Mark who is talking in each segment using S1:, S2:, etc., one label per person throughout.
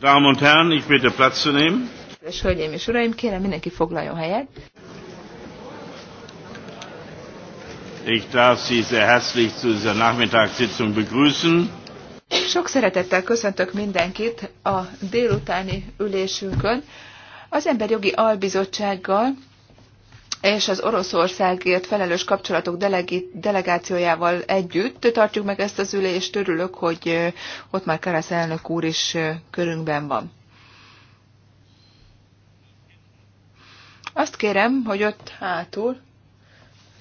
S1: Damen und Herren, ich bitte Platz zu nehmen.
S2: És hölgyeim és uraim, kérem mindenki foglaljon helyet.
S1: Ich darf Sie sehr herzlich zu dieser Nachmittagssitzung begrüßen.
S2: Sok szeretettel köszöntök mindenkit a délutáni ülésünkön. Az Emberjogi Albizottsággal és az Oroszországért felelős kapcsolatok delegi, delegációjával együtt tartjuk meg ezt az ülést. Örülök, hogy ott már Karasz elnök úr is körünkben van. Azt kérem, hogy ott hátul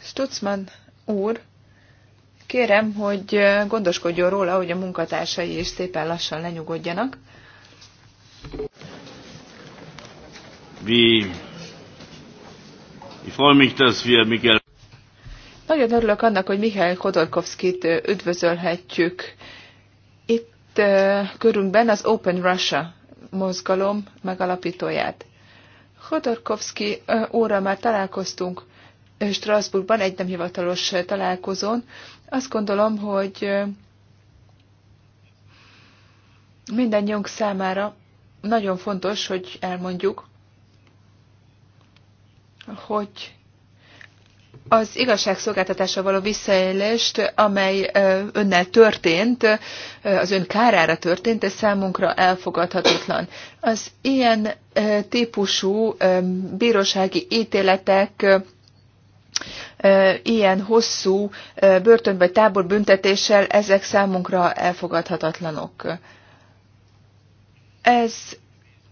S2: Stutzman úr, kérem, hogy gondoskodjon róla, hogy a munkatársai is szépen lassan lenyugodjanak.
S1: Mi Ich freue mich, dass wir Michael
S2: nagyon örülök annak, hogy Mihály Khodorkovskit üdvözölhetjük. Itt körünkben az Open Russia mozgalom megalapítóját. Khodorkovsky óra már találkoztunk Strasbourgban egy nem hivatalos találkozón. Azt gondolom, hogy mindannyiunk számára nagyon fontos, hogy elmondjuk, hogy az igazságszolgáltatásra való visszaélést, amely önnel történt, az ön kárára történt, ez számunkra elfogadhatatlan. Az ilyen típusú bírósági ítéletek ilyen hosszú börtön vagy büntetéssel, ezek számunkra elfogadhatatlanok. Ez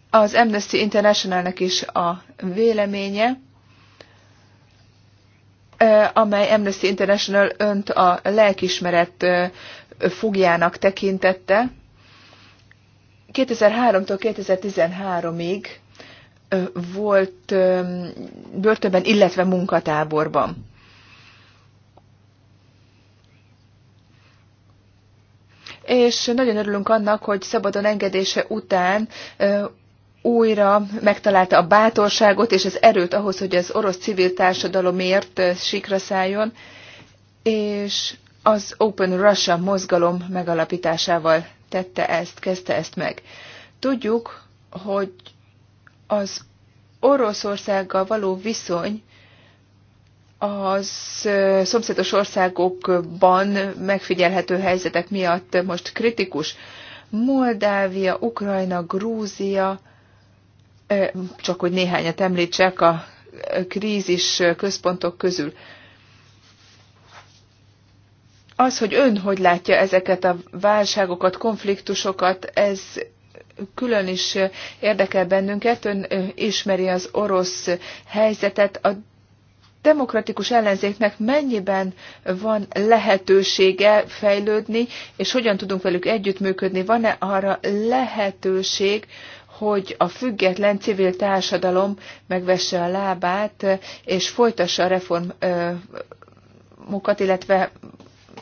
S2: az Amnesty Internationalnek is a véleménye amely Amnesty International önt a lelkismeret fogjának tekintette. 2003-tól 2013-ig volt börtönben, illetve munkatáborban. És nagyon örülünk annak, hogy szabadon engedése után újra megtalálta a bátorságot és az erőt ahhoz, hogy az orosz civil társadalomért eh, sikra szálljon, és az Open Russia mozgalom megalapításával tette ezt, kezdte ezt meg. Tudjuk, hogy az Oroszországgal való viszony az eh, szomszédos országokban megfigyelhető helyzetek miatt most kritikus. Moldávia, Ukrajna, Grúzia, csak hogy néhányat említsek a krízis központok közül. Az, hogy ön hogy látja ezeket a válságokat, konfliktusokat, ez külön is érdekel bennünket. Ön ismeri az orosz helyzetet. A demokratikus ellenzéknek mennyiben van lehetősége fejlődni, és hogyan tudunk velük együttműködni? Van-e arra lehetőség, hogy a független civil társadalom megvesse a lábát, és folytassa a reformokat, illetve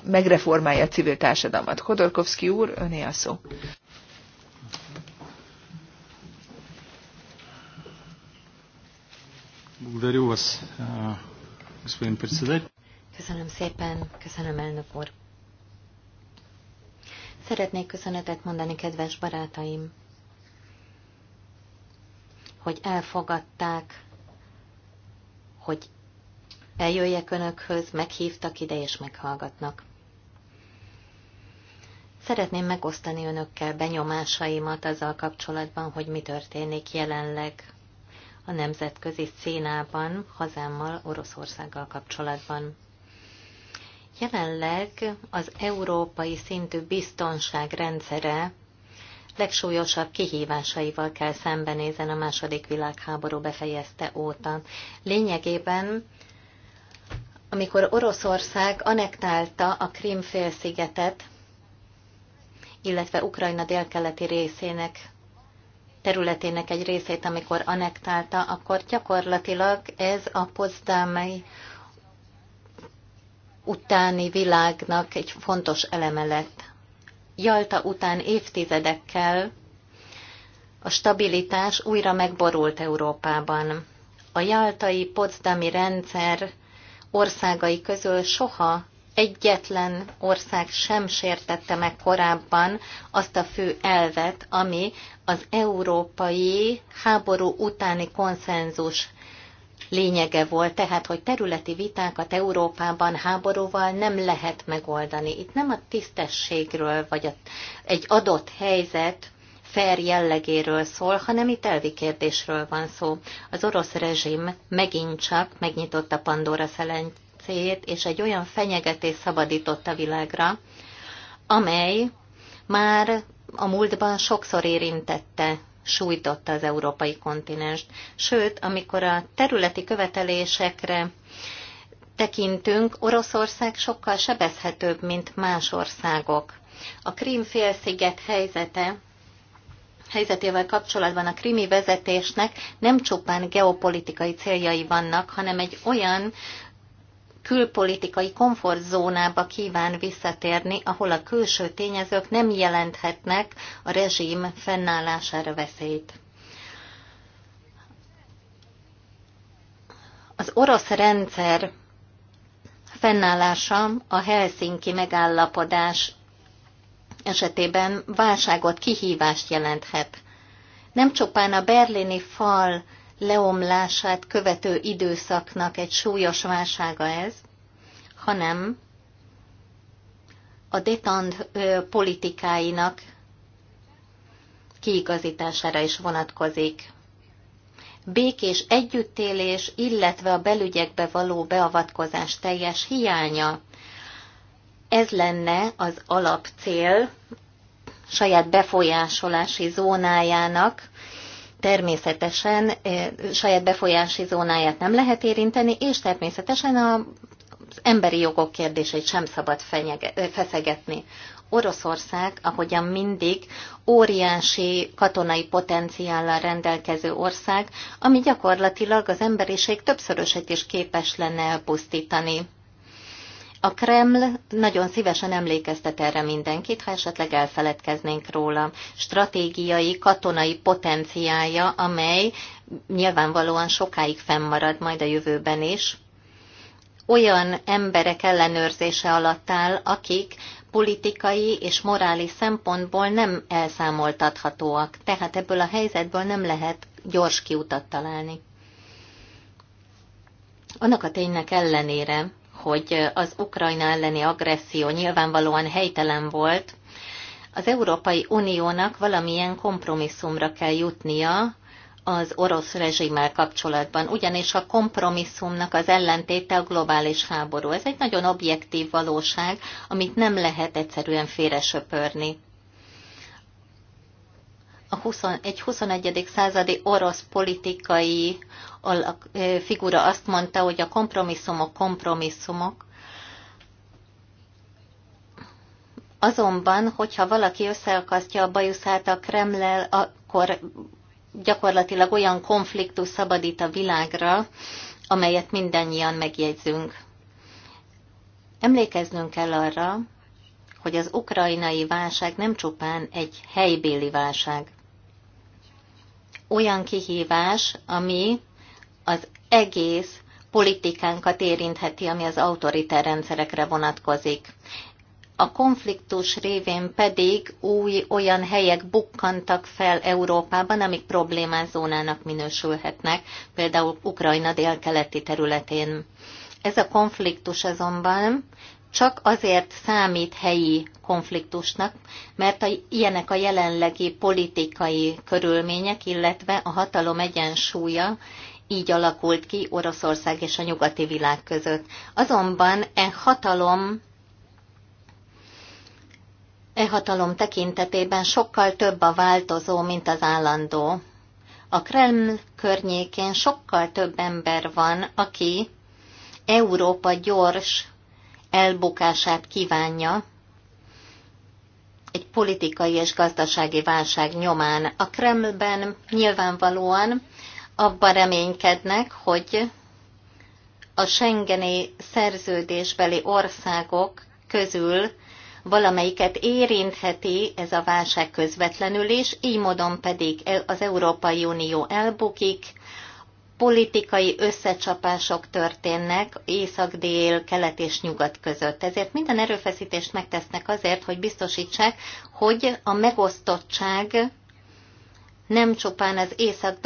S2: megreformálja a civil társadalmat. Hodorkovszki úr, öné a szó.
S1: Э,
S3: köszönöm szépen, köszönöm elnök úr. Szeretnék köszönetet mondani kedves barátaim, hogy elfogadták, hogy eljöjjek önökhöz, meghívtak ide és meghallgatnak. Szeretném megosztani önökkel benyomásaimat azzal kapcsolatban, hogy mi történik jelenleg a nemzetközi színában, hazámmal, Oroszországgal kapcsolatban. Jelenleg az európai szintű biztonságrendszere legsúlyosabb kihívásaival kell szembenézen a második világháború befejezte óta. Lényegében amikor Oroszország anektálta a Krím félszigetet, illetve Ukrajna délkeleti részének területének egy részét, amikor anektálta, akkor gyakorlatilag ez a pozdámai utáni világnak egy fontos eleme lett. Jalta után évtizedekkel a stabilitás újra megborult Európában. A jaltai potsdami rendszer országai közül soha egyetlen ország sem sértette meg korábban azt a fő elvet, ami az európai háború utáni konszenzus lényege volt, tehát hogy területi vitákat Európában háborúval nem lehet megoldani. Itt nem a tisztességről vagy a, egy adott helyzet fair jellegéről szól, hanem itt elvi kérdésről van szó. Az orosz rezsim megint csak megnyitotta Pandora szelencéjét, és egy olyan fenyegetés szabadított a világra, amely már a múltban sokszor érintette sújtotta az európai kontinenst. Sőt, amikor a területi követelésekre tekintünk, Oroszország sokkal sebezhetőbb, mint más országok. A félsziget helyzete helyzetével kapcsolatban a krimi vezetésnek nem csupán geopolitikai céljai vannak, hanem egy olyan külpolitikai komfortzónába kíván visszatérni, ahol a külső tényezők nem jelenthetnek a rezsim fennállására veszélyt. Az orosz rendszer fennállása a Helsinki megállapodás esetében válságot, kihívást jelenthet. Nem csupán a berlini fal leomlását követő időszaknak egy súlyos válsága ez, hanem a detand politikáinak kiigazítására is vonatkozik. Békés együttélés, illetve a belügyekbe való beavatkozás teljes hiánya. Ez lenne az alapcél saját befolyásolási zónájának, természetesen eh, saját befolyási zónáját nem lehet érinteni, és természetesen a az emberi jogok kérdéseit sem szabad fenyege, eh, feszegetni. Oroszország, ahogyan mindig, óriási katonai potenciállal rendelkező ország, ami gyakorlatilag az emberiség többszörösét is képes lenne elpusztítani. A Kreml nagyon szívesen emlékeztet erre mindenkit, ha esetleg elfeledkeznénk róla. Stratégiai, katonai potenciája, amely nyilvánvalóan sokáig fennmarad majd a jövőben is. Olyan emberek ellenőrzése alatt áll, akik politikai és morális szempontból nem elszámoltathatóak, tehát ebből a helyzetből nem lehet gyors kiutat találni. Annak a ténynek ellenére, hogy az Ukrajna elleni agresszió nyilvánvalóan helytelen volt, az Európai Uniónak valamilyen kompromisszumra kell jutnia az orosz rezsimmel kapcsolatban, ugyanis a kompromisszumnak az ellentéte a globális háború. Ez egy nagyon objektív valóság, amit nem lehet egyszerűen félresöpörni a 21. egy 21. századi orosz politikai figura azt mondta, hogy a kompromisszumok kompromisszumok, Azonban, hogyha valaki összeakasztja a bajuszát a Kremlel, akkor gyakorlatilag olyan konfliktus szabadít a világra, amelyet mindannyian megjegyzünk. Emlékeznünk kell arra, hogy az ukrajnai válság nem csupán egy helybéli válság olyan kihívás, ami az egész politikánkat érintheti, ami az autoriter rendszerekre vonatkozik. A konfliktus révén pedig új olyan helyek bukkantak fel Európában, amik problémázónának minősülhetnek, például Ukrajna délkeleti területén. Ez a konfliktus azonban csak azért számít helyi konfliktusnak, mert a, ilyenek a jelenlegi politikai körülmények, illetve a hatalom egyensúlya így alakult ki Oroszország és a nyugati világ között. Azonban e hatalom E hatalom tekintetében sokkal több a változó, mint az állandó. A Kreml környékén sokkal több ember van, aki Európa gyors elbukását kívánja egy politikai és gazdasági válság nyomán. A Kremlben nyilvánvalóan abban reménykednek, hogy a Schengeni szerződésbeli országok közül valamelyiket érintheti ez a válság közvetlenül is, így módon pedig e- az Európai Unió elbukik, politikai összecsapások történnek észak-dél, kelet és nyugat között. Ezért minden erőfeszítést megtesznek azért, hogy biztosítsák, hogy a megosztottság nem csupán az észak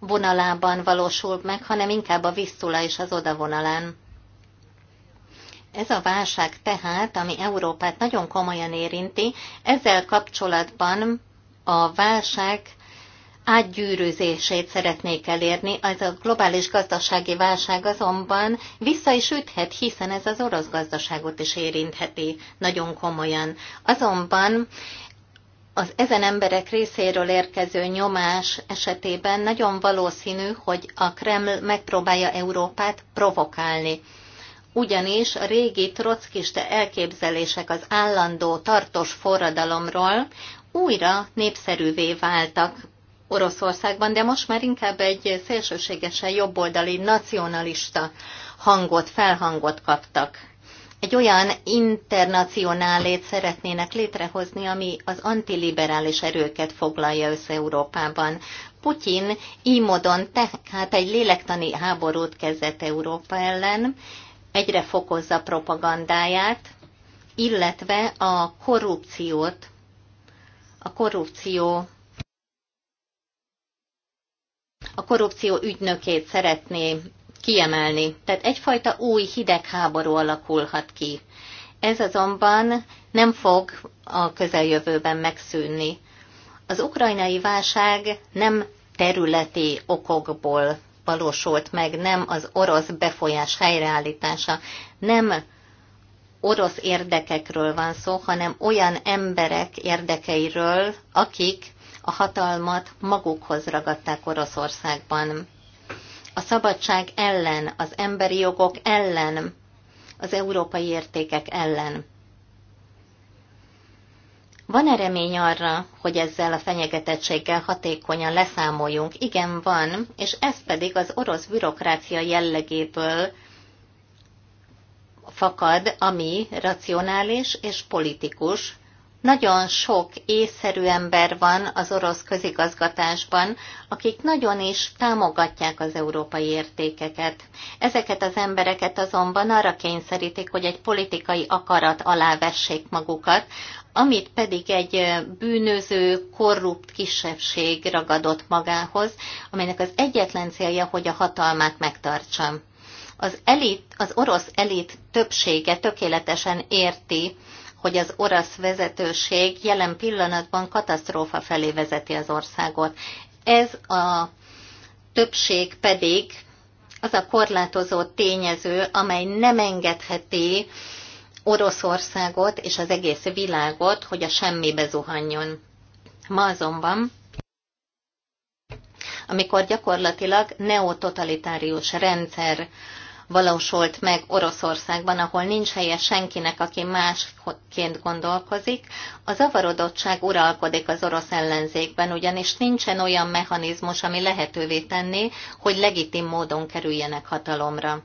S3: vonalában valósul meg, hanem inkább a Visszula és az Oda vonalán. Ez a válság tehát, ami Európát nagyon komolyan érinti, ezzel kapcsolatban a válság átgyűrűzését szeretnék elérni. Ez a globális gazdasági válság azonban vissza is üthet, hiszen ez az orosz gazdaságot is érintheti nagyon komolyan. Azonban az ezen emberek részéről érkező nyomás esetében nagyon valószínű, hogy a Kreml megpróbálja Európát provokálni ugyanis a régi trockiste elképzelések az állandó tartós forradalomról újra népszerűvé váltak Oroszországban, de most már inkább egy szélsőségesen jobboldali nacionalista hangot, felhangot kaptak. Egy olyan internacionálét szeretnének létrehozni, ami az antiliberális erőket foglalja össze Európában. Putyin így módon tehát egy lélektani háborút kezdett Európa ellen, egyre fokozza propagandáját, illetve a korrupciót, a korrupció a korrupció ügynökét szeretné kiemelni. Tehát egyfajta új hidegháború alakulhat ki. Ez azonban nem fog a közeljövőben megszűnni. Az ukrajnai válság nem területi okokból valósult meg, nem az orosz befolyás helyreállítása, nem orosz érdekekről van szó, hanem olyan emberek érdekeiről, akik a hatalmat magukhoz ragadták Oroszországban. A szabadság ellen, az emberi jogok ellen, az európai értékek ellen. Van-e remény arra, hogy ezzel a fenyegetettséggel hatékonyan leszámoljunk? Igen, van, és ez pedig az orosz bürokrácia jellegéből fakad, ami racionális és politikus, nagyon sok észszerű ember van az orosz közigazgatásban, akik nagyon is támogatják az európai értékeket. Ezeket az embereket azonban arra kényszerítik, hogy egy politikai akarat alá vessék magukat, amit pedig egy bűnöző, korrupt kisebbség ragadott magához, aminek az egyetlen célja, hogy a hatalmát megtartsa. Az, elit, az orosz elit többsége tökéletesen érti, hogy az orosz vezetőség jelen pillanatban katasztrófa felé vezeti az országot. Ez a többség pedig az a korlátozó tényező, amely nem engedheti Oroszországot és az egész világot, hogy a semmibe zuhanjon. Ma azonban, amikor gyakorlatilag neototalitárius rendszer valósult meg Oroszországban, ahol nincs helye senkinek, aki másként gondolkozik, a zavarodottság uralkodik az orosz ellenzékben, ugyanis nincsen olyan mechanizmus, ami lehetővé tenné, hogy legitim módon kerüljenek hatalomra.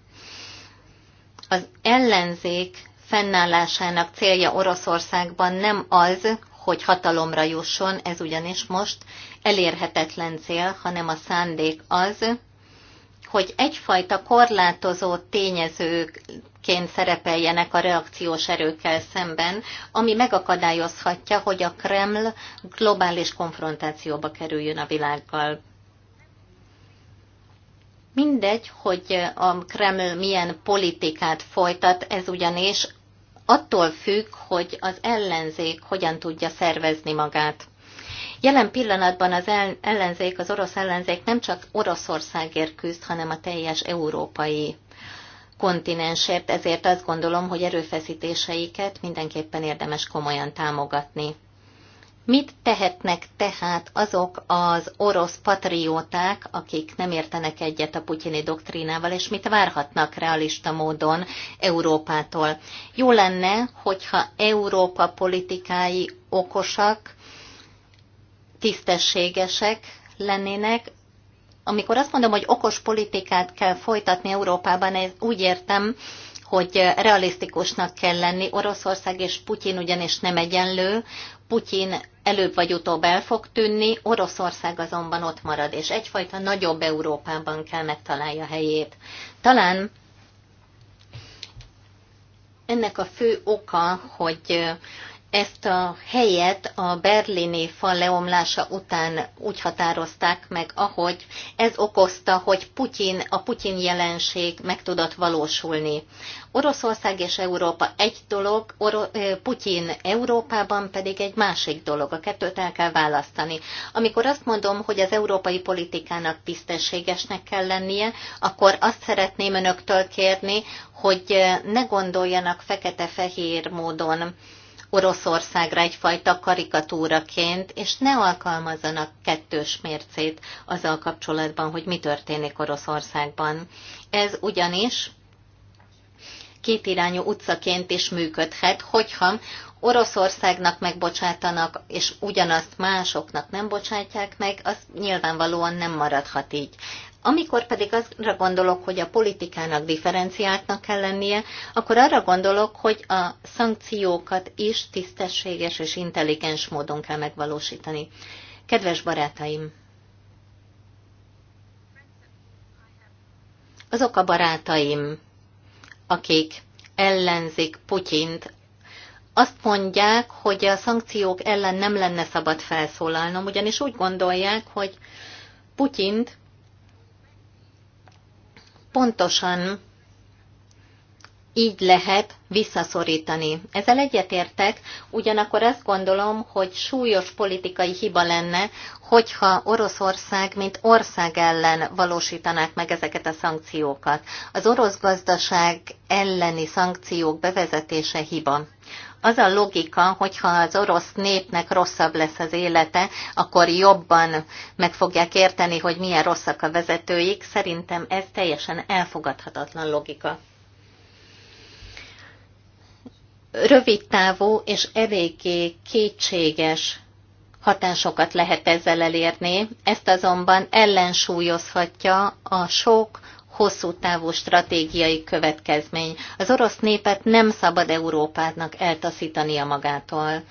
S3: Az ellenzék fennállásának célja Oroszországban nem az, hogy hatalomra jusson, ez ugyanis most elérhetetlen cél, hanem a szándék az, hogy egyfajta korlátozó tényezőként szerepeljenek a reakciós erőkkel szemben, ami megakadályozhatja, hogy a Kreml globális konfrontációba kerüljön a világgal. Mindegy, hogy a Kreml milyen politikát folytat, ez ugyanis attól függ, hogy az ellenzék hogyan tudja szervezni magát. Jelen pillanatban az ellenzék, az orosz ellenzék nem csak Oroszországért küzd, hanem a teljes európai kontinensért, ezért azt gondolom, hogy erőfeszítéseiket mindenképpen érdemes komolyan támogatni. Mit tehetnek tehát azok az orosz patrióták, akik nem értenek egyet a putyini doktrínával, és mit várhatnak realista módon Európától? Jó lenne, hogyha Európa politikái okosak, tisztességesek lennének. Amikor azt mondom, hogy okos politikát kell folytatni Európában, úgy értem, hogy realisztikusnak kell lenni. Oroszország és Putyin ugyanis nem egyenlő. Putyin előbb vagy utóbb el fog tűnni, Oroszország azonban ott marad, és egyfajta nagyobb Európában kell megtalálja a helyét. Talán ennek a fő oka, hogy ezt a helyet a berlini fal leomlása után úgy határozták meg, ahogy ez okozta, hogy Putyin, a Putyin jelenség meg tudott valósulni. Oroszország és Európa egy dolog, Oro- Putyin Európában pedig egy másik dolog. A kettőt el kell választani. Amikor azt mondom, hogy az európai politikának tisztességesnek kell lennie, akkor azt szeretném önöktől kérni, hogy ne gondoljanak fekete-fehér módon Oroszországra egyfajta karikatúraként, és ne alkalmazzanak kettős mércét azzal kapcsolatban, hogy mi történik Oroszországban. Ez ugyanis kétirányú utcaként is működhet, hogyha Oroszországnak megbocsátanak, és ugyanazt másoknak nem bocsátják meg, az nyilvánvalóan nem maradhat így. Amikor pedig arra gondolok, hogy a politikának differenciáltnak kell lennie, akkor arra gondolok, hogy a szankciókat is tisztességes és intelligens módon kell megvalósítani. Kedves barátaim! Azok a barátaim, akik ellenzik Putyint, azt mondják, hogy a szankciók ellen nem lenne szabad felszólalnom, ugyanis úgy gondolják, hogy Putyint pontosan így lehet visszaszorítani. Ezzel egyetértek, ugyanakkor azt gondolom, hogy súlyos politikai hiba lenne, hogyha Oroszország, mint ország ellen valósítanák meg ezeket a szankciókat. Az orosz gazdaság elleni szankciók bevezetése hiba. Az a logika, hogyha az orosz népnek rosszabb lesz az élete, akkor jobban meg fogják érteni, hogy milyen rosszak a vezetőik. Szerintem ez teljesen elfogadhatatlan logika. Rövidtávú és eléggé kétséges hatásokat lehet ezzel elérni, ezt azonban ellensúlyozhatja a sok hosszú távú stratégiai következmény. Az orosz népet nem szabad Európának eltaszítania magától.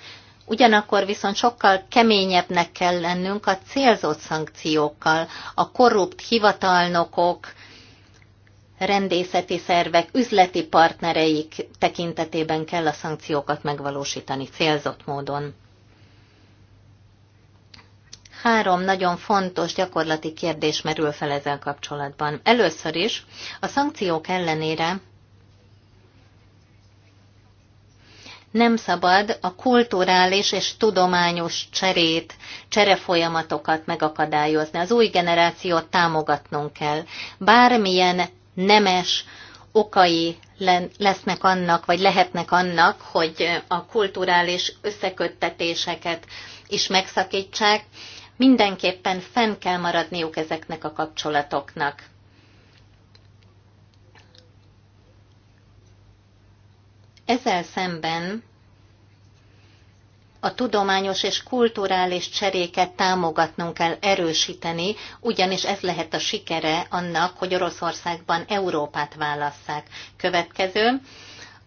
S3: Ugyanakkor viszont sokkal keményebbnek kell lennünk a célzott szankciókkal, a korrupt hivatalnokok, rendészeti szervek, üzleti partnereik tekintetében kell a szankciókat megvalósítani célzott módon. Három nagyon fontos gyakorlati kérdés merül fel ezzel kapcsolatban. Először is a szankciók ellenére nem szabad a kulturális és tudományos cserét, cserefolyamatokat megakadályozni. Az új generációt támogatnunk kell. Bármilyen nemes okai lesznek annak, vagy lehetnek annak, hogy a kulturális összeköttetéseket is megszakítsák, mindenképpen fenn kell maradniuk ezeknek a kapcsolatoknak. Ezzel szemben a tudományos és kulturális cseréket támogatnunk kell erősíteni, ugyanis ez lehet a sikere annak, hogy Oroszországban Európát válasszák. Következő,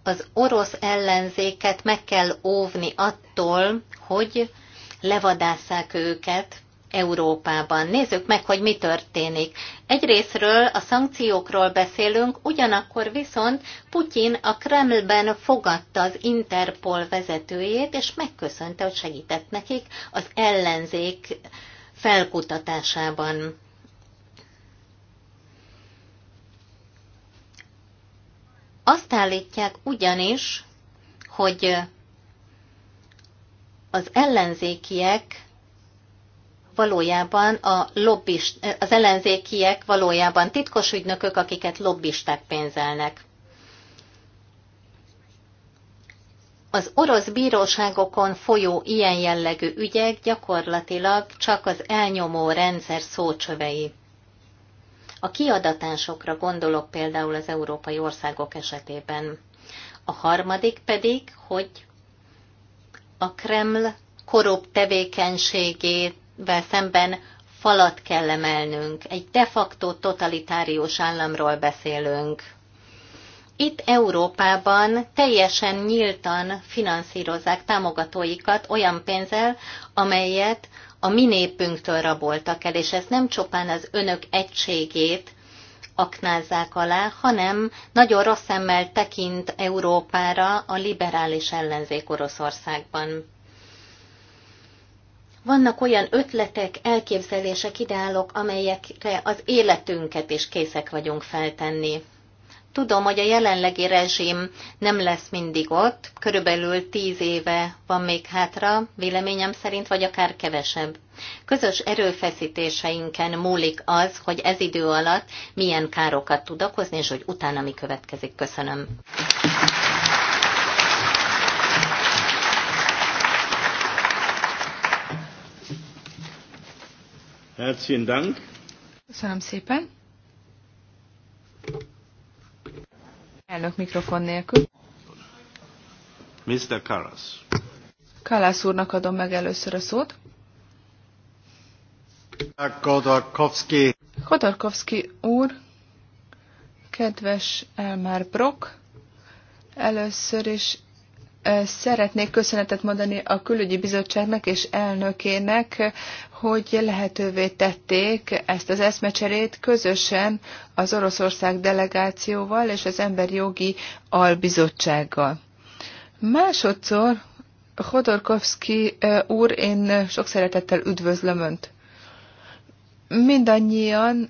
S3: az orosz ellenzéket meg kell óvni attól, hogy levadásszák őket Európában. Nézzük meg, hogy mi történik. Egyrésztről a szankciókról beszélünk, ugyanakkor viszont Putyin a Kremlben fogadta az Interpol vezetőjét, és megköszönte, hogy segített nekik az ellenzék felkutatásában. Azt állítják ugyanis, hogy az ellenzékiek valójában a lobbist, az ellenzékiek valójában titkos ügynökök, akiket lobbisták pénzelnek. Az orosz bíróságokon folyó ilyen jellegű ügyek gyakorlatilag csak az elnyomó rendszer szócsövei. A kiadatásokra gondolok például az európai országok esetében. A harmadik pedig, hogy a Kreml korrupt tevékenységével szemben falat kell emelnünk. Egy de facto totalitárius államról beszélünk. Itt Európában teljesen nyíltan finanszírozzák támogatóikat olyan pénzzel, amelyet a mi népünktől raboltak el, és ez nem csupán az önök egységét aknázzák alá, hanem nagyon rossz szemmel tekint Európára a liberális ellenzék Oroszországban. Vannak olyan ötletek, elképzelések, ideálok, amelyekre az életünket is készek vagyunk feltenni. Tudom, hogy a jelenlegi rezsim nem lesz mindig ott, körülbelül tíz éve van még hátra, véleményem szerint, vagy akár kevesebb. Közös erőfeszítéseinken múlik az, hogy ez idő alatt milyen károkat tud okozni, és hogy utána mi következik. Köszönöm.
S1: Herzlichen Dank.
S2: Köszönöm szépen. Elnök mikrofon nélkül.
S1: Mr. Karas.
S2: Kalász úrnak adom meg először a szót.
S1: Kodorkovsky.
S2: Kodorkovsky úr, kedves Elmar Brock, először is Szeretnék köszönetet mondani a külügyi bizottságnak és elnökének, hogy lehetővé tették ezt az eszmecserét közösen az Oroszország delegációval és az emberi jogi Albizottsággal. Másodszor, Hodorkovszki úr, én sok szeretettel üdvözlöm Önt. Mindannyian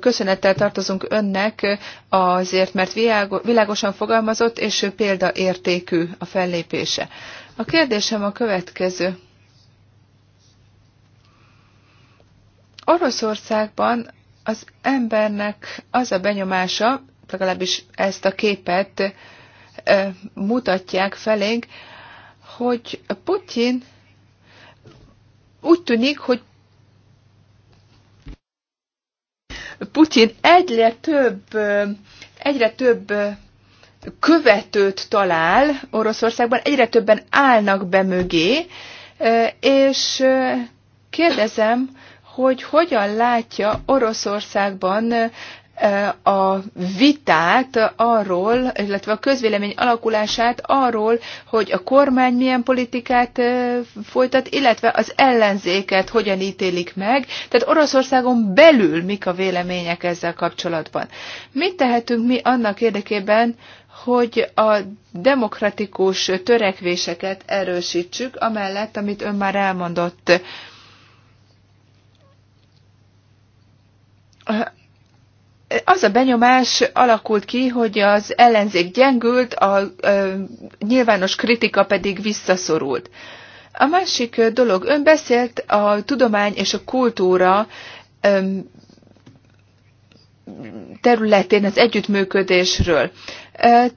S2: köszönettel tartozunk önnek azért, mert világosan fogalmazott és példaértékű a fellépése. A kérdésem a következő. Oroszországban az embernek az a benyomása, legalábbis ezt a képet mutatják felénk, hogy Putyin úgy tűnik, hogy Putyin egyre több, egyre több követőt talál Oroszországban, egyre többen állnak be mögé, és kérdezem, hogy hogyan látja Oroszországban a vitát arról, illetve a közvélemény alakulását arról, hogy a kormány milyen politikát folytat, illetve az ellenzéket hogyan ítélik meg. Tehát Oroszországon belül mik a vélemények ezzel kapcsolatban. Mit tehetünk mi annak érdekében, hogy a demokratikus törekvéseket erősítsük, amellett, amit ön már elmondott az a benyomás alakult ki, hogy az ellenzék gyengült, a nyilvános kritika pedig visszaszorult. A másik dolog, ön beszélt a tudomány és a kultúra területén az együttműködésről.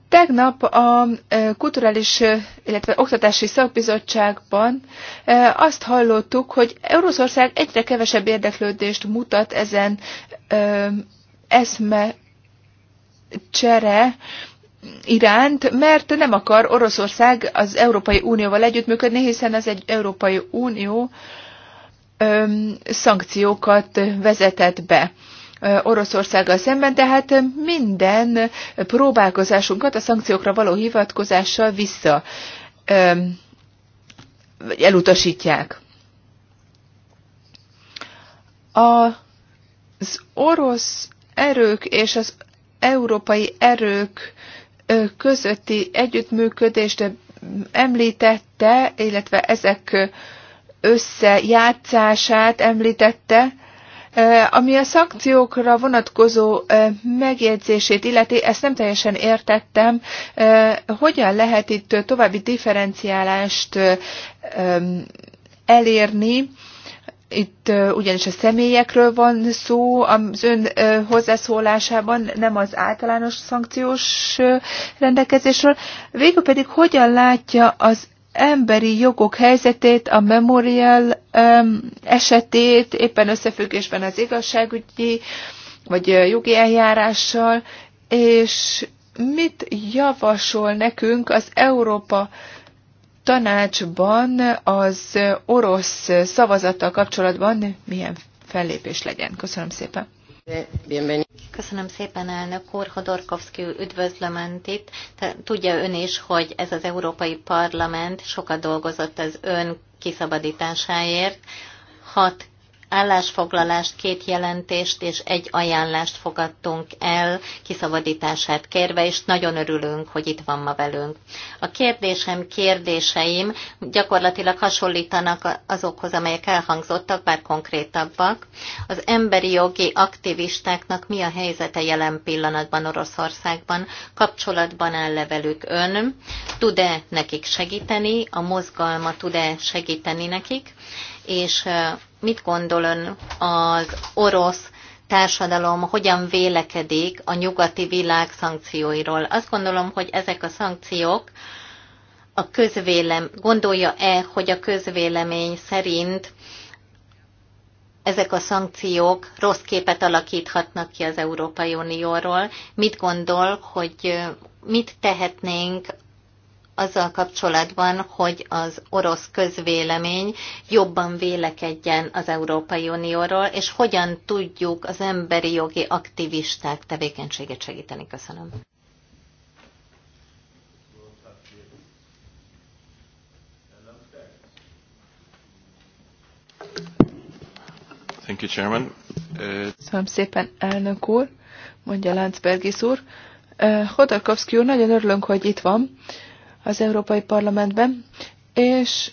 S2: Tegnap a kulturális, illetve oktatási szakbizottságban azt hallottuk, hogy Oroszország egyre kevesebb érdeklődést mutat ezen eszme csere iránt, mert nem akar Oroszország az Európai Unióval együttműködni, hiszen az egy Európai Unió öm, szankciókat vezetett be. Oroszországgal szemben, tehát minden próbálkozásunkat a szankciókra való hivatkozással vissza öm, elutasítják. A, az orosz erők és az európai erők közötti együttműködést említette, illetve ezek összejátszását említette, ami a szankciókra vonatkozó megjegyzését illeti, ezt nem teljesen értettem, hogyan lehet itt további differenciálást elérni itt ugyanis a személyekről van szó, az ön hozzászólásában nem az általános szankciós rendelkezésről. Végül pedig hogyan látja az emberi jogok helyzetét, a memorial esetét, éppen összefüggésben az igazságügyi vagy jogi eljárással, és mit javasol nekünk az Európa tanácsban az orosz szavazattal kapcsolatban milyen fellépés legyen. Köszönöm szépen.
S3: Köszönöm szépen, elnök úr. Hodorkovszki üdvözlöm önt itt. Tudja ön is, hogy ez az Európai Parlament sokat dolgozott az ön kiszabadításáért. Hat állásfoglalást, két jelentést és egy ajánlást fogadtunk el kiszabadítását kérve, és nagyon örülünk, hogy itt van ma velünk. A kérdésem, kérdéseim gyakorlatilag hasonlítanak azokhoz, amelyek elhangzottak, bár konkrétabbak. Az emberi jogi aktivistáknak mi a helyzete jelen pillanatban Oroszországban? Kapcsolatban áll-e velük ön? Tud-e nekik segíteni? A mozgalma tud-e segíteni nekik? és mit gondol ön az orosz társadalom hogyan vélekedik a nyugati világ szankcióiról. Azt gondolom, hogy ezek a szankciók a közvélem, gondolja-e, hogy a közvélemény szerint ezek a szankciók rossz képet alakíthatnak ki az Európai Unióról. Mit gondol, hogy mit tehetnénk azzal kapcsolatban, hogy az orosz közvélemény jobban vélekedjen az Európai Unióról, és hogyan tudjuk az emberi jogi aktivisták tevékenységét segíteni. Köszönöm.
S2: Köszönöm szépen, elnök úr, mondja Láncbergis úr. Eh, Hodorkovszki úr, nagyon örülünk, hogy itt van. Uh, az Európai Parlamentben, és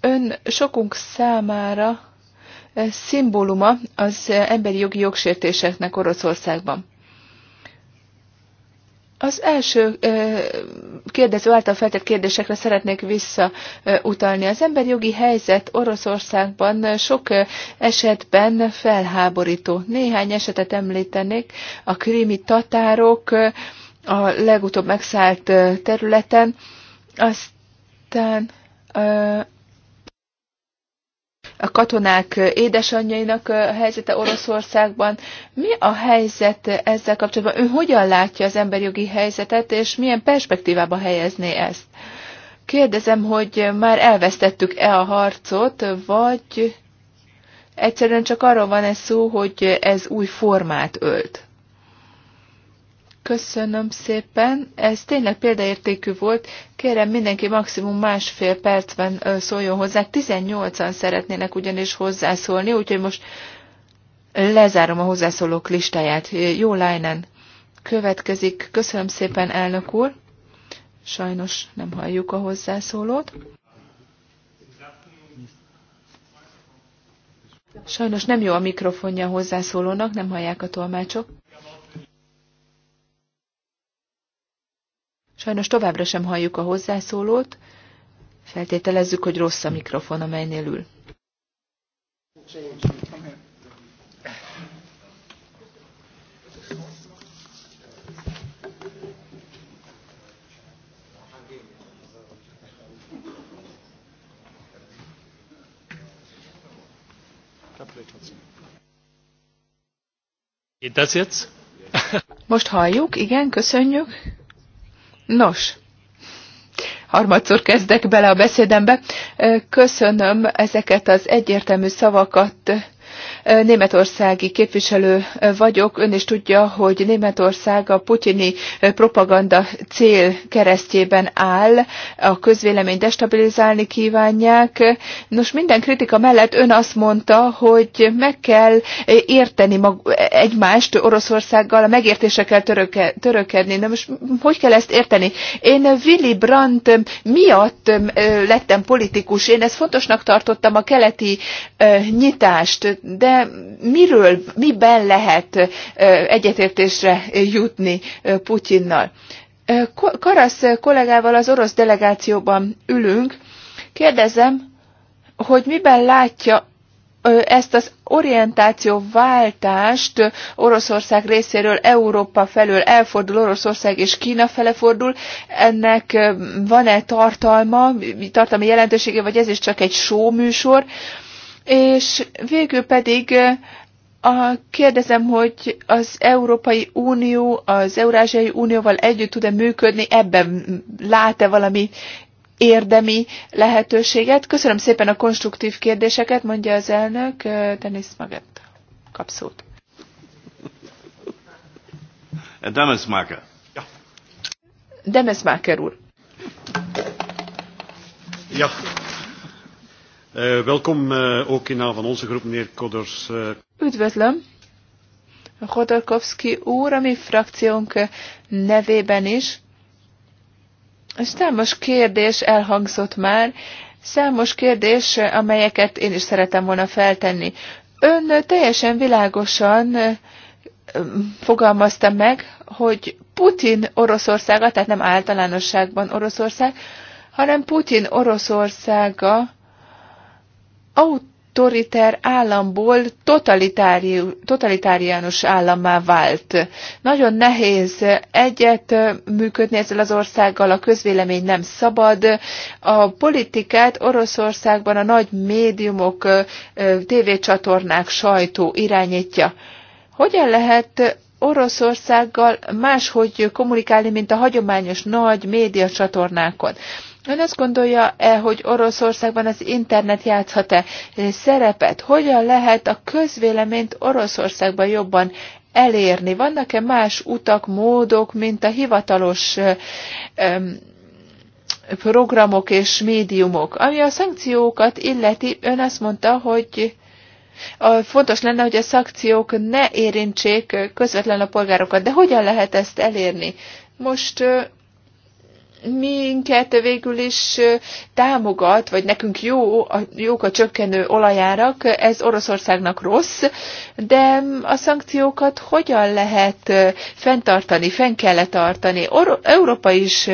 S2: ön sokunk számára eh, szimbóluma az eh, emberi jogi jogsértéseknek Oroszországban. Az első eh, kérdező által feltett kérdésekre szeretnék visszautalni. Az emberi jogi helyzet Oroszországban sok esetben felháborító. Néhány esetet említenék. A krími tatárok a legutóbb megszállt területen, aztán a katonák édesanyjainak a helyzete Oroszországban. Mi a helyzet ezzel kapcsolatban? Ő hogyan látja az emberjogi helyzetet, és milyen perspektívába helyezné ezt? Kérdezem, hogy már elvesztettük-e a harcot, vagy egyszerűen csak arról van ez szó, hogy ez új formát ölt. Köszönöm szépen. Ez tényleg példaértékű volt. Kérem, mindenki maximum másfél percben szóljon hozzá. 18-an szeretnének ugyanis hozzászólni, úgyhogy most lezárom a hozzászólók listáját. Jó lájnen. Következik. Köszönöm szépen, elnök úr. Sajnos nem halljuk a hozzászólót. Sajnos nem jó a mikrofonja a hozzászólónak, nem hallják a tolmácsok. Sajnos továbbra sem halljuk a hozzászólót. Feltételezzük, hogy rossz a mikrofon, amelynél ül. Most halljuk, igen, köszönjük. Nos, harmadszor kezdek bele a beszédembe. Köszönöm ezeket az egyértelmű szavakat, németországi képviselő vagyok. Ön is tudja, hogy Németország a putyini propaganda cél keresztjében áll, a közvélemény destabilizálni kívánják. Nos, minden kritika mellett ön azt mondta, hogy meg kell érteni mag- egymást Oroszországgal, a megértésre kell töröke- törökedni. Na most hogy kell ezt érteni? Én Willy Brandt miatt lettem politikus, én ezt fontosnak tartottam a keleti nyitást de miről, miben lehet egyetértésre jutni Putyinnal? Karasz kollégával az orosz delegációban ülünk. Kérdezem, hogy miben látja ezt az orientációváltást Oroszország részéről Európa felől elfordul, Oroszország és Kína fele fordul. Ennek van-e tartalma, tartalmi jelentősége, vagy ez is csak egy sóműsor? műsor? És végül pedig a, kérdezem, hogy az Európai Unió, az Eurázsiai Unióval együtt tud-e működni, ebben lát-e valami érdemi lehetőséget? Köszönöm szépen a konstruktív kérdéseket, mondja az elnök. Denis Magett kap szót.
S1: Eh, Demes Máker. Ja.
S2: Demes Máker úr.
S1: Ja. Eh, welkom eh, ook in naam van onze groep, meneer Kodors. Eh.
S2: Üdvözlöm! Kodorkovski, úr, a mi frakciónk nevében is. Számos kérdés elhangzott már, számos kérdés, amelyeket én is szeretem volna feltenni. Ön teljesen világosan fogalmazta meg, hogy Putin Oroszországa, tehát nem általánosságban Oroszország, hanem Putin Oroszországa autoriter államból totalitáriánus állammá vált. Nagyon nehéz egyet működni ezzel az országgal, a közvélemény nem szabad. A politikát Oroszországban a nagy médiumok, tévécsatornák, sajtó irányítja. Hogyan lehet Oroszországgal máshogy kommunikálni, mint a hagyományos nagy médiacsatornákon. Ön azt gondolja-e, hogy Oroszországban az internet játszhat-e eh, szerepet? Hogyan lehet a közvéleményt Oroszországban jobban elérni? Vannak-e más utak, módok, mint a hivatalos öm, eh, programok és médiumok? Ami a szankciókat illeti, ön azt mondta, hogy fontos lenne, hogy a szankciók ne érintsék eh, közvetlen a polgárokat. De hogyan lehet ezt elérni? Most minket végül is támogat, vagy nekünk jó, a, jók a csökkenő olajárak, ez Oroszországnak rossz, de a szankciókat hogyan lehet fenntartani, fenn kell tartani? Or- Európa is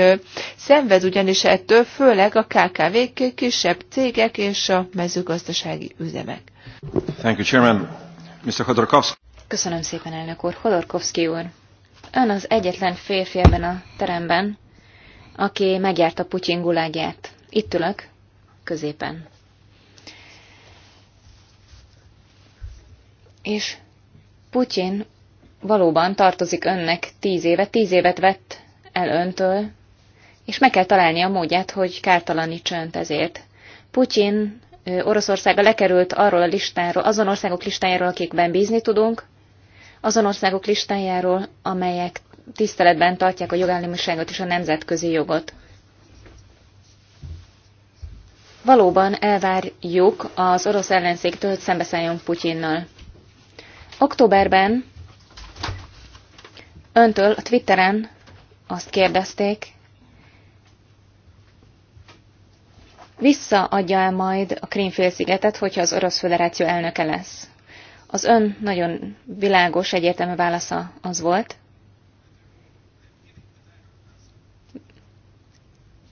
S2: szenved ugyanis ettől, főleg a KKV-k, kisebb cégek és a mezőgazdasági üzemek.
S1: Thank you, Chairman. Mr. Khodorkovsky.
S2: Köszönöm szépen,
S4: elnök úr. Khodorkovsky úr. Ön az egyetlen férfi ebben a teremben, aki a Putyin gulágját. Itt ülök, középen. És Putyin valóban tartozik önnek tíz évet, tíz évet vett el öntől, és meg kell találni a módját, hogy kártalanítsa önt ezért. Putyin Oroszországa lekerült arról a listáról, azon országok listájáról, akikben bízni tudunk, azon országok listájáról, amelyek tiszteletben tartják a jogállamiságot és a nemzetközi jogot. Valóban elvárjuk az orosz ellenszéktől, hogy szembeszálljon Putyinnal. Októberben öntől a Twitteren azt kérdezték, visszaadja el majd a Krímfélszigetet, hogyha az Orosz Föderáció elnöke lesz? Az ön nagyon világos, egyértelmű válasza az volt,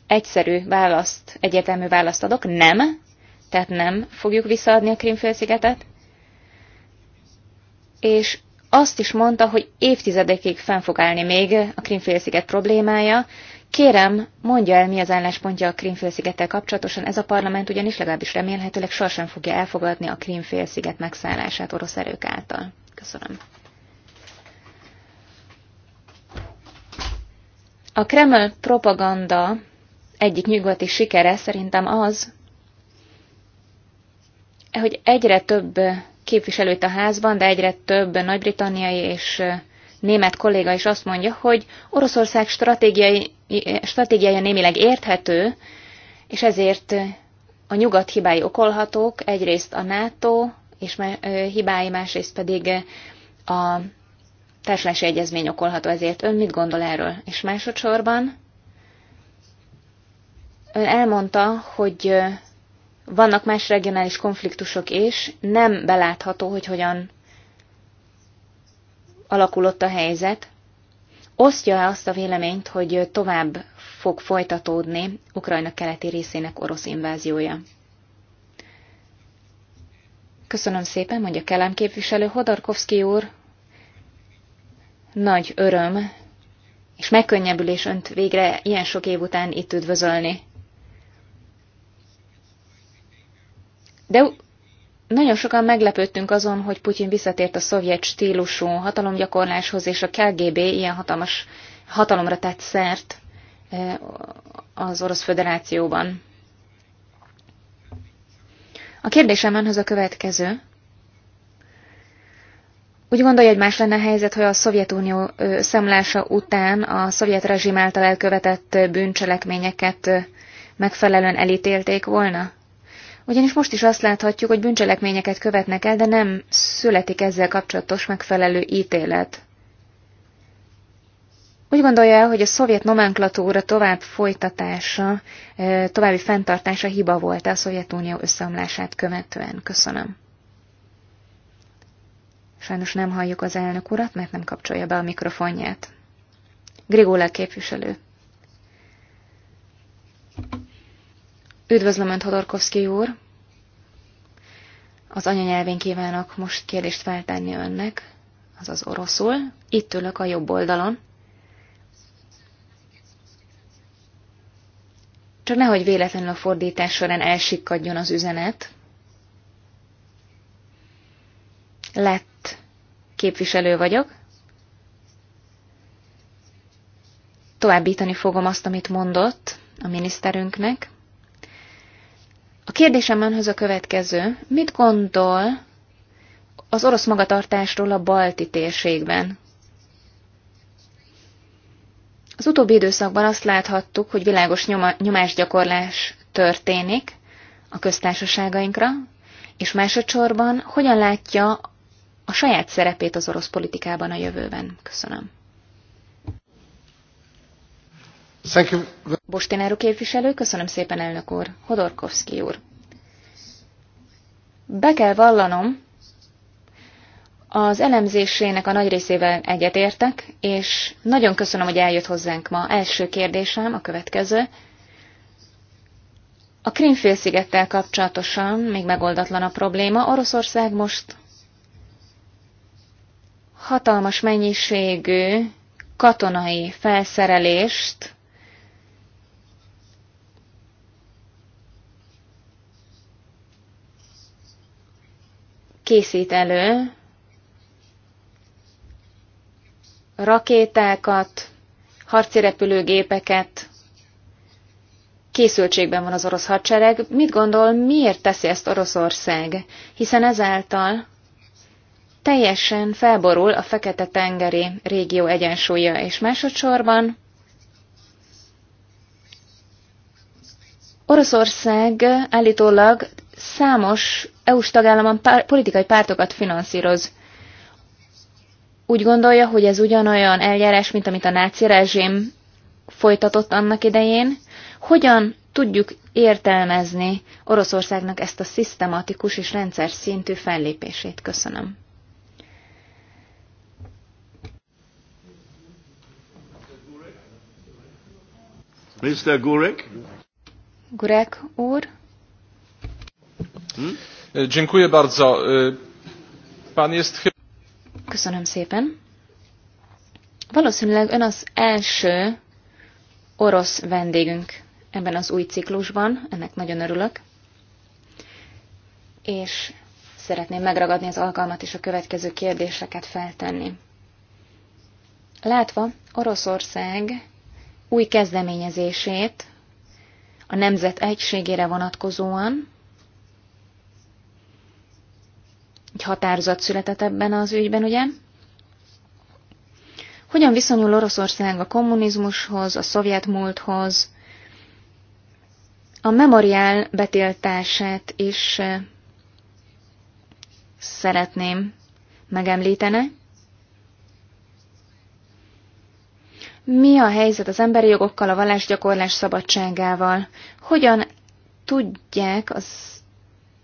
S4: egyszerű választ, egyértelmű választ adok, nem, tehát nem fogjuk visszaadni a Krimfélszigetet. És azt is mondta, hogy évtizedekig fenn fog állni még a Krimfélsziget problémája. Kérem, mondja el, mi az álláspontja a Krimfélszigettel kapcsolatosan. Ez a parlament ugyanis legalábbis remélhetőleg sosem fogja elfogadni a Krimfélsziget megszállását orosz erők által. Köszönöm. A Kreml propaganda egyik nyugati sikere szerintem az, hogy egyre több képviselőt a házban, de egyre több nagy-britanniai és német kolléga is azt mondja, hogy Oroszország stratégiai, stratégiája némileg érthető, és ezért a nyugat hibái okolhatók, egyrészt a NATO és hibái, másrészt pedig a társulási egyezmény okolható, ezért ön mit gondol erről? És másodszorban Ön elmondta, hogy vannak más regionális konfliktusok és nem belátható, hogy hogyan alakulott a helyzet. Osztja-e azt a véleményt, hogy tovább fog folytatódni Ukrajna keleti részének orosz inváziója? Köszönöm szépen, mondja Kelem képviselő Hodarkovszki úr. Nagy öröm és megkönnyebbülés önt végre ilyen sok év után itt üdvözölni. De nagyon sokan meglepődtünk azon, hogy Putyin visszatért a szovjet stílusú hatalomgyakorláshoz, és a KGB ilyen hatalmas hatalomra tett szert az Orosz Föderációban. A kérdésem önhöz a következő. Úgy gondolja, hogy más lenne a helyzet, hogy a Szovjetunió szemlása után a szovjet rezsim által elkövetett bűncselekményeket megfelelően elítélték volna? Ugyanis most is azt láthatjuk, hogy bűncselekményeket követnek el, de nem születik ezzel kapcsolatos megfelelő ítélet. Úgy gondolja el, hogy a szovjet nomenklatúra tovább folytatása, további fenntartása hiba volt a Szovjetunió összeomlását követően. Köszönöm. Sajnos nem halljuk az elnök urat, mert nem kapcsolja be a mikrofonját. Grigóla képviselő. Üdvözlöm Önt, Hodorkovszki úr! Az anyanyelvén kívánok most kérdést feltenni Önnek, azaz oroszul. Itt ülök a jobb oldalon. Csak nehogy véletlenül a fordítás során elsikkadjon az üzenet. Lett képviselő vagyok. Továbbítani fogom azt, amit mondott a miniszterünknek kérdésem önhöz a következő. Mit gondol az orosz magatartásról a balti térségben? Az utóbbi időszakban azt láthattuk, hogy világos nyoma, nyomásgyakorlás történik a köztársaságainkra, és másodszorban hogyan látja a saját szerepét az orosz politikában a jövőben. Köszönöm. Bostináru képviselő, köszönöm szépen, elnök úr. Hodorkovszki úr. Be kell vallanom, az elemzésének a nagy részével egyetértek, és nagyon köszönöm, hogy eljött hozzánk ma. Első kérdésem a következő. A Krimfélszigettel kapcsolatosan még megoldatlan a probléma. Oroszország most hatalmas mennyiségű katonai felszerelést készít elő rakétákat, harci repülőgépeket, készültségben van az orosz hadsereg. Mit gondol, miért teszi ezt Oroszország? Hiszen ezáltal teljesen felborul a Fekete-tengeri régió egyensúlya, és másodszorban Oroszország állítólag számos EU-s tagállamon pár, politikai pártokat finanszíroz. Úgy gondolja, hogy ez ugyanolyan eljárás, mint amit a náci rezsim folytatott annak idején. Hogyan tudjuk értelmezni Oroszországnak ezt a szisztematikus és rendszer szintű fellépését? Köszönöm.
S1: Mr. Gurek?
S4: Gurek úr.
S1: Hmm? E, dziękuję bardzo. E, pan jest...
S4: Köszönöm szépen. Valószínűleg ön az első orosz vendégünk ebben az új ciklusban, ennek nagyon örülök. És szeretném megragadni az alkalmat és a következő kérdéseket feltenni. Látva Oroszország új kezdeményezését, a nemzet egységére vonatkozóan. Egy határozat született ebben az ügyben, ugye? Hogyan viszonyul Oroszország a kommunizmushoz, a szovjet múlthoz? A memoriál betiltását is eh, szeretném megemlíteni. Mi a helyzet az emberi jogokkal, a vallásgyakorlás szabadságával? Hogyan tudják az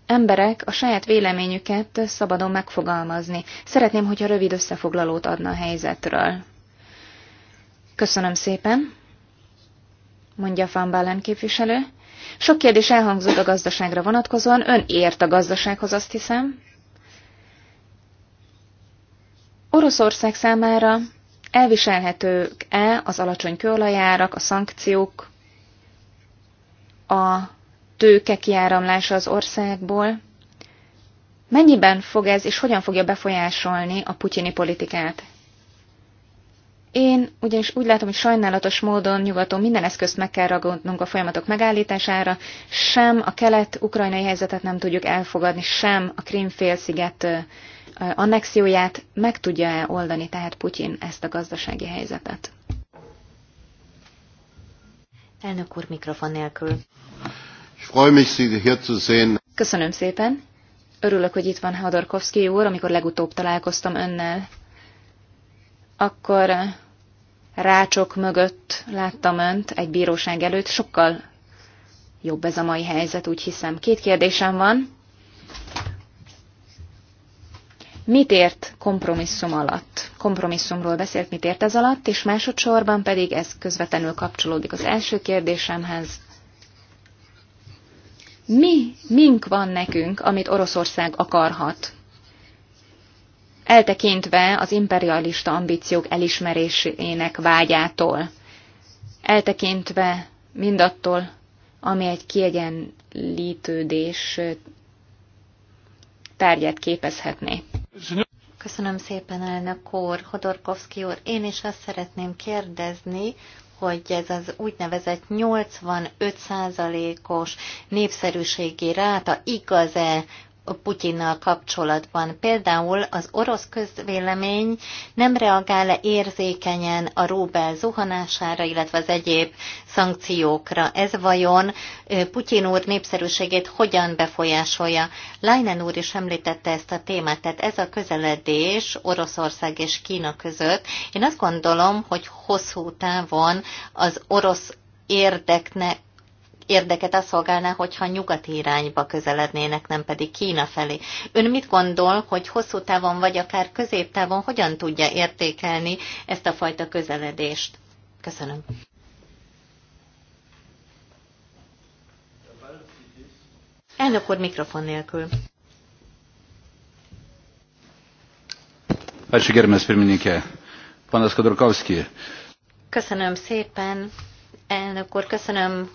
S4: emberek a saját véleményüket szabadon megfogalmazni? Szeretném, hogyha rövid összefoglalót adna a helyzetről. Köszönöm szépen, mondja Van Balen képviselő. Sok kérdés elhangzott a gazdaságra vonatkozóan. Ön ért a gazdasághoz, azt hiszem. Oroszország számára elviselhetők-e az alacsony kőolajárak, a szankciók, a tőke kiáramlása az országból, Mennyiben fog ez és hogyan fogja befolyásolni a putyini politikát? Én ugyanis úgy látom, hogy sajnálatos módon nyugaton minden eszközt meg kell ragadnunk a folyamatok megállítására, sem a kelet-ukrajnai helyzetet nem tudjuk elfogadni, sem a Krimfélsziget annexióját meg tudja-e oldani tehát Putyin ezt a gazdasági helyzetet?
S3: Elnök úr mikrofon nélkül.
S4: Köszönöm szépen. Örülök, hogy itt van Hadorkovszki úr, amikor legutóbb találkoztam önnel. Akkor rácsok mögött láttam önt egy bíróság előtt, sokkal jobb ez a mai helyzet, úgy hiszem. Két kérdésem van mit ért kompromisszum alatt. Kompromisszumról beszélt, mit ért ez alatt, és másodszorban pedig ez közvetlenül kapcsolódik az első kérdésemhez. Mi, mink van nekünk, amit Oroszország akarhat? Eltekintve az imperialista ambíciók elismerésének vágyától, eltekintve mindattól, ami egy kiegyenlítődés
S3: tárgyát képezhetné. Köszönöm szépen, elnök úr, Hodorkovszki úr. Én is azt szeretném kérdezni, hogy ez az úgynevezett 85%-os népszerűségi ráta igaz-e, Putyinnal kapcsolatban. Például az orosz közvélemény nem reagál -e érzékenyen a rubel zuhanására, illetve az egyéb szankciókra. Ez vajon Putyin úr népszerűségét hogyan befolyásolja? Leinen úr is említette ezt a témát, tehát ez a közeledés Oroszország és Kína között. Én azt gondolom, hogy hosszú távon az orosz érdeknek érdeket az szolgálná, hogyha nyugati irányba közelednének, nem pedig Kína felé. Ön mit gondol, hogy hosszú távon vagy akár középtávon hogyan tudja értékelni ezt a fajta közeledést? Köszönöm. Elnök úr mikrofon nélkül.
S1: Ačiū gerbiamas pirmininkė.
S3: Köszönöm szépen, elnök úr, köszönöm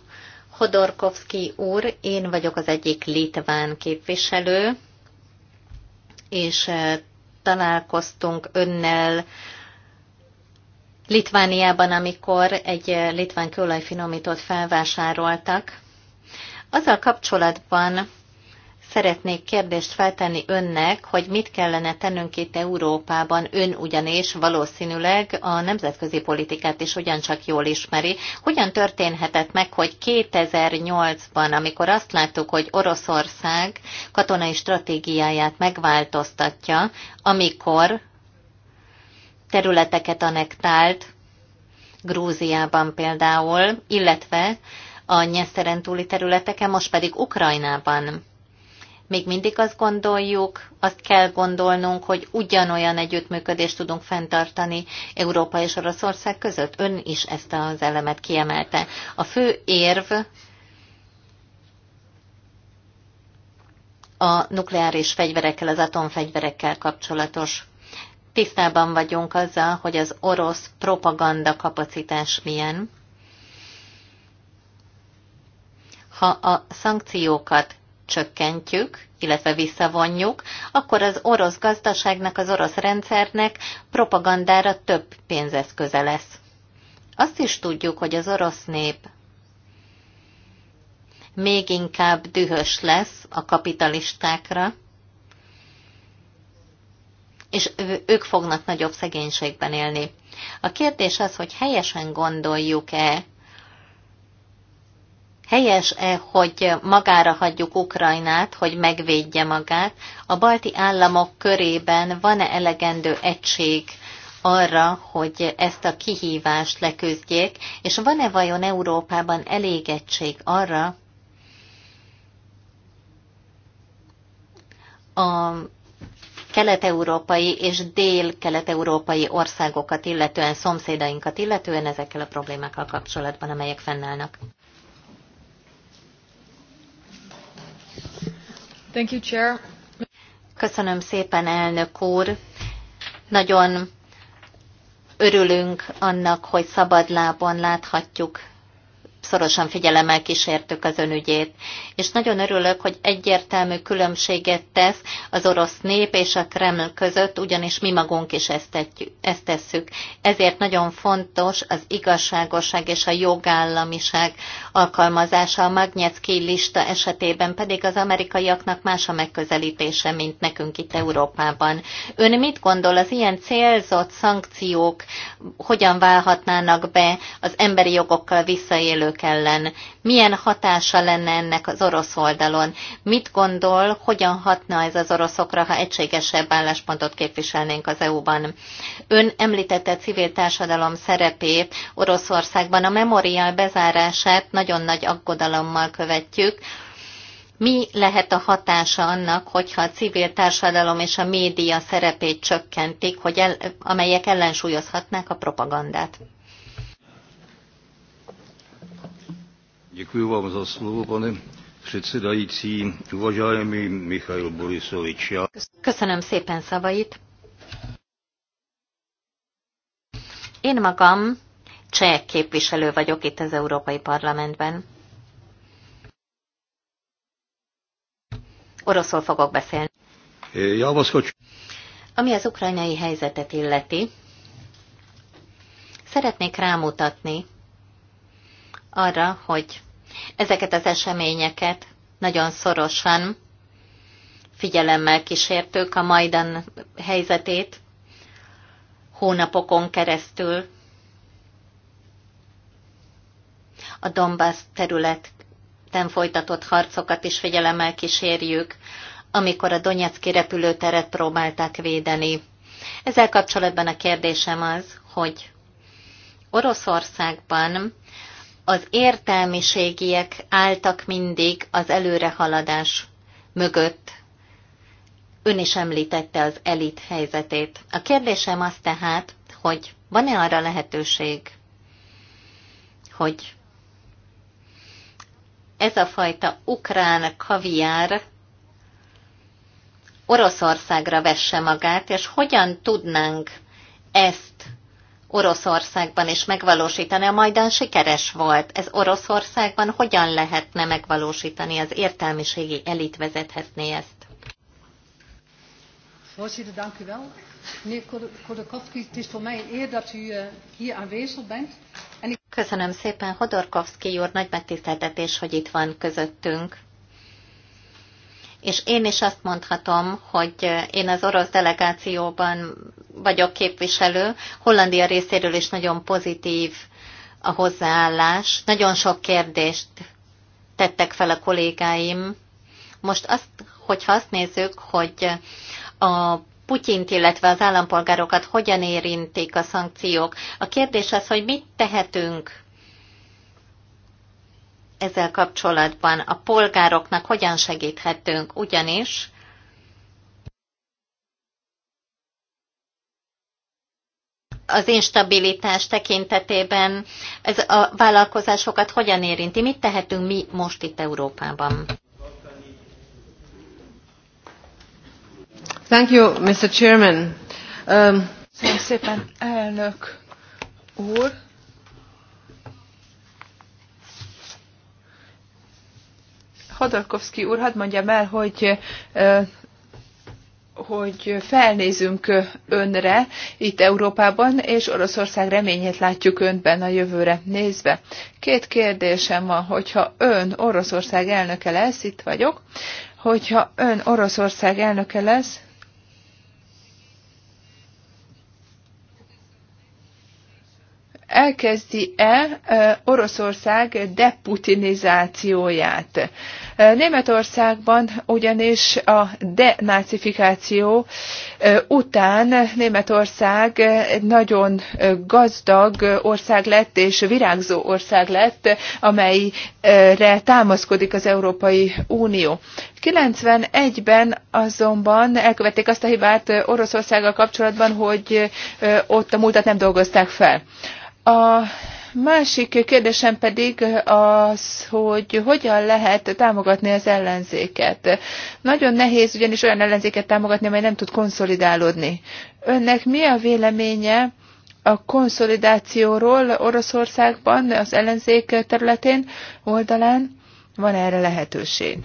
S3: Hodorkovski úr, én vagyok az egyik litván képviselő, és eh, találkoztunk önnel Litvániában, amikor egy eh, litván kőolajfinomítót felvásároltak. Azzal kapcsolatban Szeretnék kérdést feltenni önnek, hogy mit kellene tennünk itt Európában. Ön ugyanis valószínűleg a nemzetközi politikát is ugyancsak jól ismeri. Hogyan történhetett meg, hogy 2008-ban, amikor azt láttuk, hogy Oroszország katonai stratégiáját megváltoztatja, amikor területeket anektált, Grúziában például, illetve a nyeszeren túli területeken, most pedig Ukrajnában még mindig azt gondoljuk, azt kell gondolnunk, hogy ugyanolyan együttműködést tudunk fenntartani Európa és Oroszország között. Ön is ezt az elemet kiemelte. A fő érv a nukleáris fegyverekkel, az atomfegyverekkel kapcsolatos. Tisztában vagyunk azzal, hogy az orosz propaganda kapacitás milyen. Ha a szankciókat csökkentjük, illetve visszavonjuk, akkor az orosz gazdaságnak, az orosz rendszernek propagandára több pénzeszköze lesz. Azt is tudjuk, hogy az orosz nép még inkább dühös lesz a kapitalistákra, és ők fognak nagyobb szegénységben élni. A kérdés az, hogy helyesen gondoljuk-e Helyes-e, hogy magára hagyjuk Ukrajnát, hogy megvédje magát? A balti államok körében van-e elegendő egység arra, hogy ezt a kihívást leküzdjék, és van-e vajon Európában elég egység arra, a kelet-európai és dél-kelet-európai országokat illetően, szomszédainkat illetően ezekkel a problémákkal kapcsolatban, amelyek fennállnak. Thank you, Chair. Köszönöm szépen, elnök úr. Nagyon örülünk annak, hogy szabadlábon láthatjuk szorosan figyelemmel kísértük az önügyét. És nagyon örülök, hogy egyértelmű különbséget tesz az orosz nép és a Kreml között, ugyanis mi magunk is ezt, ezt tesszük. Ezért nagyon fontos az igazságosság és a jogállamiság alkalmazása. A Magnetsky lista esetében pedig az amerikaiaknak más a megközelítése, mint nekünk itt Európában. Ön mit gondol, az ilyen célzott szankciók hogyan válhatnának be az emberi jogokkal visszaélő oroszok ellen. Milyen hatása lenne ennek az orosz oldalon? Mit gondol, hogyan hatna ez az oroszokra, ha egységesebb álláspontot képviselnénk az EU-ban? Ön említette civil társadalom szerepét Oroszországban. A memorial bezárását nagyon nagy aggodalommal követjük. Mi lehet a hatása annak, hogyha a civil társadalom és a média szerepét csökkentik, hogy el, amelyek ellensúlyozhatnák a propagandát?
S1: Děkuji vám za slovo, pane předsedající. mi Michail Borisovič.
S3: Köszönöm szépen szavait. Én magam cseh képviselő vagyok itt az Európai Parlamentben. Oroszul fogok beszélni.
S1: Javaszkodj.
S3: Ami az ukrajnai helyzetet illeti, szeretnék rámutatni arra, hogy Ezeket az eseményeket nagyon szorosan figyelemmel kísértük a Majdan helyzetét hónapokon keresztül. A Donbass területen folytatott harcokat is figyelemmel kísérjük, amikor a Donetszki repülőteret próbálták védeni. Ezzel kapcsolatban a kérdésem az, hogy Oroszországban az értelmiségiek álltak mindig az előrehaladás mögött. Ön is említette az elit helyzetét. A kérdésem az tehát, hogy van-e arra lehetőség, hogy ez a fajta ukrán kaviár Oroszországra vesse magát, és hogyan tudnánk ezt Oroszországban is megvalósítani. A Majdan sikeres volt. Ez Oroszországban hogyan lehetne megvalósítani? Az értelmiségi elit vezethetné ezt.
S2: Voorzitter, dank u wel. Meneer Kodorkovski, het is voor mij een eer dat u eh, hier aanwezig bent.
S3: Köszönöm szépen, Hodorkovszki úr, nagy megtiszteltetés, hogy itt van közöttünk és én is azt mondhatom, hogy én az orosz delegációban vagyok képviselő, Hollandia részéről is nagyon pozitív a hozzáállás. Nagyon sok kérdést tettek fel a kollégáim. Most azt, hogyha azt nézzük, hogy a Putyint, illetve az állampolgárokat hogyan érintik a szankciók. A kérdés az, hogy mit tehetünk ezzel kapcsolatban a polgároknak hogyan segíthetünk, ugyanis az instabilitás tekintetében ez a vállalkozásokat hogyan érinti? Mit tehetünk mi most itt Európában?
S2: Thank you, Mr. Chairman. Um, szépen, elnök úr Hodorkovszki úr, hadd mondjam el, hogy hogy felnézünk önre itt Európában, és Oroszország reményét látjuk önben a jövőre nézve. Két kérdésem van, hogyha ön Oroszország elnöke lesz, itt vagyok, hogyha ön Oroszország elnöke lesz, elkezdi-e Oroszország deputinizációját. Németországban ugyanis a denacifikáció után Németország nagyon gazdag ország lett és virágzó ország lett, amelyre támaszkodik az Európai Unió. 91-ben azonban elkövették azt a hibát Oroszországgal kapcsolatban, hogy ott a múltat nem dolgozták fel. A másik kérdésem pedig az, hogy hogyan lehet támogatni az ellenzéket. Nagyon nehéz ugyanis olyan ellenzéket támogatni, amely nem tud konszolidálódni. Önnek mi a véleménye a konszolidációról Oroszországban, az ellenzék területén, oldalán? Van erre lehetőség?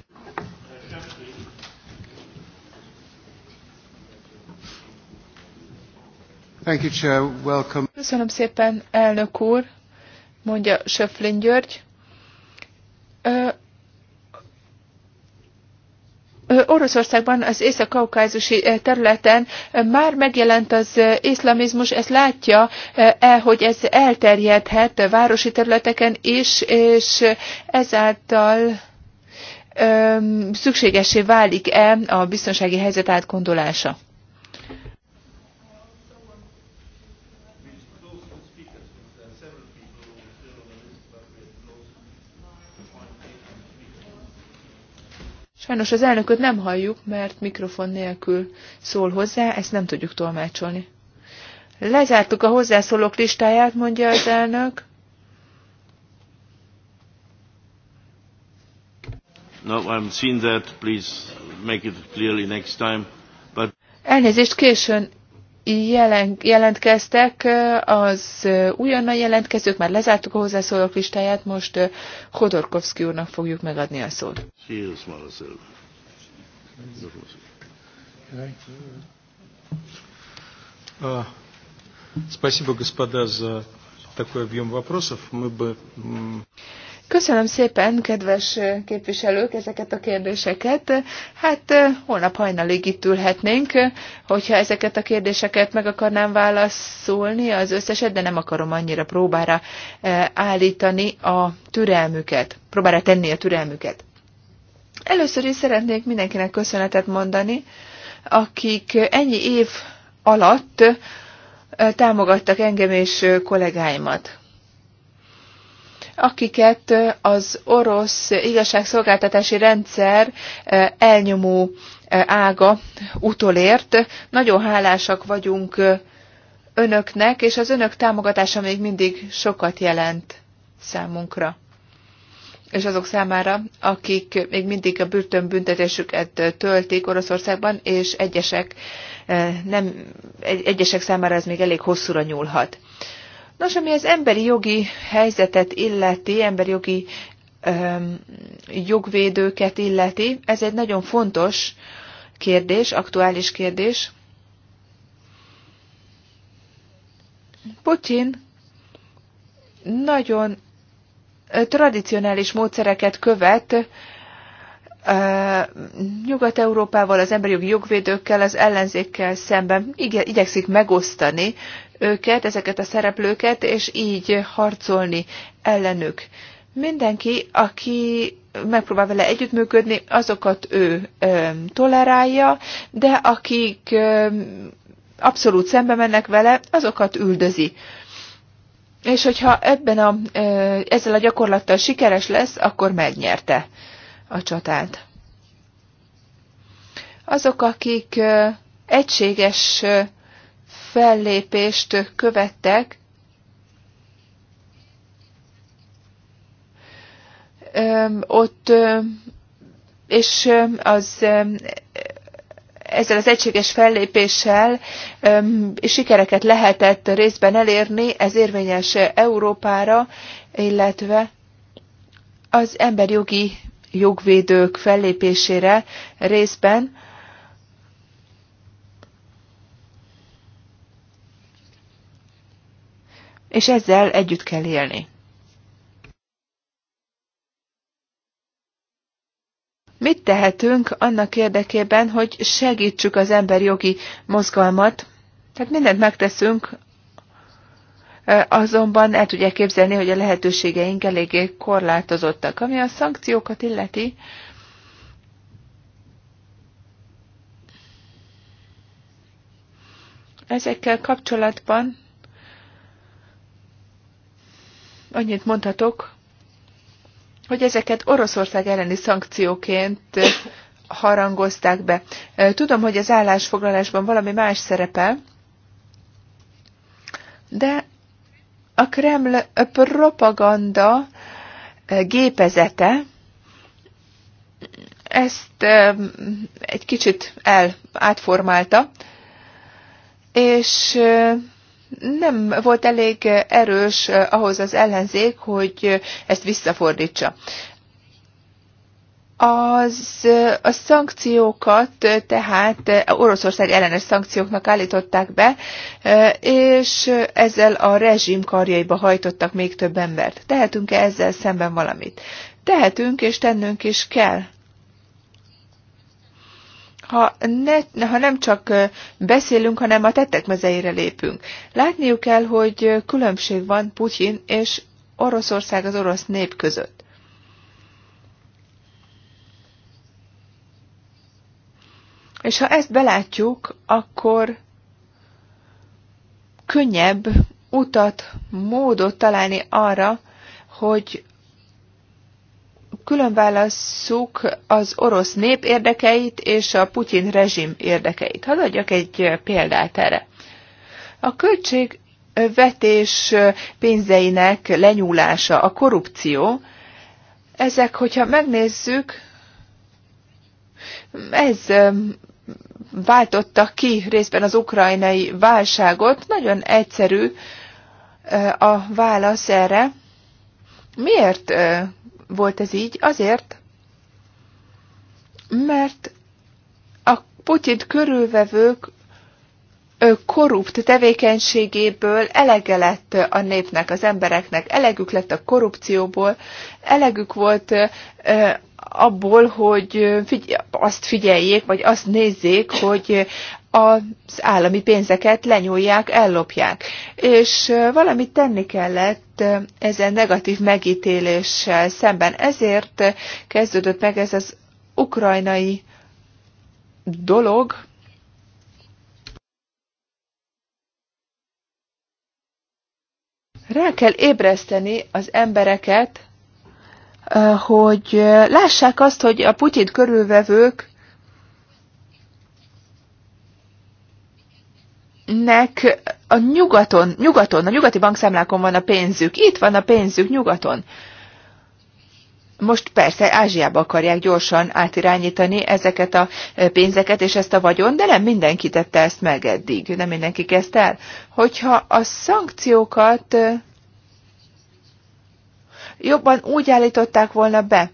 S2: Köszönöm szépen, elnök úr, mondja Söflin György. Oroszországban, az észak-kaukázusi területen már megjelent az iszlamizmus, ezt látja el, hogy ez elterjedhet városi területeken is, és ezáltal szükségesé válik-e a biztonsági helyzet átgondolása. Sajnos az elnököt nem halljuk, mert mikrofon nélkül szól hozzá, ezt nem tudjuk tolmácsolni. Lezártuk a hozzászólók listáját, mondja az elnök.
S1: No, I'm seen that. Please make it clearly next time. But...
S2: Elnézést, későn jelen, jelentkeztek, az újonnan jelentkezők, már lezártuk a hozzászólók listáját, most Hodorkovszki úrnak fogjuk megadni a szót.
S1: Спасибо, господа, за такой объем вопросов. Мы бы...
S2: Köszönöm szépen, kedves képviselők, ezeket a kérdéseket. Hát holnap hajnalig itt ülhetnénk, hogyha ezeket a kérdéseket meg akarnám válaszolni az összeset, de nem akarom annyira próbára állítani a türelmüket, próbára tenni a türelmüket. Először is szeretnék mindenkinek köszönetet mondani, akik ennyi év alatt támogattak engem és kollégáimat akiket az orosz igazságszolgáltatási rendszer elnyomó ága utolért. Nagyon hálásak vagyunk önöknek, és az önök támogatása még mindig sokat jelent számunkra és azok számára, akik még mindig a börtönbüntetésüket töltik Oroszországban, és egyesek, nem, egyesek számára ez még elég hosszúra nyúlhat. Nos, ami az emberi jogi helyzetet illeti, emberi jogi öm, jogvédőket illeti, ez egy nagyon fontos kérdés, aktuális kérdés. Putyin nagyon tradicionális módszereket követ Nyugat-Európával, az emberi jogi jogvédőkkel, az ellenzékkel szemben igyekszik megosztani őket, ezeket a szereplőket, és így harcolni ellenük. Mindenki, aki megpróbál vele együttműködni, azokat ő ö, tolerálja, de akik ö, abszolút szembe mennek vele, azokat üldözi. És hogyha ebben a, ö, ezzel a gyakorlattal sikeres lesz, akkor megnyerte a csatát. Azok, akik egységes fellépést követtek, ott, és az ezzel az egységes fellépéssel sikereket lehetett részben elérni, ez érvényes Európára, illetve az emberjogi jogvédők fellépésére részben, és ezzel együtt kell élni. Mit tehetünk annak érdekében, hogy segítsük az emberjogi mozgalmat? Tehát mindent megteszünk azonban el tudják képzelni, hogy a lehetőségeink eléggé korlátozottak. Ami a szankciókat illeti, ezekkel kapcsolatban annyit mondhatok, hogy ezeket Oroszország elleni szankcióként harangozták be. Tudom, hogy az állásfoglalásban valami más szerepel, de a Kreml propaganda eh, gépezete ezt eh, egy kicsit el, átformálta, és eh, nem volt elég erős ahhoz az ellenzék, hogy ezt visszafordítsa. Az, a szankciókat tehát Oroszország ellenes szankcióknak állították be, és ezzel a rezsim karjaiba hajtottak még több embert. Tehetünk-e ezzel szemben valamit? Tehetünk, és tennünk is kell. Ha, ne, ha nem csak beszélünk, hanem a tettek mezeire lépünk. Látniuk kell, hogy különbség van Putyin és Oroszország az orosz nép között. És ha ezt belátjuk, akkor könnyebb utat, módot találni arra, hogy különválasszuk az orosz nép érdekeit és a Putyin rezsim érdekeit. Hadd adjak egy példát erre. A költségvetés pénzeinek lenyúlása, a korrupció, ezek, hogyha megnézzük, ez váltotta ki részben az ukrajnai válságot. Nagyon egyszerű a válasz erre. Miért volt ez így? Azért, mert a Putyint körülvevők korrupt tevékenységéből elege lett a népnek, az embereknek, elegük lett a korrupcióból, elegük volt abból, hogy figy- azt figyeljék, vagy azt nézzék, hogy az állami pénzeket lenyúlják, ellopják. És valamit tenni kellett ezen negatív megítéléssel szemben. Ezért kezdődött meg ez az ukrajnai dolog, Rá kell ébreszteni az embereket hogy lássák azt, hogy a Putyint körülvevők nek a nyugaton, nyugaton, a nyugati bankszámlákon van a pénzük, itt van a pénzük nyugaton. Most persze Ázsiába akarják gyorsan átirányítani ezeket a pénzeket és ezt a vagyon, de nem mindenki tette ezt meg eddig, nem mindenki kezdte el. Hogyha a szankciókat jobban úgy állították volna be,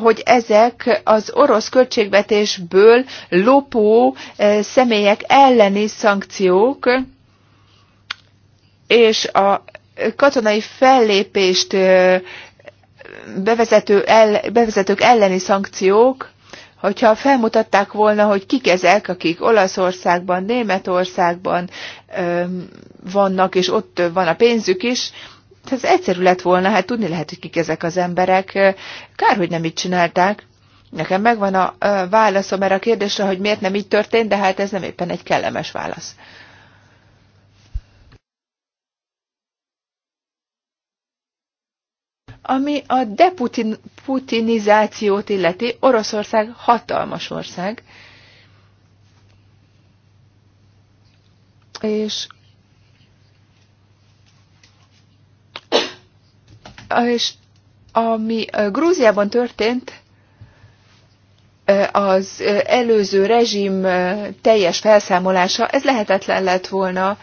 S2: hogy ezek az orosz költségvetésből lopó személyek elleni szankciók, és a katonai fellépést bevezető el, bevezetők elleni szankciók, hogyha felmutatták volna, hogy kik ezek, akik Olaszországban, Németországban vannak, és ott van a pénzük is, ez egyszerű lett volna, hát tudni lehet, hogy kik ezek az emberek. Kár, hogy nem így csinálták. Nekem megvan a válaszom erre a kérdésre, hogy miért nem így történt, de hát ez nem éppen egy kellemes válasz. Ami a deputinizációt illeti, Oroszország hatalmas ország, és és ami Grúziában történt, az előző rezsim teljes felszámolása, ez lehetetlen lett volna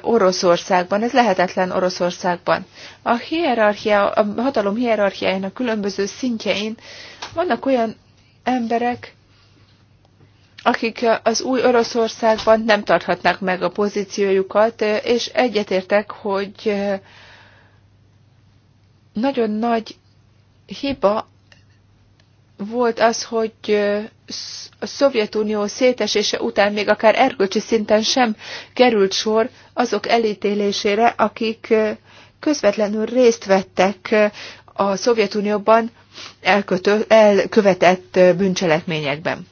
S2: Oroszországban, ez lehetetlen Oroszországban. A, hierarchia, a hatalom hierarchiájának különböző szintjein vannak olyan emberek, akik az új Oroszországban nem tarthatnak meg a pozíciójukat, és egyetértek, hogy nagyon nagy hiba volt az, hogy a Szovjetunió szétesése után még akár erkölcsi szinten sem került sor azok elítélésére, akik közvetlenül részt vettek a Szovjetunióban elkötő, elkövetett bűncselekményekben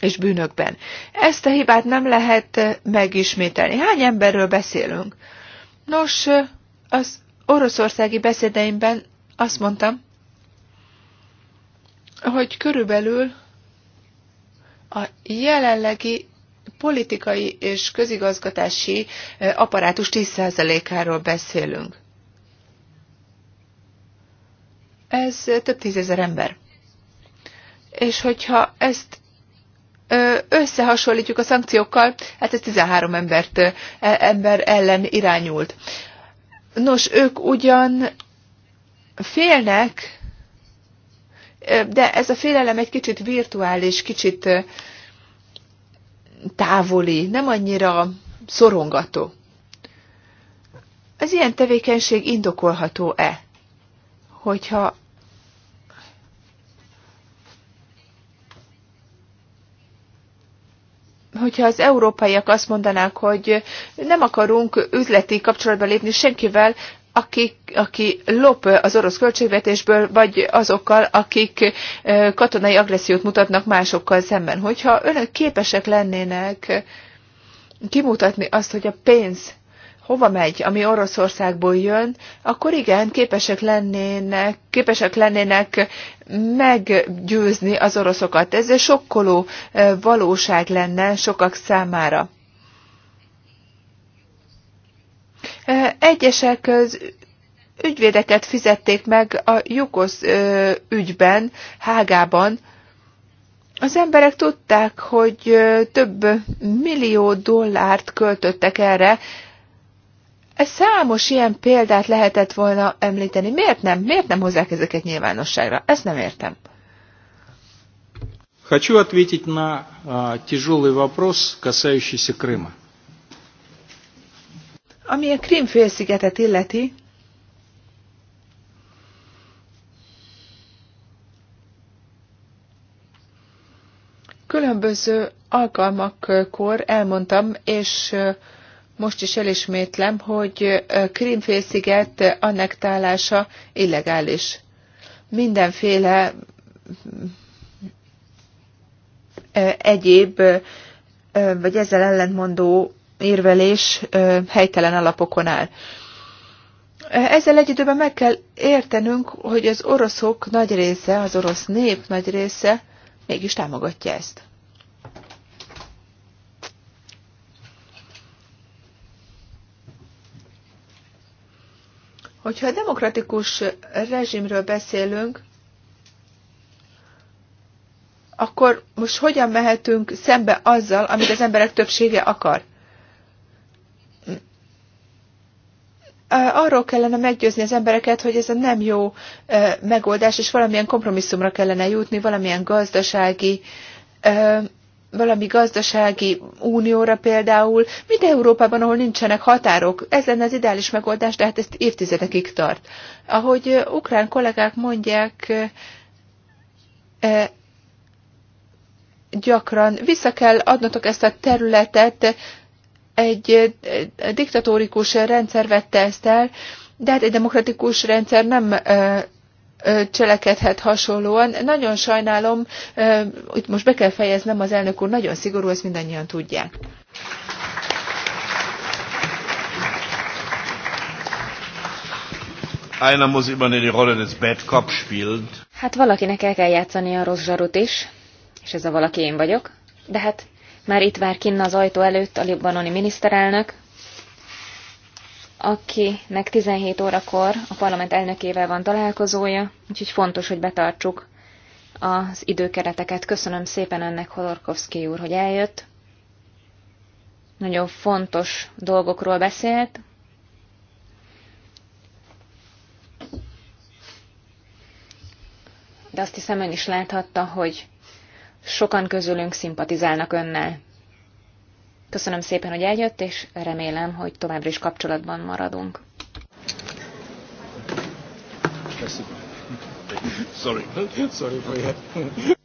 S2: és bűnökben. Ezt a hibát nem lehet megismételni. Hány emberről beszélünk? Nos, az oroszországi beszédeimben azt mondtam, hogy körülbelül a jelenlegi politikai és közigazgatási apparátus 10%-áról beszélünk. Ez több tízezer ember. És hogyha ezt összehasonlítjuk a szankciókkal, hát ez 13 embert, e, ember ellen irányult. Nos, ők ugyan félnek, de ez a félelem egy kicsit virtuális, kicsit távoli, nem annyira szorongató. Az ilyen tevékenység indokolható-e? Hogyha hogyha az európaiak azt mondanák, hogy nem akarunk üzleti kapcsolatba lépni senkivel, aki, aki lop az orosz költségvetésből, vagy azokkal, akik katonai agressziót mutatnak másokkal szemben. Hogyha önök képesek lennének kimutatni azt, hogy a pénz hova megy, ami Oroszországból jön, akkor igen, képesek lennének, képesek lennének meggyőzni az oroszokat. Ez egy sokkoló valóság lenne sokak számára. Egyesek az ügyvédeket fizették meg a Jukosz ügyben, Hágában. Az emberek tudták, hogy több millió dollárt költöttek erre, ez Számos ilyen példát lehetett volna említeni. Miért nem? Miért nem hozzák ezeket nyilvánosságra? Ezt nem értem.
S1: Хочу ответить на uh, тяжелый вопрос, касающийся Крыма.
S2: Ami a Krímfélszigetet illeti, különböző alkalmakkor elmondtam, és most is elismétlem, hogy Krimfélsziget annektálása illegális. Mindenféle egyéb, vagy ezzel ellentmondó érvelés helytelen alapokon áll. Ezzel egy időben meg kell értenünk, hogy az oroszok nagy része, az orosz nép nagy része mégis támogatja ezt. Hogyha a demokratikus rezsimről beszélünk, akkor most hogyan mehetünk szembe azzal, amit az emberek többsége akar? Arról kellene meggyőzni az embereket, hogy ez a nem jó megoldás, és valamilyen kompromisszumra kellene jutni, valamilyen gazdasági valami gazdasági unióra például, mint Európában, ahol nincsenek határok. Ez lenne az ideális megoldás, de hát ezt évtizedekig tart. Ahogy ukrán kollégák mondják, gyakran vissza kell adnotok ezt a területet, egy diktatórikus rendszer vette ezt el, de hát egy demokratikus rendszer nem cselekedhet hasonlóan. Nagyon sajnálom, itt most be kell fejeznem, az elnök úr nagyon szigorú, ezt mindannyian tudják.
S1: Einer muss immer die Rolle des Bad Cop spielen.
S4: Hát valakinek el kell játszani a rossz zsarut is, és ez a valaki én vagyok. De hát már itt vár kinn az ajtó előtt a libanoni miniszterelnök, akinek 17 órakor a parlament elnökével van találkozója, úgyhogy fontos, hogy betartsuk az időkereteket. Köszönöm szépen önnek, Holorkovszki úr, hogy eljött. Nagyon fontos dolgokról beszélt. De azt hiszem ön is láthatta, hogy sokan közülünk szimpatizálnak önnel. Köszönöm szépen, hogy eljött, és remélem, hogy továbbra is kapcsolatban maradunk.
S1: Köszönöm. Sorry. Sorry for you.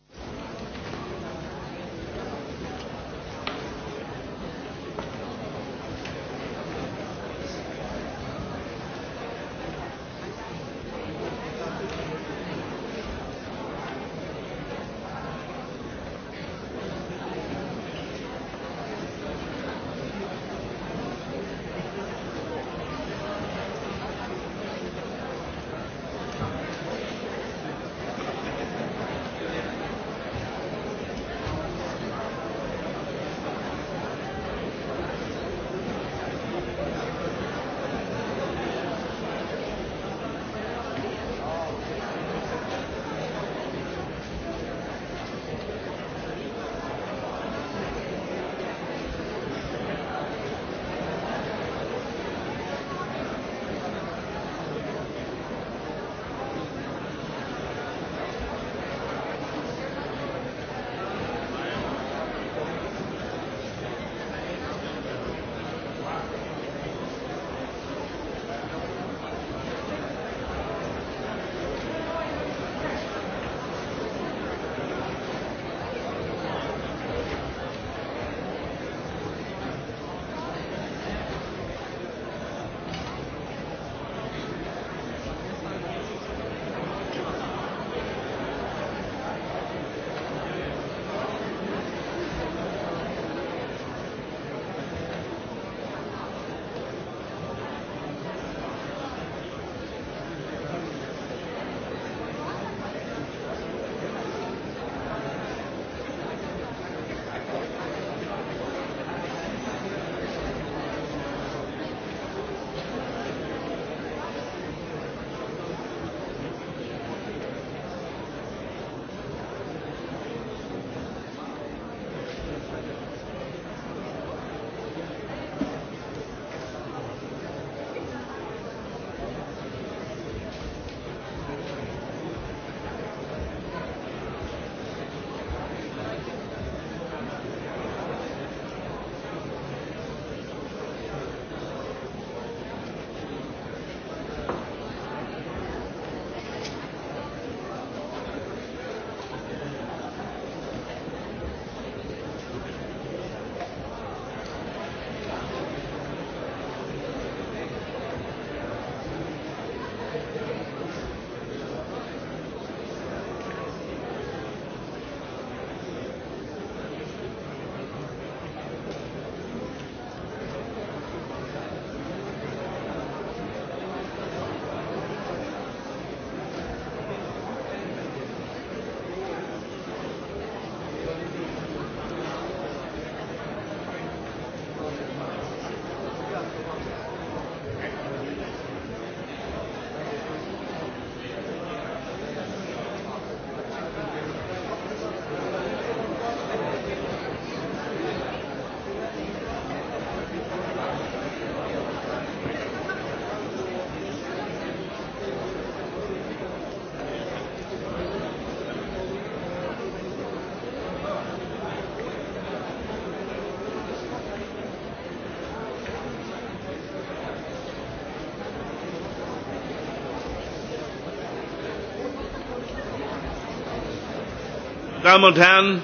S1: Damen und Herren,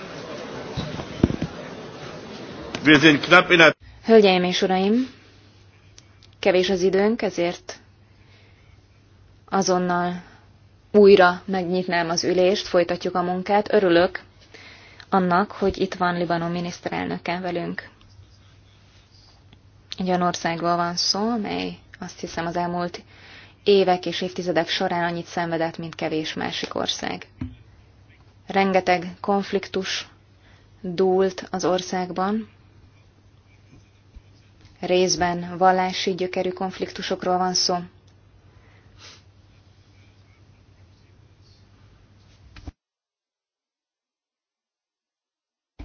S1: wir sind knapp in der
S4: Hölgyeim és Uraim, kevés az időnk, ezért azonnal újra megnyitnám az ülést, folytatjuk a munkát. Örülök annak, hogy itt van Libanon miniszterelnöke velünk. Egy olyan országról van szó, mely azt hiszem az elmúlt évek és évtizedek során annyit szenvedett, mint kevés másik ország rengeteg konfliktus dúlt az országban. Részben vallási gyökerű konfliktusokról van szó.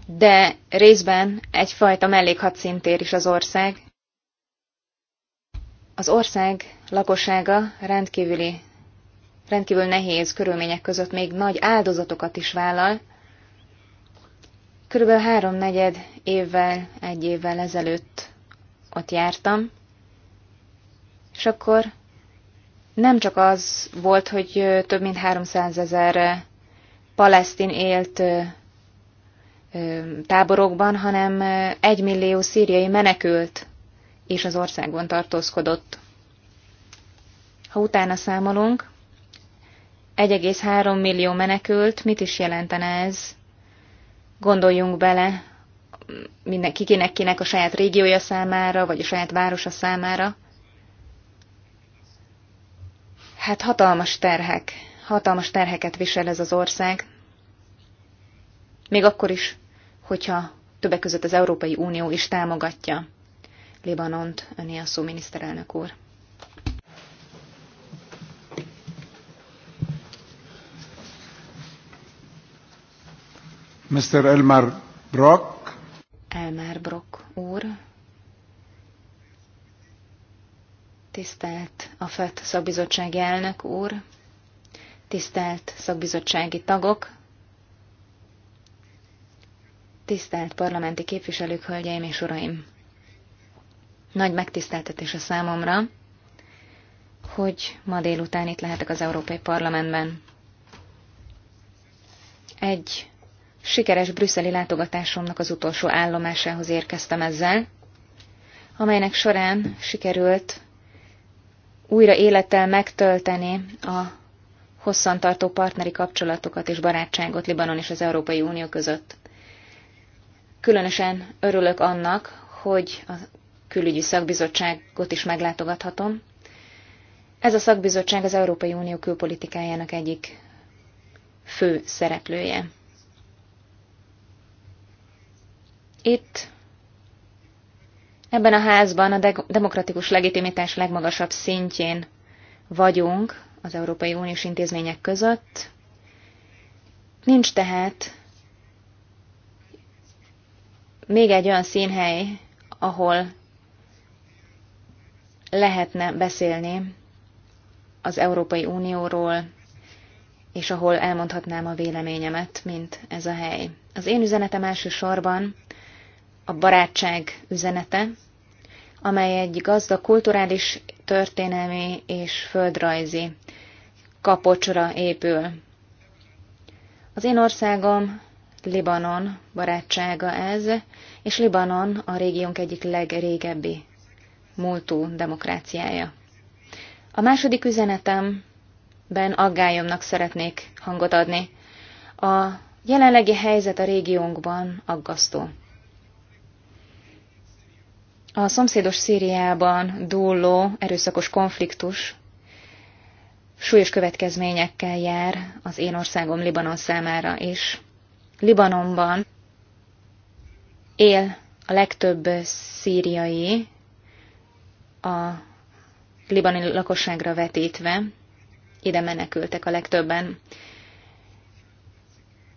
S4: De részben egyfajta mellékhadszintér is az ország. Az ország lakossága rendkívüli rendkívül nehéz körülmények között még nagy áldozatokat is vállal. Körülbelül háromnegyed évvel, egy évvel ezelőtt ott jártam, és akkor nem csak az volt, hogy több mint 300 ezer palesztin élt táborokban, hanem egy millió szíriai menekült és az országban tartózkodott. Ha utána számolunk, 1,3 millió menekült, mit is jelentene ez? Gondoljunk bele, mindenki kinek, kinek a saját régiója számára, vagy a saját városa számára. Hát hatalmas terhek, hatalmas terheket visel ez az ország. Még akkor is, hogyha többek között az Európai Unió is támogatja Libanont, öné a szó miniszterelnök úr.
S1: Mr. Elmar Brock.
S4: Elmar Brock úr. Tisztelt a FET szakbizottsági elnök úr, tisztelt szakbizottsági tagok, tisztelt parlamenti képviselők, hölgyeim és uraim! Nagy megtiszteltetés a számomra, hogy ma délután itt lehetek az Európai Parlamentben. Egy Sikeres brüsszeli látogatásomnak az utolsó állomásához érkeztem ezzel, amelynek során sikerült újra élettel megtölteni a hosszantartó partneri kapcsolatokat és barátságot Libanon és az Európai Unió között. Különösen örülök annak, hogy a külügyi szakbizottságot is meglátogathatom. Ez a szakbizottság az Európai Unió külpolitikájának egyik fő szereplője. Itt ebben a házban a demokratikus legitimitás legmagasabb szintjén vagyunk az Európai Uniós intézmények között. Nincs tehát még egy olyan színhely, ahol lehetne beszélni az Európai Unióról, és ahol elmondhatnám a véleményemet, mint ez a hely. Az én üzenetem elsősorban a barátság üzenete, amely egy gazda kulturális, történelmi és földrajzi kapocsra épül. Az én országom Libanon barátsága ez, és Libanon a régiónk egyik legrégebbi múltú demokráciája. A második üzenetemben aggályomnak szeretnék hangot adni. A jelenlegi helyzet a régiónkban aggasztó. A szomszédos Szíriában dúló erőszakos konfliktus súlyos következményekkel jár az én országom Libanon számára is. Libanonban él a legtöbb szíriai a libani lakosságra vetítve, ide menekültek a legtöbben.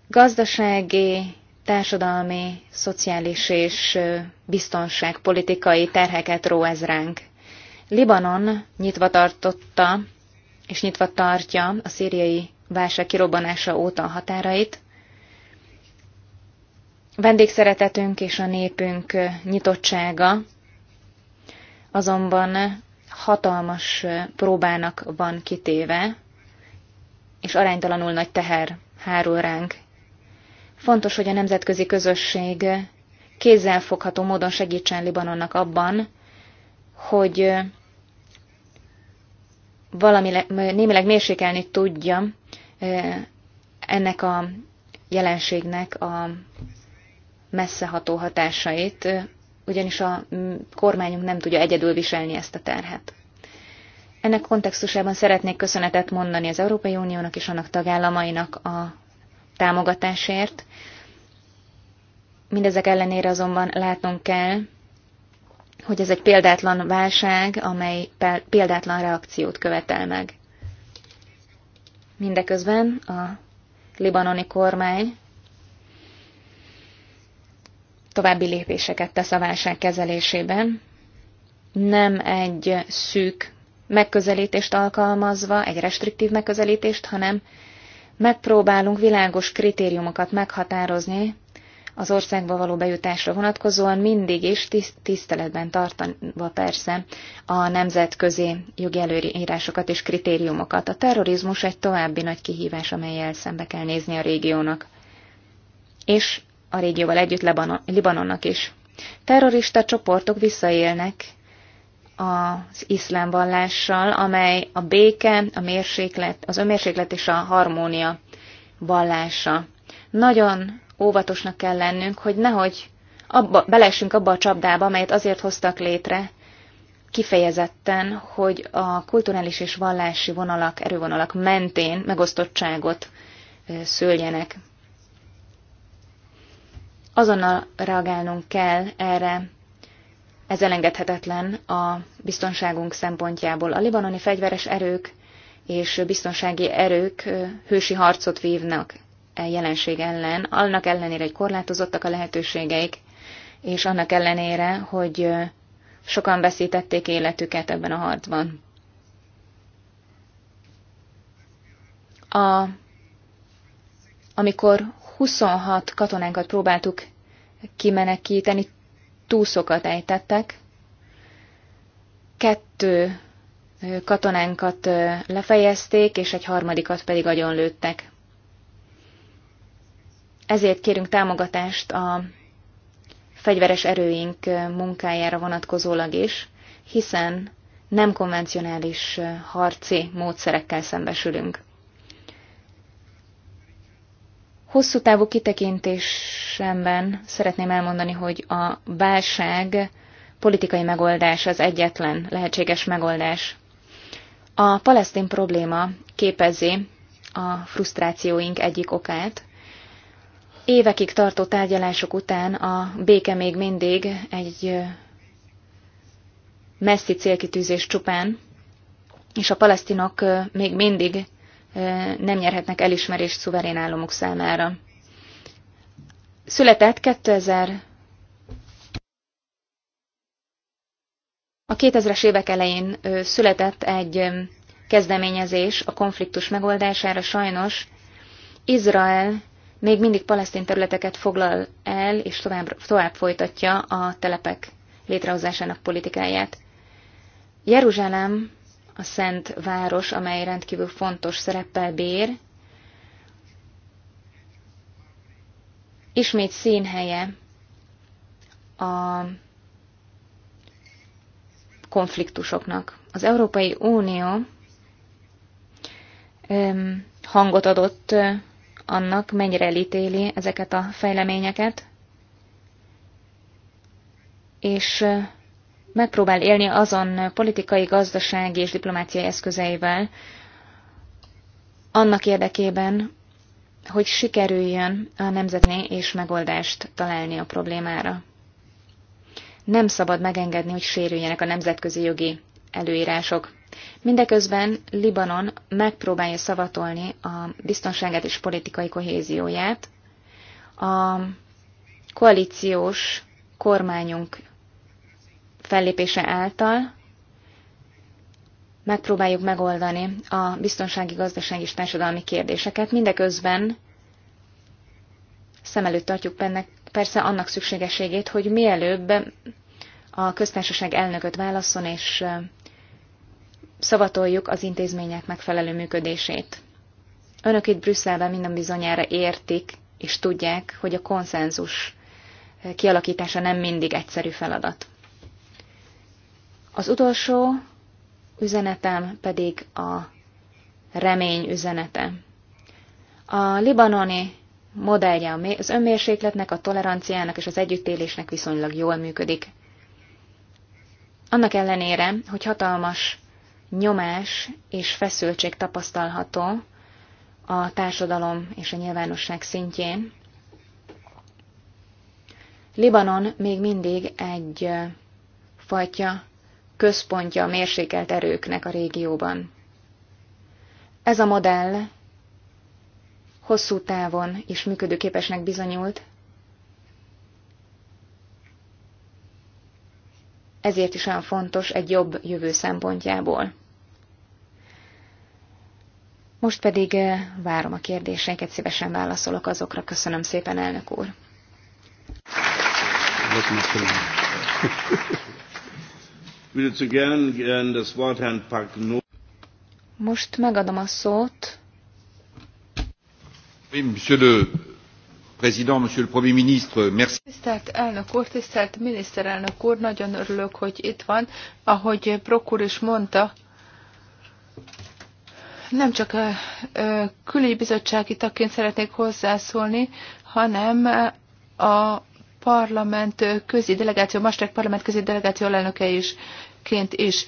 S4: Gazdasági társadalmi, szociális és biztonságpolitikai terheket ró ez ránk. Libanon nyitva tartotta és nyitva tartja a szíriai válság kirobbanása óta a határait. Vendégszeretetünk és a népünk nyitottsága azonban hatalmas próbának van kitéve, és aránytalanul nagy teher hárul ránk. Fontos, hogy a nemzetközi közösség kézzelfogható módon segítsen Libanonnak abban, hogy valami, némileg mérsékelni tudja ennek a jelenségnek a messzeható hatásait, ugyanis a kormányunk nem tudja egyedül viselni ezt a terhet. Ennek kontextusában szeretnék köszönetet mondani az Európai Uniónak és annak tagállamainak a támogatásért. Mindezek ellenére azonban látnunk kell, hogy ez egy példátlan válság, amely példátlan reakciót követel meg. Mindeközben a libanoni kormány további lépéseket tesz a válság kezelésében, nem egy szűk megközelítést alkalmazva, egy restriktív megközelítést, hanem megpróbálunk világos kritériumokat meghatározni az országba való bejutásra vonatkozóan, mindig is tiszteletben tartva persze a nemzetközi jogi előírásokat és kritériumokat. A terrorizmus egy további nagy kihívás, amelyel szembe kell nézni a régiónak. És a régióval együtt Libanonnak is. Terrorista csoportok visszaélnek az iszlám vallással, amely a béke, a mérséklet, az önmérséklet és a harmónia vallása. Nagyon óvatosnak kell lennünk, hogy nehogy abba, belessünk abba a csapdába, amelyet azért hoztak létre, kifejezetten, hogy a kulturális és vallási vonalak, erővonalak mentén megosztottságot szüljenek. Azonnal reagálnunk kell erre ez elengedhetetlen a biztonságunk szempontjából. A libanoni fegyveres erők és biztonsági erők hősi harcot vívnak e jelenség ellen, annak ellenére, hogy korlátozottak a lehetőségeik, és annak ellenére, hogy sokan veszítették életüket ebben a harcban. A, amikor 26 katonánkat próbáltuk kimenekíteni, túszokat ejtettek. Kettő katonánkat lefejezték, és egy harmadikat pedig agyonlőttek. Ezért kérünk támogatást a fegyveres erőink munkájára vonatkozólag is, hiszen nem konvencionális harci módszerekkel szembesülünk. Hosszú távú kitekintésemben szeretném elmondani, hogy a válság politikai megoldás az egyetlen lehetséges megoldás. A palesztin probléma képezi a frusztrációink egyik okát. Évekig tartó tárgyalások után a béke még mindig egy messzi célkitűzés csupán, és a palesztinok még mindig nem nyerhetnek elismerést szuverén államok számára. Született 2000 a 2000-es évek elején született egy kezdeményezés a konfliktus megoldására. Sajnos Izrael még mindig palesztin területeket foglal el, és tovább, tovább folytatja a telepek létrehozásának politikáját. Jeruzsálem a Szent Város, amely rendkívül fontos szereppel bír, ismét színhelye a konfliktusoknak. Az Európai Unió hangot adott annak, mennyire elítéli ezeket a fejleményeket, és megpróbál élni azon politikai, gazdasági és diplomáciai eszközeivel, annak érdekében, hogy sikerüljön a nemzetné és megoldást találni a problémára. Nem szabad megengedni, hogy sérüljenek a nemzetközi jogi előírások. Mindeközben Libanon megpróbálja szavatolni a biztonságát és politikai kohézióját. A koalíciós kormányunk fellépése által megpróbáljuk megoldani a biztonsági, gazdasági és társadalmi kérdéseket. Mindeközben szem előtt tartjuk benne persze annak szükségességét, hogy mielőbb a köztársaság elnököt válaszol, és szavatoljuk az intézmények megfelelő működését. Önök itt Brüsszelben minden bizonyára értik és tudják, hogy a konszenzus kialakítása nem mindig egyszerű feladat. Az utolsó üzenetem pedig a remény üzenete. A libanoni modellje az önmérsékletnek, a toleranciának és az együttélésnek viszonylag jól működik. Annak ellenére, hogy hatalmas nyomás és feszültség tapasztalható a társadalom és a nyilvánosság szintjén, Libanon még mindig egy fajta központja a mérsékelt erőknek a régióban. Ez a modell hosszú távon is működőképesnek bizonyult, ezért is olyan fontos egy jobb jövő szempontjából. Most pedig eh, várom a kérdéseket szívesen válaszolok azokra. Köszönöm szépen, elnök úr! Most megadom a szót.
S1: Oui, monsieur le Président, Monsieur le Premier ministre, merci.
S2: Tisztelt elnök úr, tisztelt miniszterelnök úr, nagyon örülök, hogy itt van. Ahogy prokur is mondta, nem csak a külügybizottsági tagként szeretnék hozzászólni, hanem a parlament közi delegáció, Mastrek parlament közi delegáció elnöke is ként is.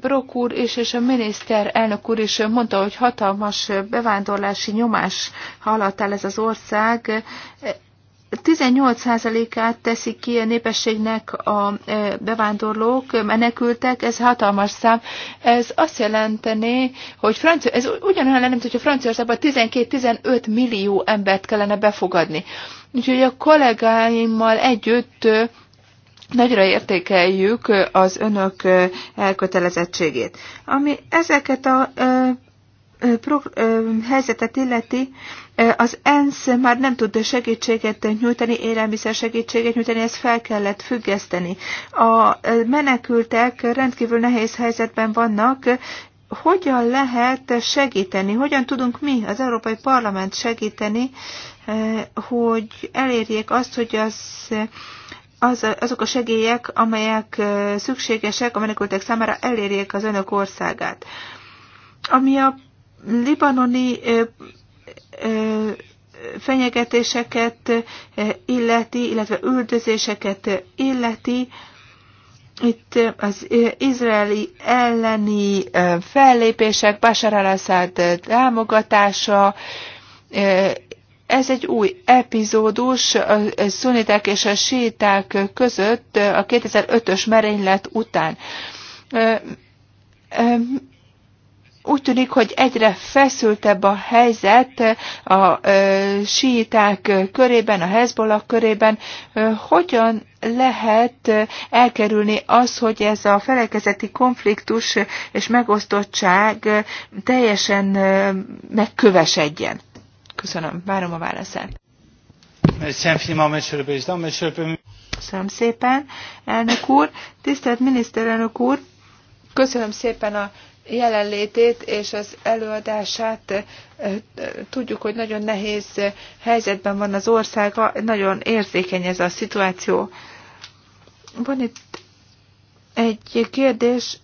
S2: Brok úr is, és a miniszter elnök úr is mondta, hogy hatalmas bevándorlási nyomás haladt el ez az ország. 18%-át teszik ki a népességnek a bevándorlók, menekültek, ez hatalmas szám. Ez azt jelenteni, hogy francia, ez ugyanolyan lenne, mint hogyha Franciaországban 12-15 millió embert kellene befogadni. Úgyhogy a kollégáimmal együtt Nagyra értékeljük az önök elkötelezettségét. Ami ezeket a helyzetet illeti, az ENSZ már nem tud segítséget nyújtani, élelmiszer segítséget nyújtani, ezt fel kellett függeszteni. A menekültek rendkívül nehéz helyzetben vannak, hogyan lehet segíteni, hogyan tudunk mi, az Európai Parlament segíteni, hogy elérjék azt, hogy az az, azok a segélyek, amelyek szükségesek a menekültek számára elérjék az önök országát. Ami a libanoni fenyegetéseket illeti, illetve üldözéseket illeti, itt az izraeli elleni fellépések, Bashar al-Assad támogatása, ez egy új epizódus a szunitek és a síták között a 2005-ös merénylet után. Úgy tűnik, hogy egyre feszültebb a helyzet a síták körében, a Hezbollah körében. Hogyan lehet elkerülni az, hogy ez a felekezeti konfliktus és megosztottság teljesen megkövesedjen? Köszönöm, várom a válaszát. Köszönöm szépen, elnök úr. Tisztelt miniszterelnök úr, köszönöm szépen a jelenlétét és az előadását. Tudjuk, hogy nagyon nehéz helyzetben van az országa, nagyon érzékeny ez a szituáció. Van itt egy kérdés,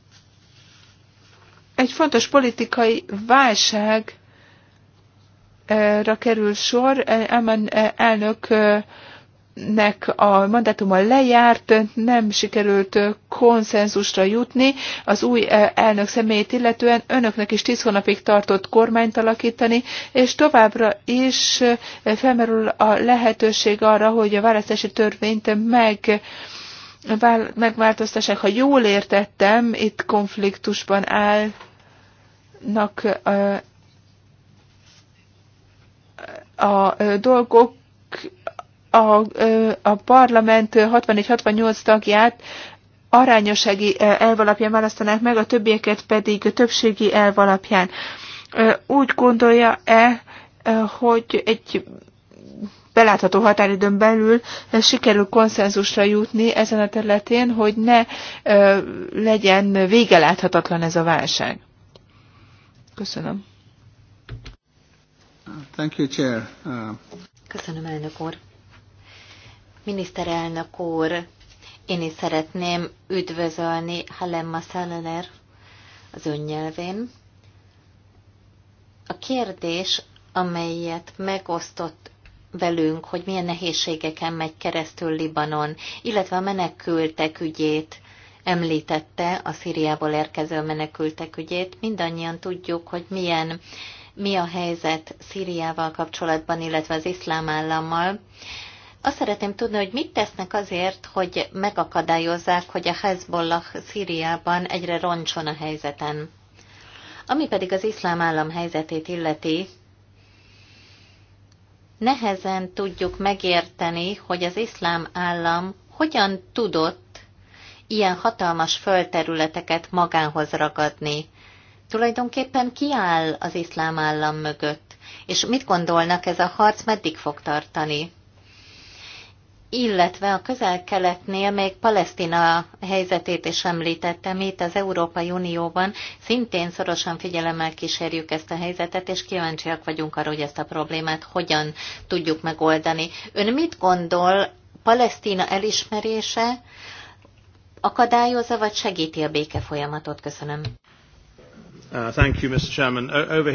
S2: egy fontos politikai válság ra kerül sor. Elman elnöknek a mandátuma lejárt, nem sikerült konszenzusra jutni az új elnök személyét illetően. Önöknek is tíz hónapig tartott kormányt alakítani, és továbbra is felmerül a lehetőség arra, hogy a választási törvényt meg megváltoztassák. Ha jól értettem, itt konfliktusban állnak a dolgok a, a parlament 61 68 tagját arányosági elv alapján választanák meg, a többieket pedig a többségi elv alapján. Úgy gondolja-e, hogy egy belátható határidőn belül sikerül konszenzusra jutni ezen a területén, hogy ne legyen vége láthatatlan ez a válság? Köszönöm.
S1: Thank you, Chair. Uh...
S2: Köszönöm, elnök úr.
S3: Miniszterelnök úr, én is szeretném üdvözölni Halemma Szalener az önnyelvén. A kérdés, amelyet megosztott velünk, hogy milyen nehézségeken megy keresztül Libanon, illetve a menekültek ügyét említette, a Szíriából érkező menekültek ügyét. Mindannyian tudjuk, hogy milyen mi a helyzet Szíriával kapcsolatban, illetve az iszlám állammal. Azt szeretném tudni, hogy mit tesznek azért, hogy megakadályozzák, hogy a Hezbollah Szíriában egyre roncson a helyzeten. Ami pedig az iszlám állam helyzetét illeti, nehezen tudjuk megérteni, hogy az iszlám állam hogyan tudott ilyen hatalmas földterületeket magához ragadni tulajdonképpen kiáll az iszlám állam mögött. És mit gondolnak, ez a harc meddig fog tartani? Illetve a közel-keletnél még Palesztina helyzetét is említettem, itt az Európai Unióban szintén szorosan figyelemmel kísérjük ezt a helyzetet, és kíváncsiak vagyunk arra, hogy ezt a problémát hogyan tudjuk megoldani. Ön mit gondol, Palesztina elismerése akadályozza vagy segíti a béke folyamatot? Köszönöm. Uh,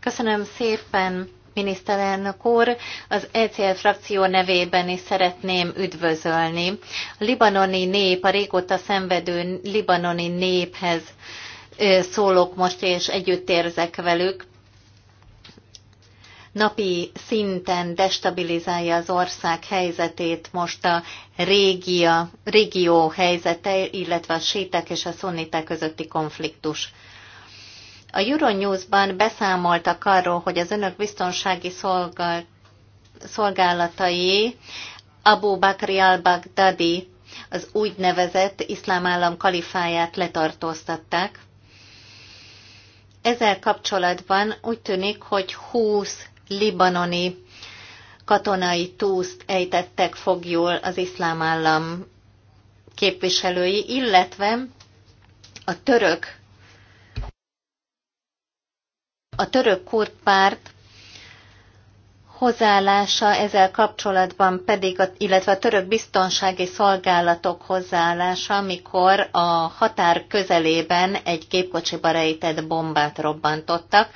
S3: Köszönöm szépen, miniszterelnök úr. Az ECL frakció nevében is szeretném üdvözölni. A libanoni nép, a régóta szenvedő libanoni néphez szólok most, és együtt érzek velük. Napi szinten destabilizálja az ország helyzetét most a régia, régió helyzete, illetve a sétek és a szunniták közötti konfliktus. A Euronews-ban beszámoltak arról, hogy az önök biztonsági szolgál, szolgálatai Abu Bakr al-Baghdadi az úgynevezett iszlám állam kalifáját letartóztatták. Ezzel kapcsolatban úgy tűnik, hogy 20 libanoni katonai túszt ejtettek fogjul az iszlám állam képviselői, illetve a török a török kurt párt hozzáállása ezzel kapcsolatban pedig, illetve a török biztonsági szolgálatok hozzáállása, amikor a határ közelében egy gépkocsiba rejtett bombát robbantottak.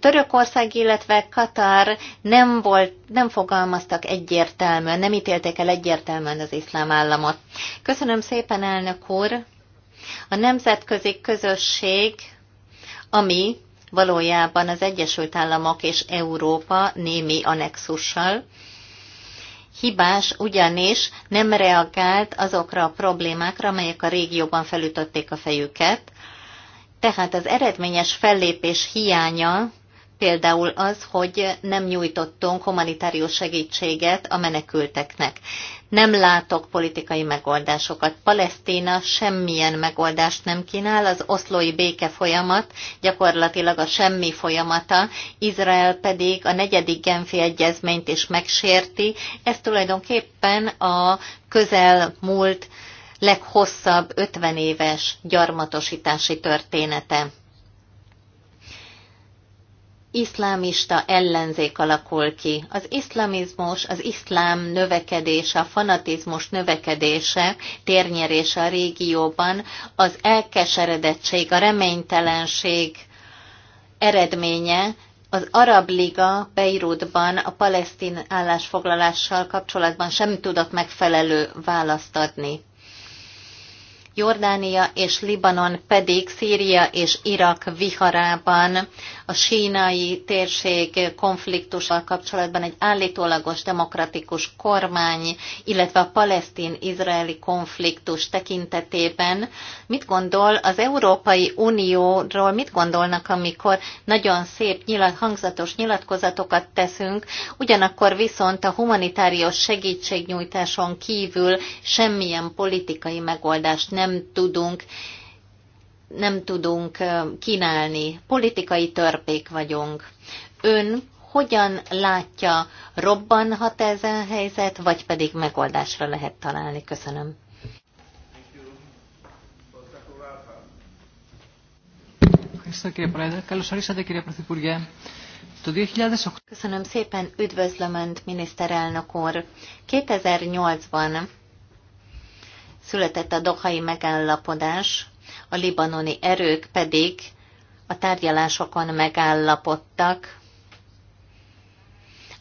S3: Törökország, illetve Katar nem, volt, nem fogalmaztak egyértelműen, nem ítélték el egyértelműen az iszlám államot. Köszönöm szépen, elnök úr! A nemzetközi közösség, ami valójában az Egyesült Államok és Európa némi anexussal. Hibás ugyanis nem reagált azokra a problémákra, amelyek a régióban felütötték a fejüket, tehát az eredményes fellépés hiánya Például az, hogy nem nyújtottunk humanitárius segítséget a menekülteknek. Nem látok politikai megoldásokat. Palesztina semmilyen megoldást nem kínál, az oszlói béke folyamat gyakorlatilag a semmi folyamata, Izrael pedig a negyedik Genfi egyezményt is megsérti. Ez tulajdonképpen a közel múlt leghosszabb 50 éves gyarmatosítási története iszlámista ellenzék alakul ki. Az iszlamizmus, az iszlám növekedése, a fanatizmus növekedése, térnyerése a régióban, az elkeseredettség, a reménytelenség eredménye, az Arab Liga Beirutban a palesztin állásfoglalással kapcsolatban sem tudott megfelelő választ adni. Jordánia és Libanon pedig Szíria és Irak viharában a sínai térség konfliktussal kapcsolatban egy állítólagos demokratikus kormány, illetve a palesztin-izraeli konfliktus tekintetében Mit gondol az Európai Unióról, mit gondolnak, amikor nagyon szép, nyilat, hangzatos nyilatkozatokat teszünk, ugyanakkor viszont a humanitárius segítségnyújtáson kívül semmilyen politikai megoldást nem tudunk nem tudunk kínálni. Politikai törpék vagyunk. Ön hogyan látja, robbanhat ezen helyzet, vagy pedig megoldásra lehet találni? Köszönöm. Köszönöm szépen, üdvözlöm Önt, miniszterelnök úr! 2008-ban született a dohai megállapodás, a libanoni erők pedig a tárgyalásokon megállapodtak.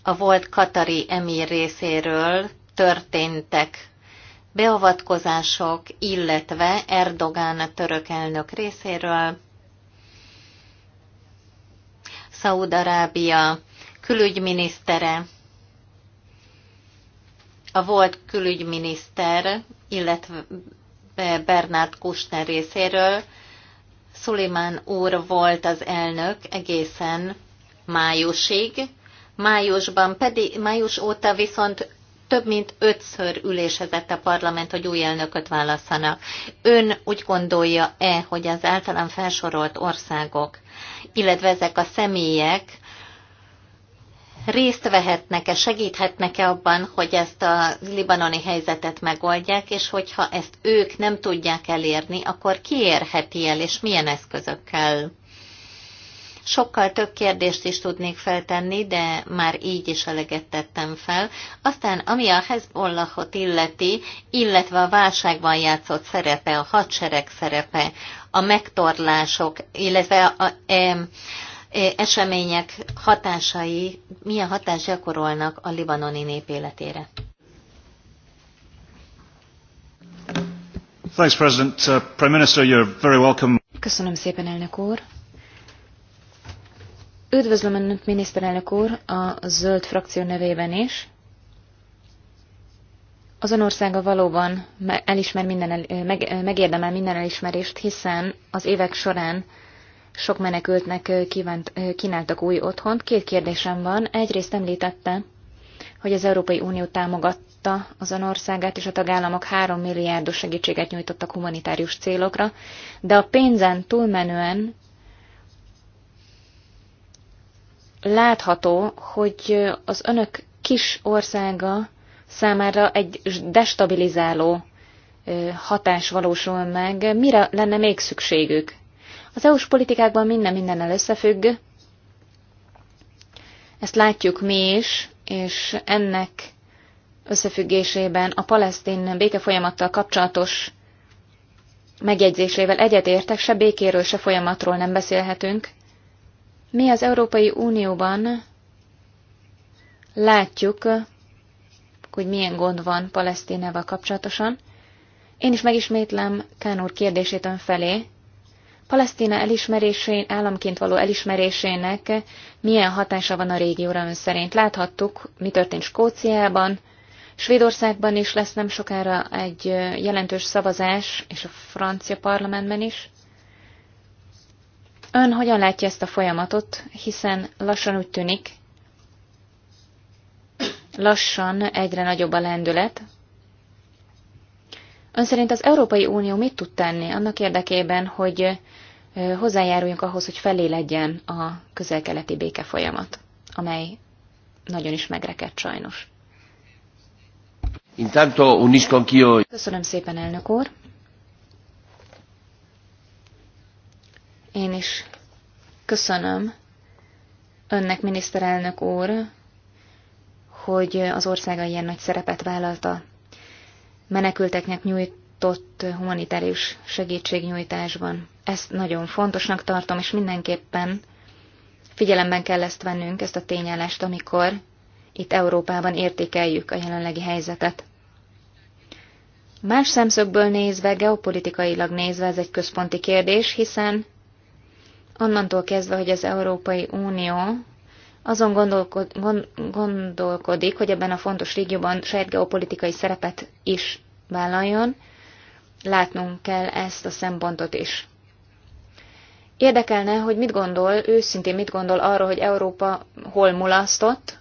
S3: A volt Katari emír részéről történtek beavatkozások, illetve Erdogán a török elnök részéről Szaúd-Arábia külügyminisztere, a volt külügyminiszter, illetve Bernard Kushner részéről, Szulimán úr volt az elnök egészen májusig, májusban pedig, május óta viszont több mint ötször ülésezett a parlament, hogy új elnököt válasszanak. Ön úgy gondolja-e, hogy az általán felsorolt országok illetve ezek a személyek részt vehetnek-e, segíthetnek-e abban, hogy ezt a libanoni helyzetet megoldják, és hogyha ezt ők nem tudják elérni, akkor ki érheti el, és milyen eszközökkel? Sokkal több kérdést is tudnék feltenni, de már így is eleget tettem fel. Aztán, ami a Hezbollahot illeti, illetve a válságban játszott szerepe, a hadsereg szerepe, a megtorlások, illetve a, e, e, események hatásai, milyen hatást gyakorolnak a libanoni nép életére.
S1: Thanks, President. Uh, Prime Minister, you're very welcome.
S4: Köszönöm szépen, elnök úr. Üdvözlöm Önöt, miniszterelnök úr, a zöld frakció nevében is. Azon országa valóban elismer minden, el, meg, megérdemel minden elismerést, hiszen az évek során sok menekültnek kívánt, kínáltak új otthont. Két kérdésem van. Egyrészt említette, hogy az Európai Unió támogatta azon országát, és a tagállamok 3 milliárdos segítséget nyújtottak humanitárius célokra, de a pénzen túlmenően látható, hogy az önök kis országa számára egy destabilizáló hatás valósul meg. Mire lenne még szükségük? Az EU-s politikákban minden mindennel összefügg. Ezt látjuk mi is, és ennek összefüggésében a palesztin békefolyamattal kapcsolatos megjegyzésével egyetértek, se békéről, se folyamatról nem beszélhetünk, mi az Európai Unióban látjuk, hogy milyen gond van Palesztinával kapcsolatosan. Én is megismétlem Kán úr kérdését felé: Palesztina elismerésén, államként való elismerésének milyen hatása van a régióra ön szerint? Láthattuk, mi történt Skóciában, Svédországban is lesz nem sokára egy jelentős szavazás, és a francia parlamentben is. Ön hogyan látja ezt a folyamatot, hiszen lassan úgy tűnik, lassan egyre nagyobb a lendület. Ön szerint az Európai Unió mit tud tenni annak érdekében, hogy hozzájáruljunk ahhoz, hogy felé legyen a közel-keleti béke folyamat, amely nagyon is megrekedt sajnos. Köszönöm szépen, elnök úr! Én is köszönöm önnek, miniszterelnök úr, hogy az országa ilyen nagy szerepet vállalta menekülteknek nyújtott humanitárius segítségnyújtásban. Ezt nagyon fontosnak tartom, és mindenképpen figyelemben kell ezt vennünk, ezt a tényállást, amikor itt Európában értékeljük a jelenlegi helyzetet. Más szemszögből nézve, geopolitikailag nézve ez egy központi kérdés, hiszen Onnantól kezdve, hogy az Európai Unió azon gondolkodik, hogy ebben a fontos régióban saját geopolitikai szerepet is vállaljon, látnunk kell ezt a szempontot is. Érdekelne, hogy mit gondol, őszintén mit gondol arról, hogy Európa hol mulasztott,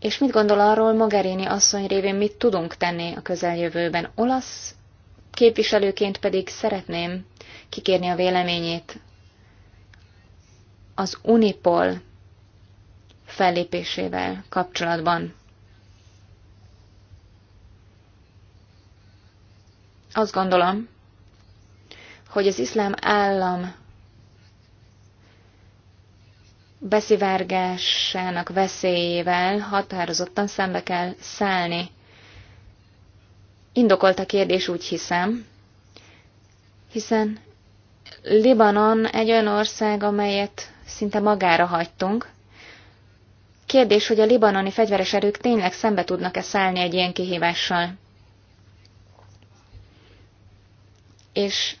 S4: és mit gondol arról Mogherini asszony révén mit tudunk tenni a közeljövőben. Olasz képviselőként pedig szeretném kikérni a véleményét az Unipol fellépésével kapcsolatban. Azt gondolom, hogy az iszlám állam beszivárgásának veszélyével határozottan szembe kell szállni. Indokolt a kérdés, úgy hiszem, hiszen Libanon egy olyan ország, amelyet szinte magára hagytunk. Kérdés, hogy a libanoni fegyveres erők tényleg szembe tudnak-e szállni egy ilyen kihívással. És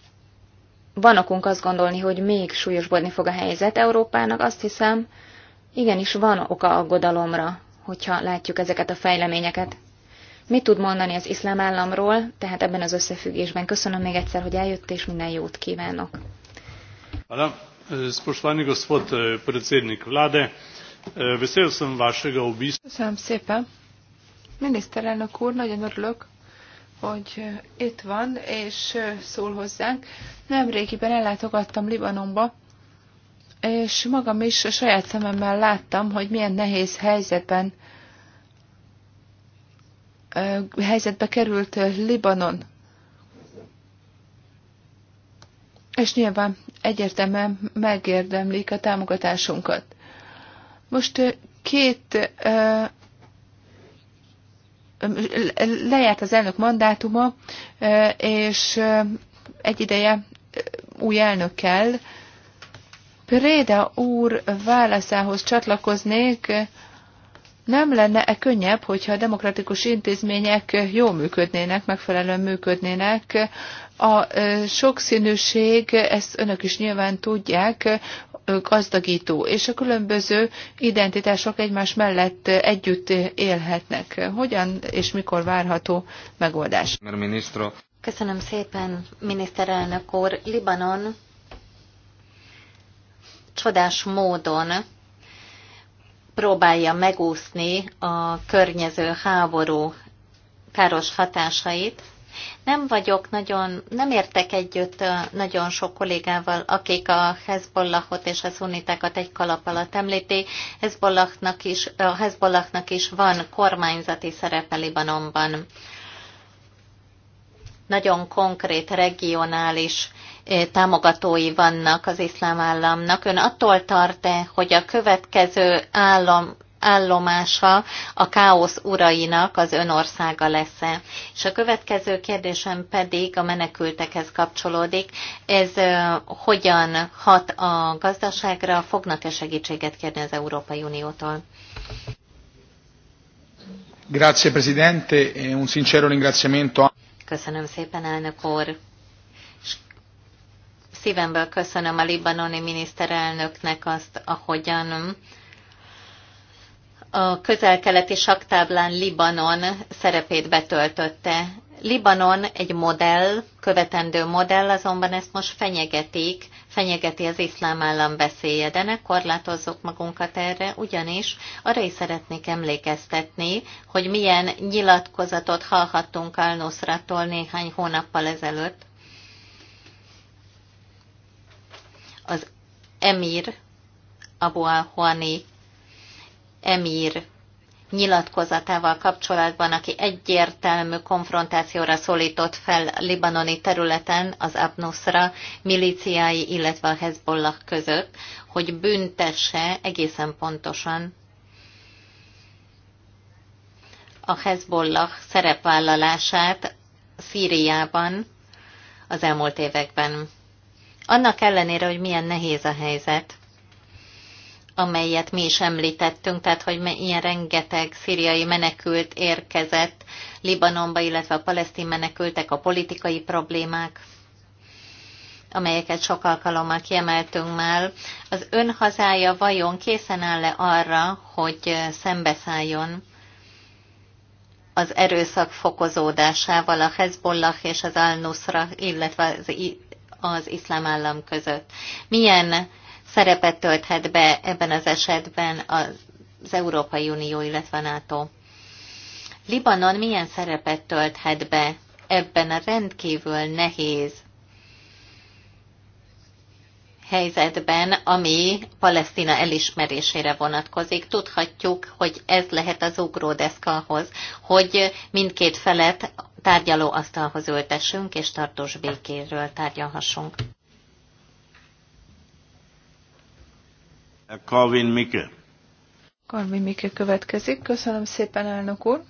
S4: van okunk azt gondolni, hogy még súlyosbodni fog a helyzet Európának, azt hiszem, igenis van oka aggodalomra, hogyha látjuk ezeket a fejleményeket. Mit tud mondani az iszlám államról, tehát ebben az összefüggésben köszönöm még egyszer, hogy eljött, és minden jót kívánok.
S1: Adam. Eh, spoštovani gospod eh, predsednik vlade, eh, vesel sem vašega obiska.
S2: Köszönöm szépen. Miniszterelnök úr, nagyon örülök, hogy itt van és szól hozzánk. Nemrégiben ellátogattam Libanonba, és magam is a saját szememmel láttam, hogy milyen nehéz helyzetben helyzetbe került Libanon. és nyilván egyértelműen megérdemlik a támogatásunkat. Most két lejárt az elnök mandátuma, és egy ideje új elnök kell. Préda úr válaszához csatlakoznék, nem lenne-e könnyebb, hogyha a demokratikus intézmények jól működnének, megfelelően működnének a sokszínűség, ezt önök is nyilván tudják, gazdagító, és a különböző identitások egymás mellett együtt élhetnek. Hogyan és mikor várható megoldás? Köszönöm szépen, miniszterelnök úr. Libanon
S3: csodás módon próbálja megúszni a környező háború káros hatásait, nem vagyok nagyon, nem értek együtt nagyon sok kollégával, akik a Hezbollahot és a szunitákat egy kalap alatt említi. Hezbollahnak is, a Hezbollahnak is van kormányzati szerepe Libanonban. Nagyon konkrét, regionális támogatói vannak az iszlám államnak. Ön attól tart-e, hogy a következő állam állomása a káosz urainak az önországa lesz-e. És a következő kérdésem pedig a menekültekhez kapcsolódik. Ez hogyan hat a gazdaságra? Fognak-e segítséget kérni az Európai Uniótól?
S1: Grazie Presidente, e un sincero
S3: ringraziamento. Köszönöm szépen, elnök úr szívemből köszönöm a libanoni miniszterelnöknek azt, ahogyan a közel-keleti saktáblán Libanon szerepét betöltötte. Libanon egy modell, követendő modell, azonban ezt most fenyegetik, fenyegeti az iszlám állam veszélye, de ne korlátozzuk magunkat erre, ugyanis arra is szeretnék emlékeztetni, hogy milyen nyilatkozatot hallhattunk al néhány hónappal ezelőtt. Az emír Abu al emír nyilatkozatával kapcsolatban, aki egyértelmű konfrontációra szólított fel libanoni területen az Abnusra milíciái, illetve a Hezbollah között, hogy büntesse egészen pontosan a Hezbollah szerepvállalását Szíriában az elmúlt években. Annak ellenére, hogy milyen nehéz a helyzet, amelyet mi is említettünk, tehát hogy ilyen rengeteg szíriai menekült érkezett Libanonba, illetve a palesztin menekültek, a politikai problémák, amelyeket sok alkalommal kiemeltünk már. Az ön hazája vajon készen áll-e arra, hogy szembeszálljon az erőszak fokozódásával a Hezbollah és az Al-Nusra, illetve az, az iszlám állam között? Milyen szerepet tölthet be ebben az esetben az Európai Unió, illetve a NATO. Libanon milyen szerepet tölthet be ebben a rendkívül nehéz helyzetben, ami Palesztina elismerésére vonatkozik. Tudhatjuk, hogy ez lehet az ahhoz, hogy mindkét felet tárgyalóasztalhoz ültessünk, és tartós békéről tárgyalhassunk.
S1: Calvin Mike.
S2: Calvin Mike következik. Köszönöm szépen, elnök úr.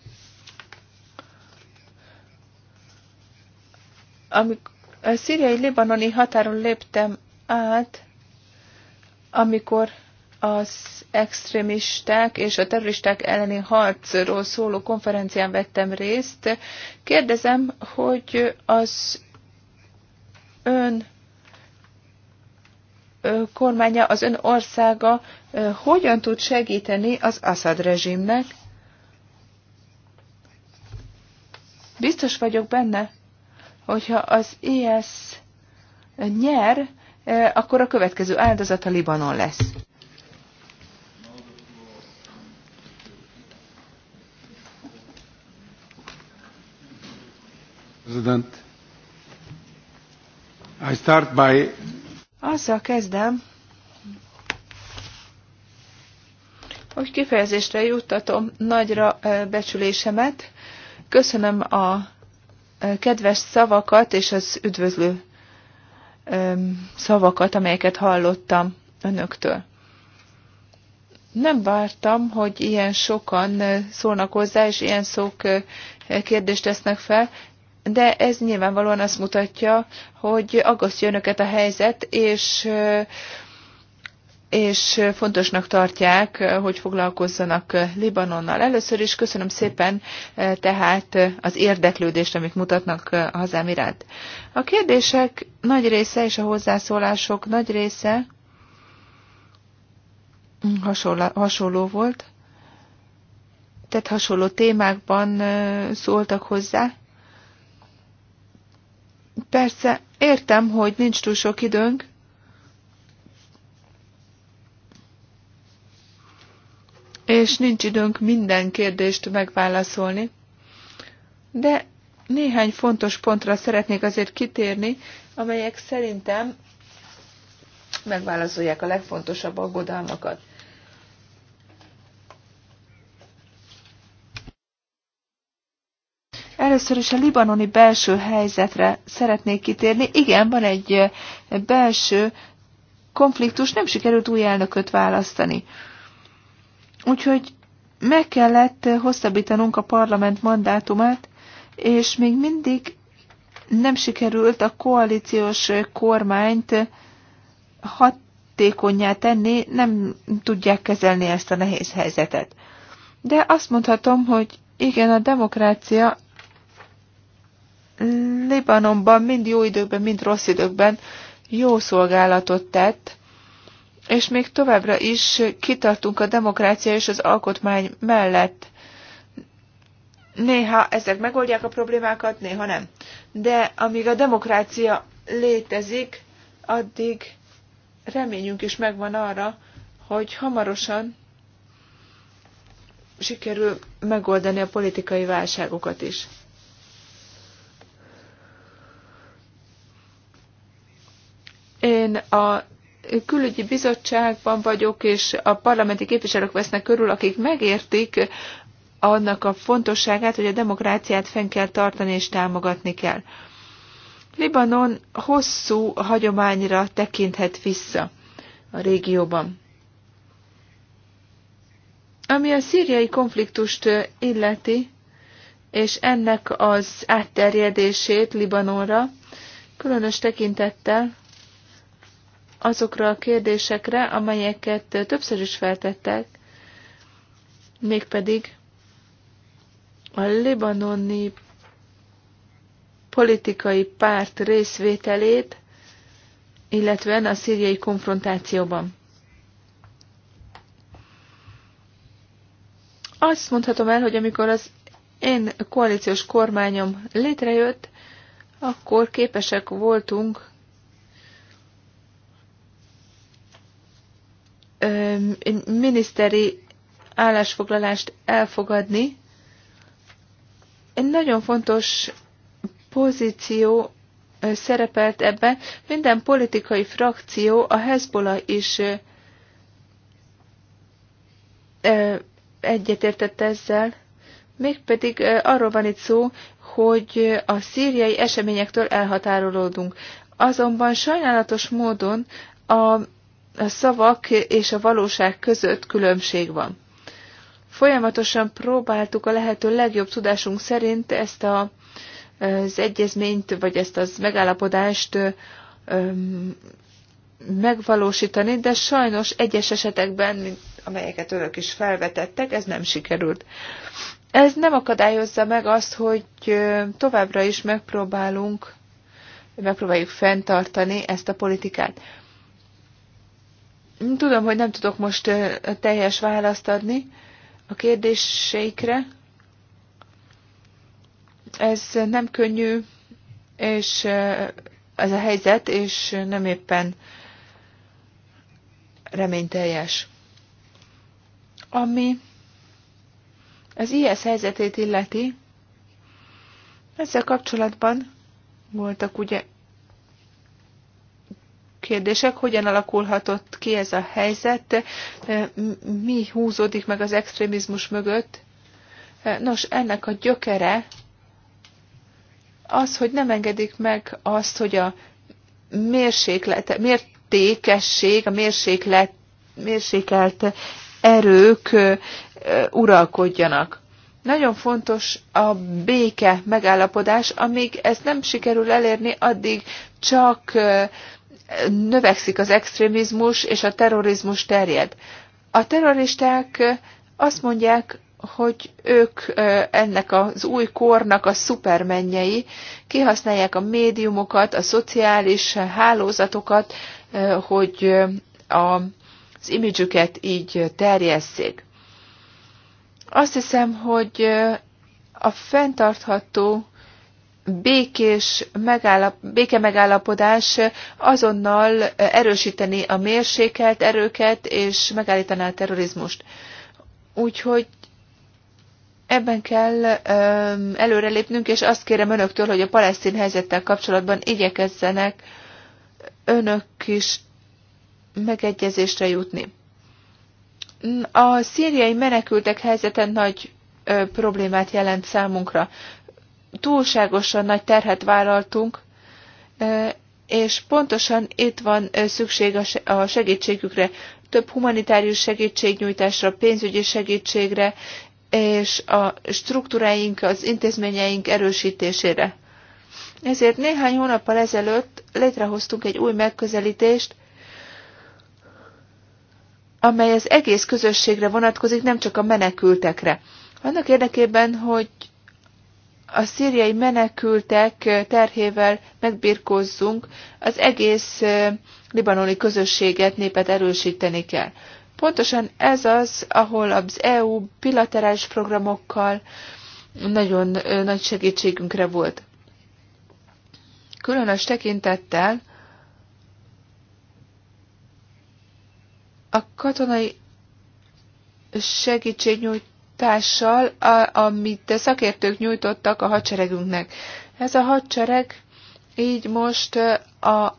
S2: Amikor a szíriai-libanoni határon léptem át, amikor az extrémisták és a terroristák elleni harcról szóló konferencián vettem részt. Kérdezem, hogy az ön kormánya, az ön országa hogyan tud segíteni az Assad rezsimnek? Biztos vagyok benne, hogyha az IS nyer, akkor a következő áldozat a Libanon lesz.
S1: President, I start by
S2: azzal kezdem, hogy kifejezésre juttatom nagyra becsülésemet. Köszönöm a kedves szavakat és az üdvözlő szavakat, amelyeket hallottam önöktől. Nem vártam, hogy ilyen sokan szólnak hozzá, és ilyen szók kérdést tesznek fel, de ez nyilvánvalóan azt mutatja, hogy aggasztja önöket a helyzet, és és fontosnak tartják, hogy foglalkozzanak Libanonnal. Először is köszönöm szépen eh, tehát az érdeklődést, amit mutatnak a eh, hazám iránt. A kérdések nagy része és a hozzászólások nagy része hasonló, hasonló volt, tehát hasonló témákban eh, szóltak hozzá. Persze, értem, hogy nincs túl sok időnk, és nincs időnk minden kérdést megválaszolni, de néhány fontos pontra szeretnék azért kitérni, amelyek szerintem megválaszolják a legfontosabb aggodalmakat. Először is a libanoni belső helyzetre szeretnék kitérni. Igen, van egy eh, belső konfliktus, nem sikerült új elnököt választani. Úgyhogy meg kellett eh, hosszabbítanunk a parlament mandátumát, és még mindig nem sikerült a koalíciós eh, kormányt hatékonyá tenni, nem tudják kezelni ezt a nehéz helyzetet. De azt mondhatom, hogy igen, a demokrácia Libanonban mind jó időkben, mind rossz időkben jó szolgálatot tett, és még továbbra is kitartunk a demokrácia és az alkotmány mellett. Néha ezek megoldják a problémákat, néha nem. De amíg a demokrácia létezik, addig reményünk is megvan arra, hogy hamarosan sikerül megoldani a politikai válságokat is. Én a külügyi bizottságban vagyok, és a parlamenti képviselők vesznek körül, akik megértik annak a fontosságát, hogy a demokráciát fenn kell tartani és támogatni kell. Libanon hosszú hagyományra tekinthet vissza a régióban. Ami a szíriai konfliktust illeti, és ennek az átterjedését Libanonra, különös tekintettel azokra a kérdésekre, amelyeket többször is feltettek, mégpedig a libanoni politikai párt részvételét, illetve a szíriai konfrontációban. Azt mondhatom el, hogy amikor az én koalíciós kormányom létrejött, akkor képesek voltunk miniszteri állásfoglalást elfogadni. Egy nagyon fontos pozíció szerepelt ebben. Minden politikai frakció, a Hezbollah is egyetértett ezzel. Mégpedig arról van itt szó, hogy a szíriai eseményektől elhatárolódunk. Azonban sajnálatos módon a szavak és a valóság között különbség van. Folyamatosan próbáltuk a lehető legjobb tudásunk szerint ezt a, az egyezményt, vagy ezt az megállapodást öm, megvalósítani, de sajnos egyes esetekben, mint amelyeket önök is felvetettek, ez nem sikerült. Ez nem akadályozza meg azt, hogy továbbra is megpróbálunk, megpróbáljuk fenntartani ezt a politikát. Tudom, hogy nem tudok most teljes választ adni a kérdéseikre. Ez nem könnyű, és ez a helyzet, és nem éppen reményteljes. Ami az IS helyzetét illeti, ezzel kapcsolatban voltak ugye kérdések, hogyan alakulhatott ki ez a helyzet, mi húzódik meg az extrémizmus mögött. Nos, ennek a gyökere az, hogy nem engedik meg azt, hogy a mérséklet, mértékesség, a mérséklet, mérsékelt erők uralkodjanak. Nagyon fontos a béke megállapodás, amíg ezt nem sikerül elérni, addig csak növekszik az extrémizmus, és a terrorizmus terjed. A terroristák azt mondják, hogy ők ennek az új kornak a szupermenjei, kihasználják a médiumokat, a szociális hálózatokat, hogy az imidzsüket így terjesszék. Azt hiszem, hogy a fenntartható békés megállap, béke megállapodás azonnal erősíteni a mérsékelt erőket, és megállítaná a terrorizmust. Úgyhogy ebben kell um, előrelépnünk, és azt kérem önöktől, hogy a palesztin helyzettel kapcsolatban igyekezzenek önök is megegyezésre jutni. A szíriai menekültek helyzete nagy ö, problémát jelent számunkra túlságosan nagy terhet vállaltunk, és pontosan itt van szükség a segítségükre, több humanitárius segítségnyújtásra, pénzügyi segítségre, és a struktúráink, az intézményeink erősítésére. Ezért néhány hónappal ezelőtt létrehoztunk egy új megközelítést, amely az egész közösségre vonatkozik, nem csak a menekültekre. Annak érdekében, hogy a szíriai menekültek terhével megbirkózzunk, az egész libanoni közösséget, népet erősíteni kell. Pontosan ez az, ahol az EU bilaterális programokkal nagyon nagy segítségünkre volt. Különös tekintettel a katonai segítségnyújtás a, amit szakértők nyújtottak a hadseregünknek. Ez a hadsereg így most a,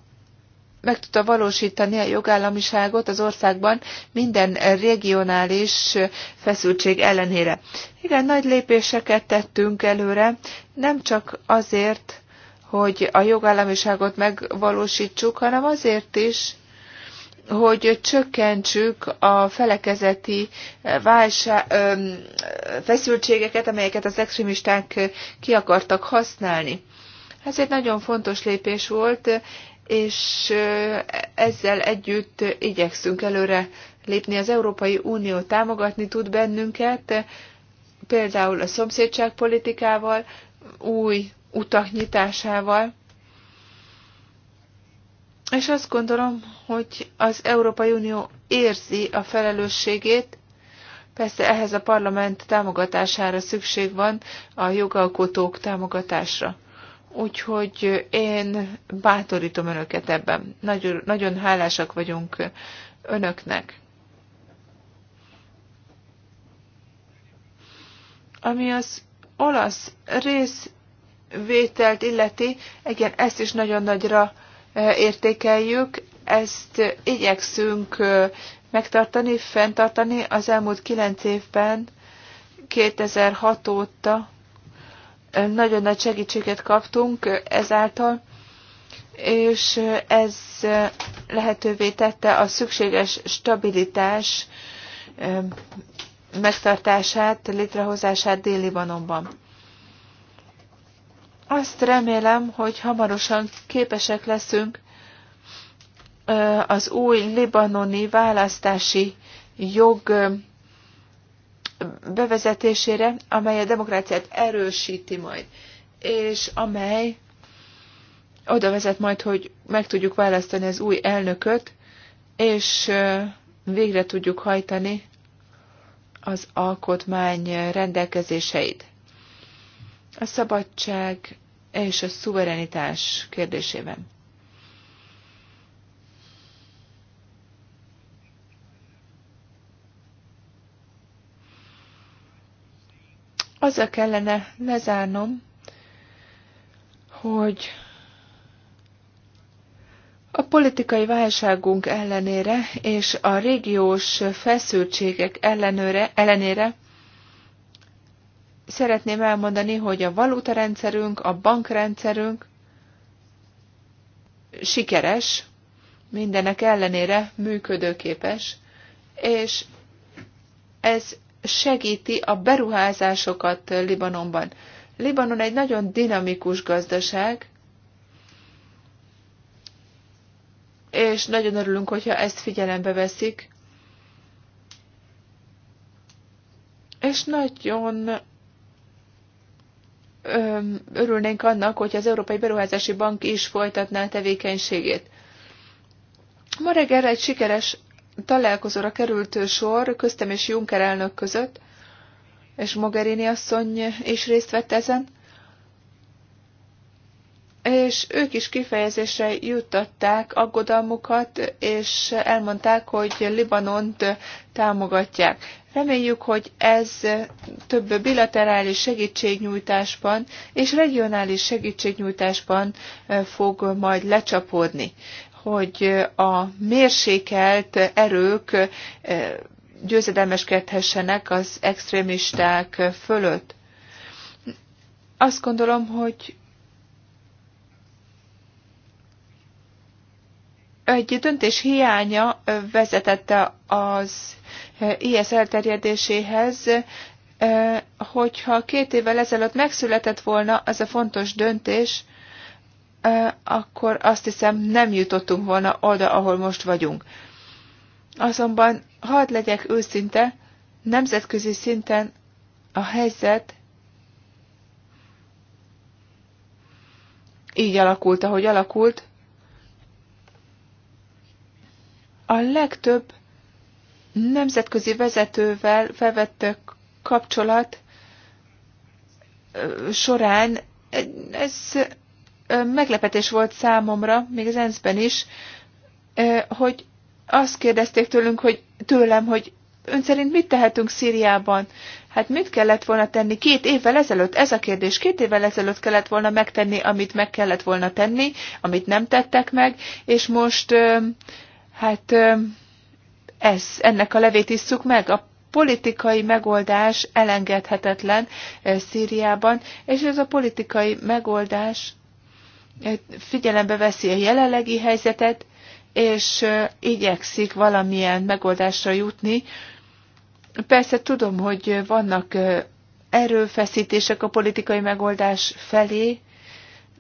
S2: meg tudta valósítani a jogállamiságot az országban minden regionális feszültség ellenére. Igen, nagy lépéseket tettünk előre, nem csak azért, hogy a jogállamiságot megvalósítsuk, hanem azért is, hogy csökkentsük a felekezeti válsá, feszültségeket, amelyeket az extrémisták ki akartak használni. Ez egy nagyon fontos lépés volt, és ezzel együtt igyekszünk előre lépni. Az Európai Unió támogatni tud bennünket, például a szomszédságpolitikával, új utak nyitásával és azt gondolom, hogy az Európai Unió érzi a felelősségét, Persze ehhez a parlament támogatására szükség van, a jogalkotók támogatásra. Úgyhogy én bátorítom önöket ebben. Nagyon, nagyon hálásak vagyunk önöknek. Ami az olasz részvételt illeti, igen, ezt is nagyon nagyra értékeljük, ezt igyekszünk megtartani, fenntartani. Az elmúlt kilenc évben, 2006 óta nagyon nagy segítséget kaptunk ezáltal, és ez lehetővé tette a szükséges stabilitás megtartását, létrehozását Dél-Libanonban. Azt remélem, hogy hamarosan képesek leszünk az új libanoni választási jog bevezetésére, amely a demokráciát erősíti majd, és amely oda vezet majd, hogy meg tudjuk választani az új elnököt, és végre tudjuk hajtani az alkotmány rendelkezéseit a szabadság és a szuverenitás kérdésében. Azzal kellene lezárnom, hogy a politikai válságunk ellenére és a régiós feszültségek ellenőre, ellenére szeretném elmondani, hogy a valutarendszerünk, a bankrendszerünk sikeres, mindenek ellenére működőképes, és ez segíti a beruházásokat Libanonban. Libanon egy nagyon dinamikus gazdaság, és nagyon örülünk, hogyha ezt figyelembe veszik. És nagyon örülnénk annak, hogy az Európai Beruházási Bank is folytatná a tevékenységét. Ma reggel egy sikeres találkozóra került sor köztem és Juncker elnök között, és Mogherini asszony is részt vett ezen és ők is kifejezésre juttatták aggodalmukat, és elmondták, hogy Libanont támogatják. Reméljük, hogy ez több bilaterális segítségnyújtásban és regionális segítségnyújtásban fog majd lecsapódni, hogy a mérsékelt erők győzedelmeskedhessenek az extrémisták fölött. Azt gondolom, hogy egy döntés hiánya vezetette az IS elterjedéséhez, hogyha két évvel ezelőtt megszületett volna ez a fontos döntés, akkor azt hiszem nem jutottunk volna oda, ahol most vagyunk. Azonban, hadd legyek őszinte, nemzetközi szinten a helyzet így alakult, ahogy alakult, A legtöbb nemzetközi vezetővel felvett kapcsolat során ez meglepetés volt számomra, még az ensz is, hogy azt kérdezték tőlünk, hogy tőlem, hogy ön szerint mit tehetünk Szíriában? Hát mit kellett volna tenni két évvel ezelőtt? Ez a kérdés. Két évvel ezelőtt kellett volna megtenni, amit meg kellett volna tenni, amit nem tettek meg, és most Hát ez, ennek a levét isszuk meg, a politikai megoldás elengedhetetlen Szíriában, és ez a politikai megoldás figyelembe veszi a jelenlegi helyzetet, és igyekszik valamilyen megoldásra jutni. Persze tudom, hogy vannak erőfeszítések a politikai megoldás felé,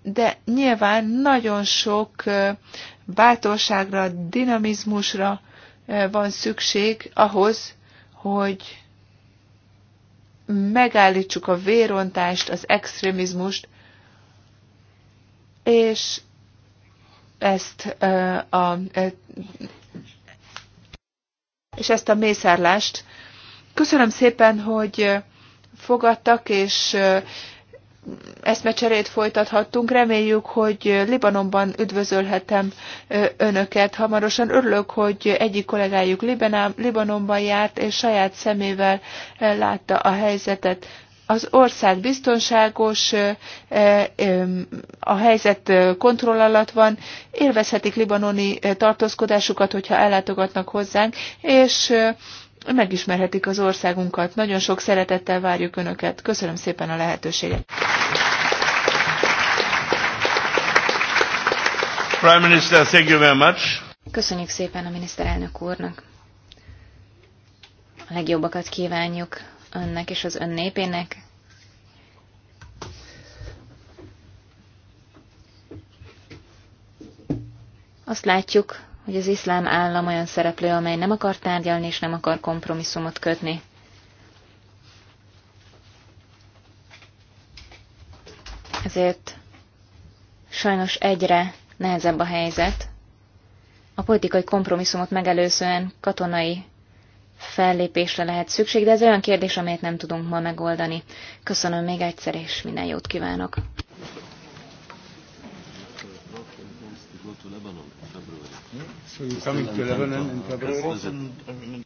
S2: de nyilván nagyon sok bátorságra, dinamizmusra van szükség ahhoz, hogy megállítsuk a vérontást, az extrémizmust, és ezt a és ezt a mészárlást. Köszönöm szépen, hogy fogadtak, és eszmecserét folytathattunk. Reméljük, hogy Libanonban üdvözölhetem önöket hamarosan. Örülök, hogy egyik kollégájuk Libanonban járt, és saját szemével látta a helyzetet. Az ország biztonságos, a helyzet kontroll alatt van, élvezhetik libanoni tartózkodásukat, hogyha ellátogatnak hozzánk, és megismerhetik az országunkat. Nagyon sok szeretettel várjuk Önöket. Köszönöm szépen a lehetőséget.
S1: Prime Minister, thank you very much.
S2: Köszönjük
S4: szépen a miniszterelnök úrnak. A legjobbakat kívánjuk önnek és az ön népének. Azt látjuk, hogy az iszlám állam olyan szereplő, amely nem akar tárgyalni és nem akar kompromisszumot kötni. Ezért sajnos egyre nehezebb a helyzet. A politikai kompromisszumot megelőzően katonai fellépésre lehet szükség, de ez olyan kérdés, amelyet nem tudunk ma megoldani. Köszönöm még egyszer, és minden jót kívánok!
S1: coming to Lebanon and Kabul.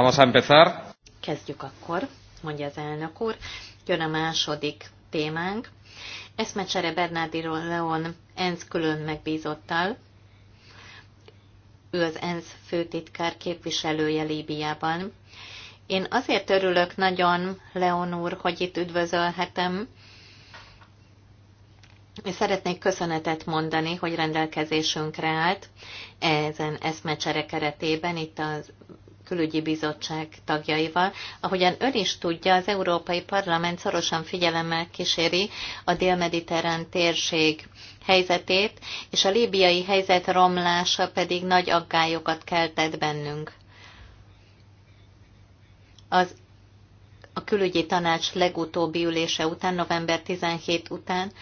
S1: Vamos a empezar.
S3: Kezdjük akkor, mondja az elnök úr. Jön a második témánk. Eszmecsere Bernardi Leon ENSZ külön megbízottal. Ő az ENSZ főtitkár képviselője Líbiában. Én azért örülök nagyon, Leon úr, hogy itt üdvözölhetem, és szeretnék köszönetet mondani, hogy rendelkezésünkre állt ezen eszmecsere keretében itt az külügyi bizottság tagjaival. Ahogyan ön is tudja, az Európai Parlament szorosan figyelemmel kíséri a dél-mediterrán térség helyzetét, és a líbiai helyzet romlása pedig nagy aggályokat keltett bennünk. Az a külügyi tanács legutóbbi ülése után, november 17 után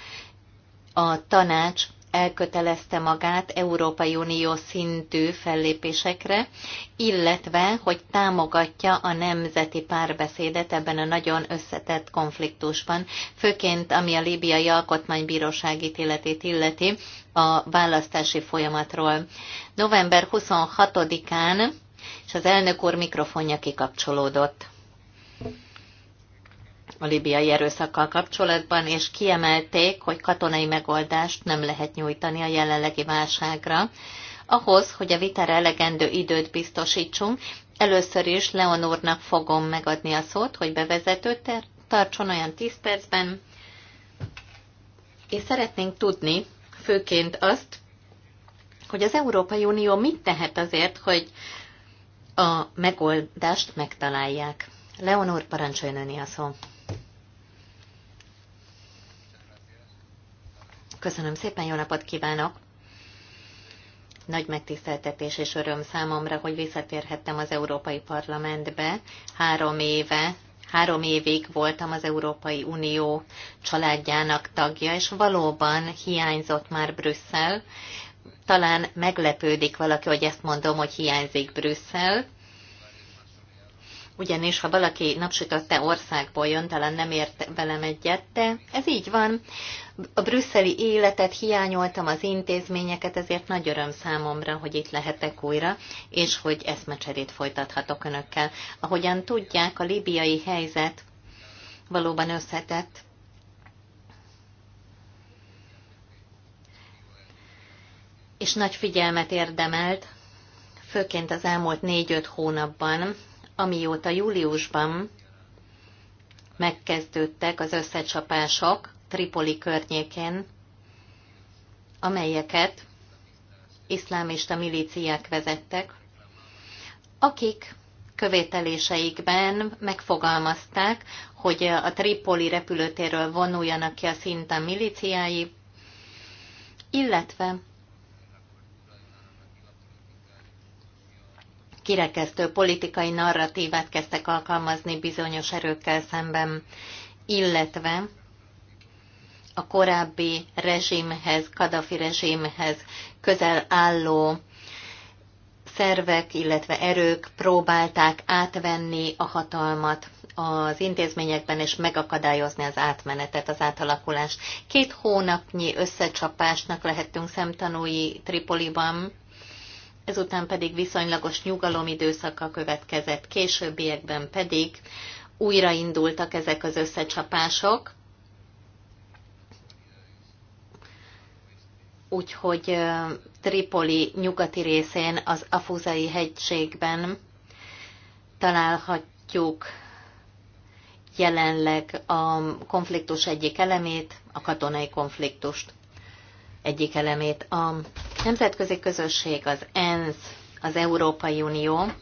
S3: a tanács elkötelezte magát Európai Unió szintű fellépésekre, illetve hogy támogatja a nemzeti párbeszédet ebben a nagyon összetett konfliktusban, főként ami a Líbiai Alkotmánybíróság ítéletét illeti a választási folyamatról. November 26-án, és az elnök úr mikrofonja kikapcsolódott a libiai erőszakkal kapcsolatban, és kiemelték, hogy katonai megoldást nem lehet nyújtani a jelenlegi válságra. Ahhoz, hogy a vitára elegendő időt biztosítsunk, először is Leonornak fogom megadni a szót, hogy bevezetőt tartson olyan 10 percben, és szeretnénk tudni főként azt, hogy az Európai Unió mit tehet azért, hogy a megoldást megtalálják. Leonor, parancsoljon öné a szó. Köszönöm szépen, jó napot kívánok! Nagy megtiszteltetés és öröm számomra, hogy visszatérhettem az Európai Parlamentbe. Három éve, három évig voltam az Európai Unió családjának tagja, és valóban hiányzott már Brüsszel. Talán meglepődik valaki, hogy ezt mondom, hogy hiányzik Brüsszel, ugyanis ha valaki napsütötte országból jön, talán nem ért velem egyet, de ez így van. A brüsszeli életet hiányoltam, az intézményeket, ezért nagy öröm számomra, hogy itt lehetek újra, és hogy eszmecserét folytathatok önökkel. Ahogyan tudják, a libiai helyzet valóban összetett. És nagy figyelmet érdemelt, főként az elmúlt négy-öt hónapban amióta júliusban megkezdődtek az összecsapások Tripoli környékén, amelyeket iszlámista milíciák vezettek, akik követeléseikben megfogalmazták, hogy a Tripoli repülőtéről vonuljanak ki a szinten milíciái, illetve kirekesztő politikai narratívát kezdtek alkalmazni bizonyos erőkkel szemben, illetve a korábbi rezsimhez, Kadafi rezsimhez közel álló szervek, illetve erők próbálták átvenni a hatalmat az intézményekben és megakadályozni az átmenetet, az átalakulást. Két hónapnyi összecsapásnak lehettünk szemtanúi Tripoliban, ezután pedig viszonylagos nyugalom időszaka következett, későbbiekben pedig újraindultak ezek az összecsapások, úgyhogy Tripoli nyugati részén, az Afuzai hegységben találhatjuk jelenleg a konfliktus egyik elemét, a katonai konfliktust egyik elemét. A nemzetközi közösség, az ENSZ, az Európai Unió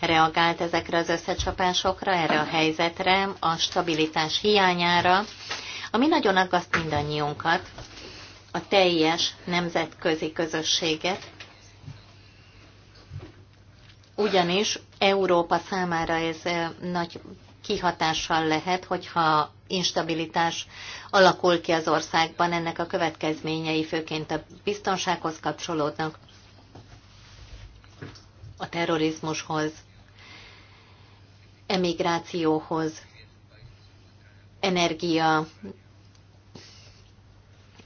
S3: reagált ezekre az összecsapásokra, erre a helyzetre, a stabilitás hiányára, ami nagyon aggaszt mindannyiunkat, a teljes nemzetközi közösséget, ugyanis Európa számára ez nagy kihatással lehet, hogyha instabilitás alakul ki az országban, ennek a következményei főként a biztonsághoz kapcsolódnak, a terrorizmushoz, emigrációhoz, energia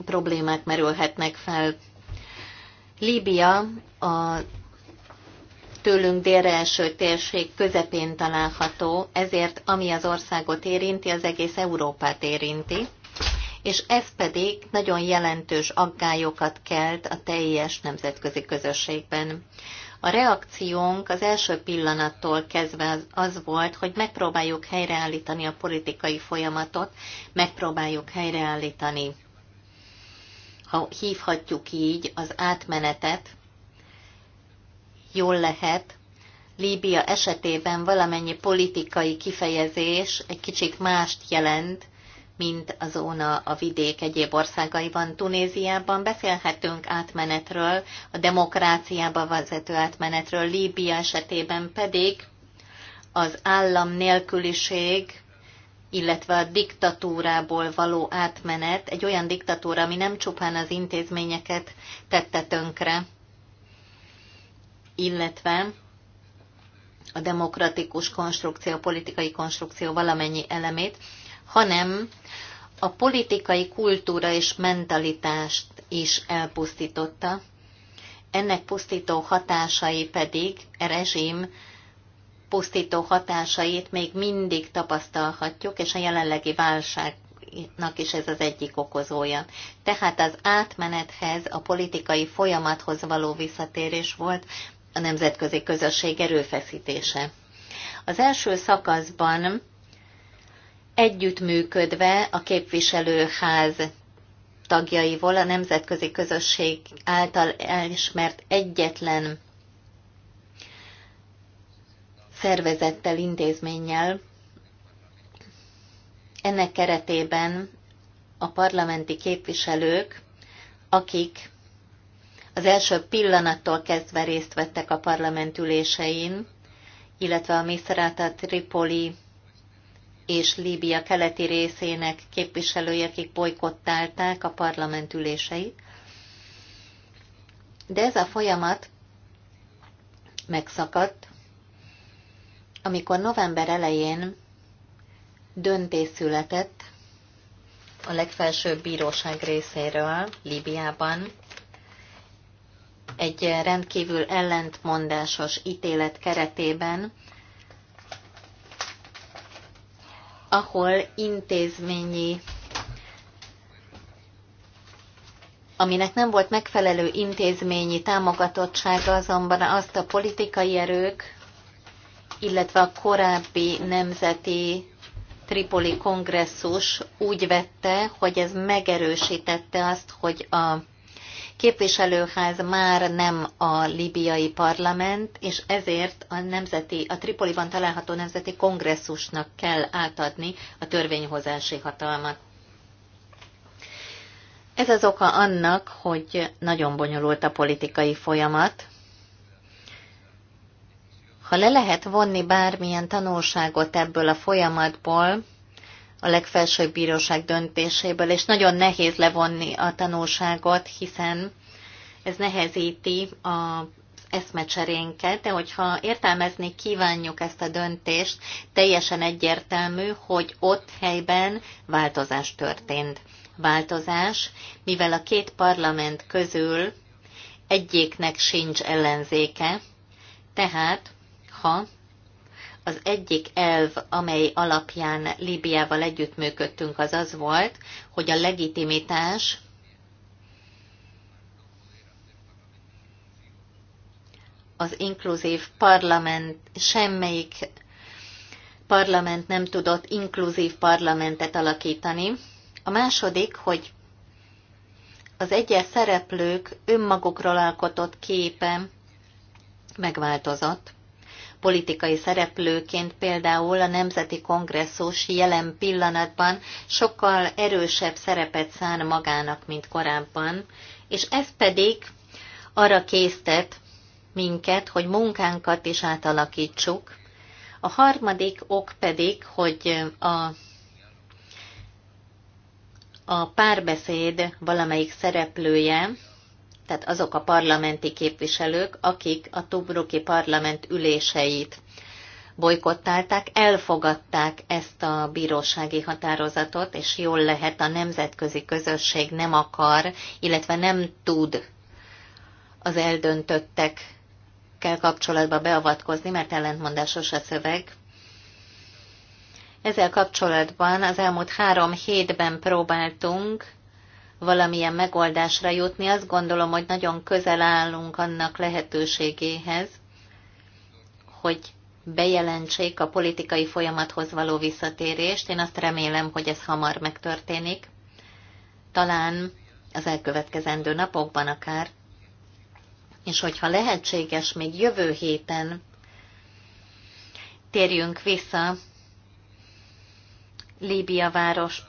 S3: problémák merülhetnek fel. Líbia a tőlünk délre első térség közepén található, ezért ami az országot érinti, az egész Európát érinti, és ez pedig nagyon jelentős aggályokat kelt a teljes nemzetközi közösségben. A reakciónk az első pillanattól kezdve az, az volt, hogy megpróbáljuk helyreállítani a politikai folyamatot, megpróbáljuk helyreállítani, ha hívhatjuk így, az átmenetet, jól lehet, Líbia esetében valamennyi politikai kifejezés egy kicsit mást jelent, mint a zóna a vidék egyéb országaiban. Tunéziában beszélhetünk átmenetről, a demokráciába vezető átmenetről, Líbia esetében pedig az állam nélküliség, illetve a diktatúrából való átmenet, egy olyan diktatúra, ami nem csupán az intézményeket tette tönkre, illetve a demokratikus konstrukció, a politikai konstrukció valamennyi elemét, hanem a politikai kultúra és mentalitást is elpusztította. Ennek pusztító hatásai pedig a e rezsim pusztító hatásait még mindig tapasztalhatjuk, és a jelenlegi válságnak is ez az egyik okozója. Tehát az átmenethez, a politikai folyamathoz való visszatérés volt, a nemzetközi közösség erőfeszítése. Az első szakaszban együttműködve a képviselőház tagjaival a nemzetközi közösség által elismert egyetlen szervezettel, intézménnyel. Ennek keretében a parlamenti képviselők, akik az első pillanattól kezdve részt vettek a parlament ülésein, illetve a Misrata Tripoli és Líbia keleti részének képviselői, akik bolykottálták a parlament üléseit. De ez a folyamat megszakadt, amikor november elején döntés született a legfelsőbb bíróság részéről Líbiában, egy rendkívül ellentmondásos ítélet keretében, ahol intézményi, aminek nem volt megfelelő intézményi támogatottsága, azonban azt a politikai erők, illetve a korábbi nemzeti Tripoli kongresszus úgy vette, hogy ez megerősítette azt, hogy a képviselőház már nem a libiai parlament, és ezért a, nemzeti, a Tripoliban található nemzeti kongresszusnak kell átadni a törvényhozási hatalmat. Ez az oka annak, hogy nagyon bonyolult a politikai folyamat. Ha le lehet vonni bármilyen tanulságot ebből a folyamatból, a legfelsőbb bíróság döntéséből, és nagyon nehéz levonni a tanulságot, hiszen ez nehezíti a eszmecserénket, de hogyha értelmezni kívánjuk ezt a döntést, teljesen egyértelmű, hogy ott helyben változás történt. Változás, mivel a két parlament közül egyiknek sincs ellenzéke, tehát ha az egyik elv, amely alapján Líbiával együttműködtünk, az az volt, hogy a legitimitás az inkluzív parlament, semmelyik parlament nem tudott inkluzív parlamentet alakítani. A második, hogy az egyes szereplők önmagukról alkotott képe megváltozott politikai szereplőként például a Nemzeti Kongresszus jelen pillanatban sokkal erősebb szerepet szán magának, mint korábban, és ez pedig arra késztet minket, hogy munkánkat is átalakítsuk. A harmadik ok pedig, hogy a a párbeszéd valamelyik szereplője tehát azok a parlamenti képviselők, akik a Tubruki parlament üléseit bolykottálták, elfogadták ezt a bírósági határozatot, és jól lehet a nemzetközi közösség nem akar, illetve nem tud az eldöntöttekkel kapcsolatba beavatkozni, mert ellentmondásos a szöveg. Ezzel kapcsolatban az elmúlt három hétben próbáltunk valamilyen megoldásra jutni. Azt gondolom, hogy nagyon közel állunk annak lehetőségéhez, hogy bejelentsék a politikai folyamathoz való visszatérést. Én azt remélem, hogy ez hamar megtörténik. Talán az elkövetkezendő napokban akár. És hogyha lehetséges, még jövő héten térjünk vissza Líbia város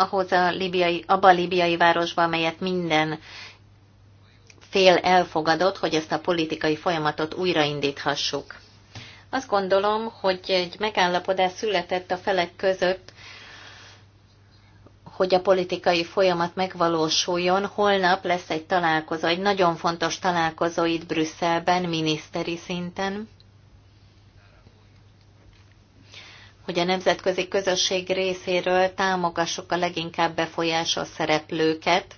S3: ahhoz a libiai, abba a libiai városba, amelyet minden fél elfogadott, hogy ezt a politikai folyamatot újraindíthassuk. Azt gondolom, hogy egy megállapodás született a felek között, hogy a politikai folyamat megvalósuljon. Holnap lesz egy találkozó, egy nagyon fontos találkozó itt Brüsszelben, miniszteri szinten. hogy a nemzetközi közösség részéről támogassuk a leginkább befolyásos szereplőket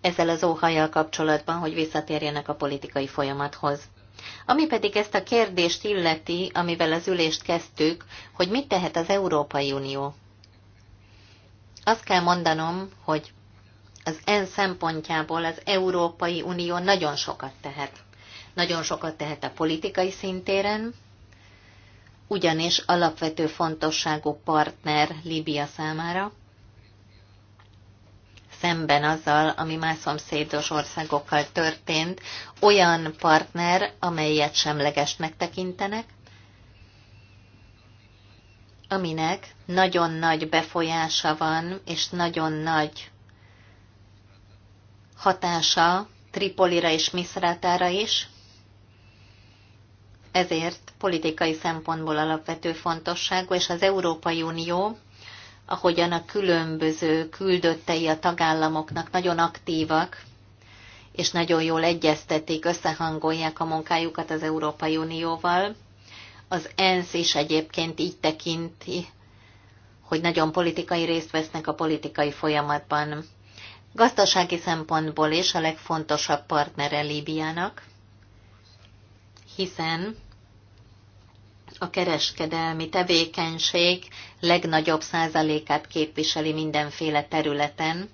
S3: ezzel az óhajjal kapcsolatban, hogy visszatérjenek a politikai folyamathoz. Ami pedig ezt a kérdést illeti, amivel az ülést kezdtük, hogy mit tehet az Európai Unió. Azt kell mondanom, hogy az EN szempontjából az Európai Unió nagyon sokat tehet. Nagyon sokat tehet a politikai szintéren, ugyanis alapvető fontosságú partner Líbia számára, szemben azzal, ami más szomszédos országokkal történt, olyan partner, amelyet semlegesnek tekintenek, aminek nagyon nagy befolyása van, és nagyon nagy hatása Tripolira és Misrátára is, ezért politikai szempontból alapvető fontosságú, és az Európai Unió, ahogyan a különböző küldöttei a tagállamoknak nagyon aktívak, és nagyon jól egyeztetik, összehangolják a munkájukat az Európai Unióval. Az ENSZ is egyébként így tekinti, hogy nagyon politikai részt vesznek a politikai folyamatban. Gazdasági szempontból is a legfontosabb partnere Líbiának, hiszen a kereskedelmi tevékenység legnagyobb százalékát képviseli mindenféle területen.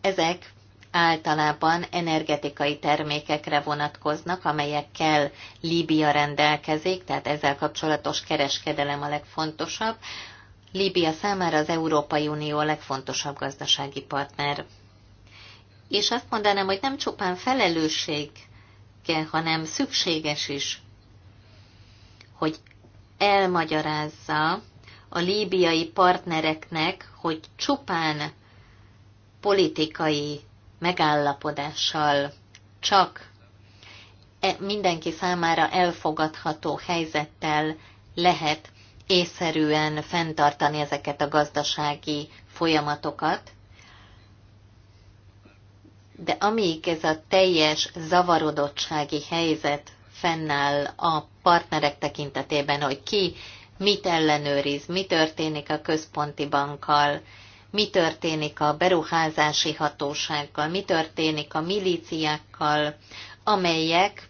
S3: Ezek általában energetikai termékekre vonatkoznak, amelyekkel Líbia rendelkezik, tehát ezzel kapcsolatos kereskedelem a legfontosabb. Líbia számára az Európai Unió a legfontosabb gazdasági partner. És azt mondanám, hogy nem csupán felelősség, hanem szükséges is hogy elmagyarázza a líbiai partnereknek, hogy csupán politikai megállapodással csak e mindenki számára elfogadható helyzettel lehet észszerűen fenntartani ezeket a gazdasági folyamatokat, de amíg ez a teljes zavarodottsági helyzet fennáll a partnerek tekintetében, hogy ki mit ellenőriz, mi történik a központi bankkal, mi történik a beruházási hatósággal, mi történik a milíciákkal, amelyek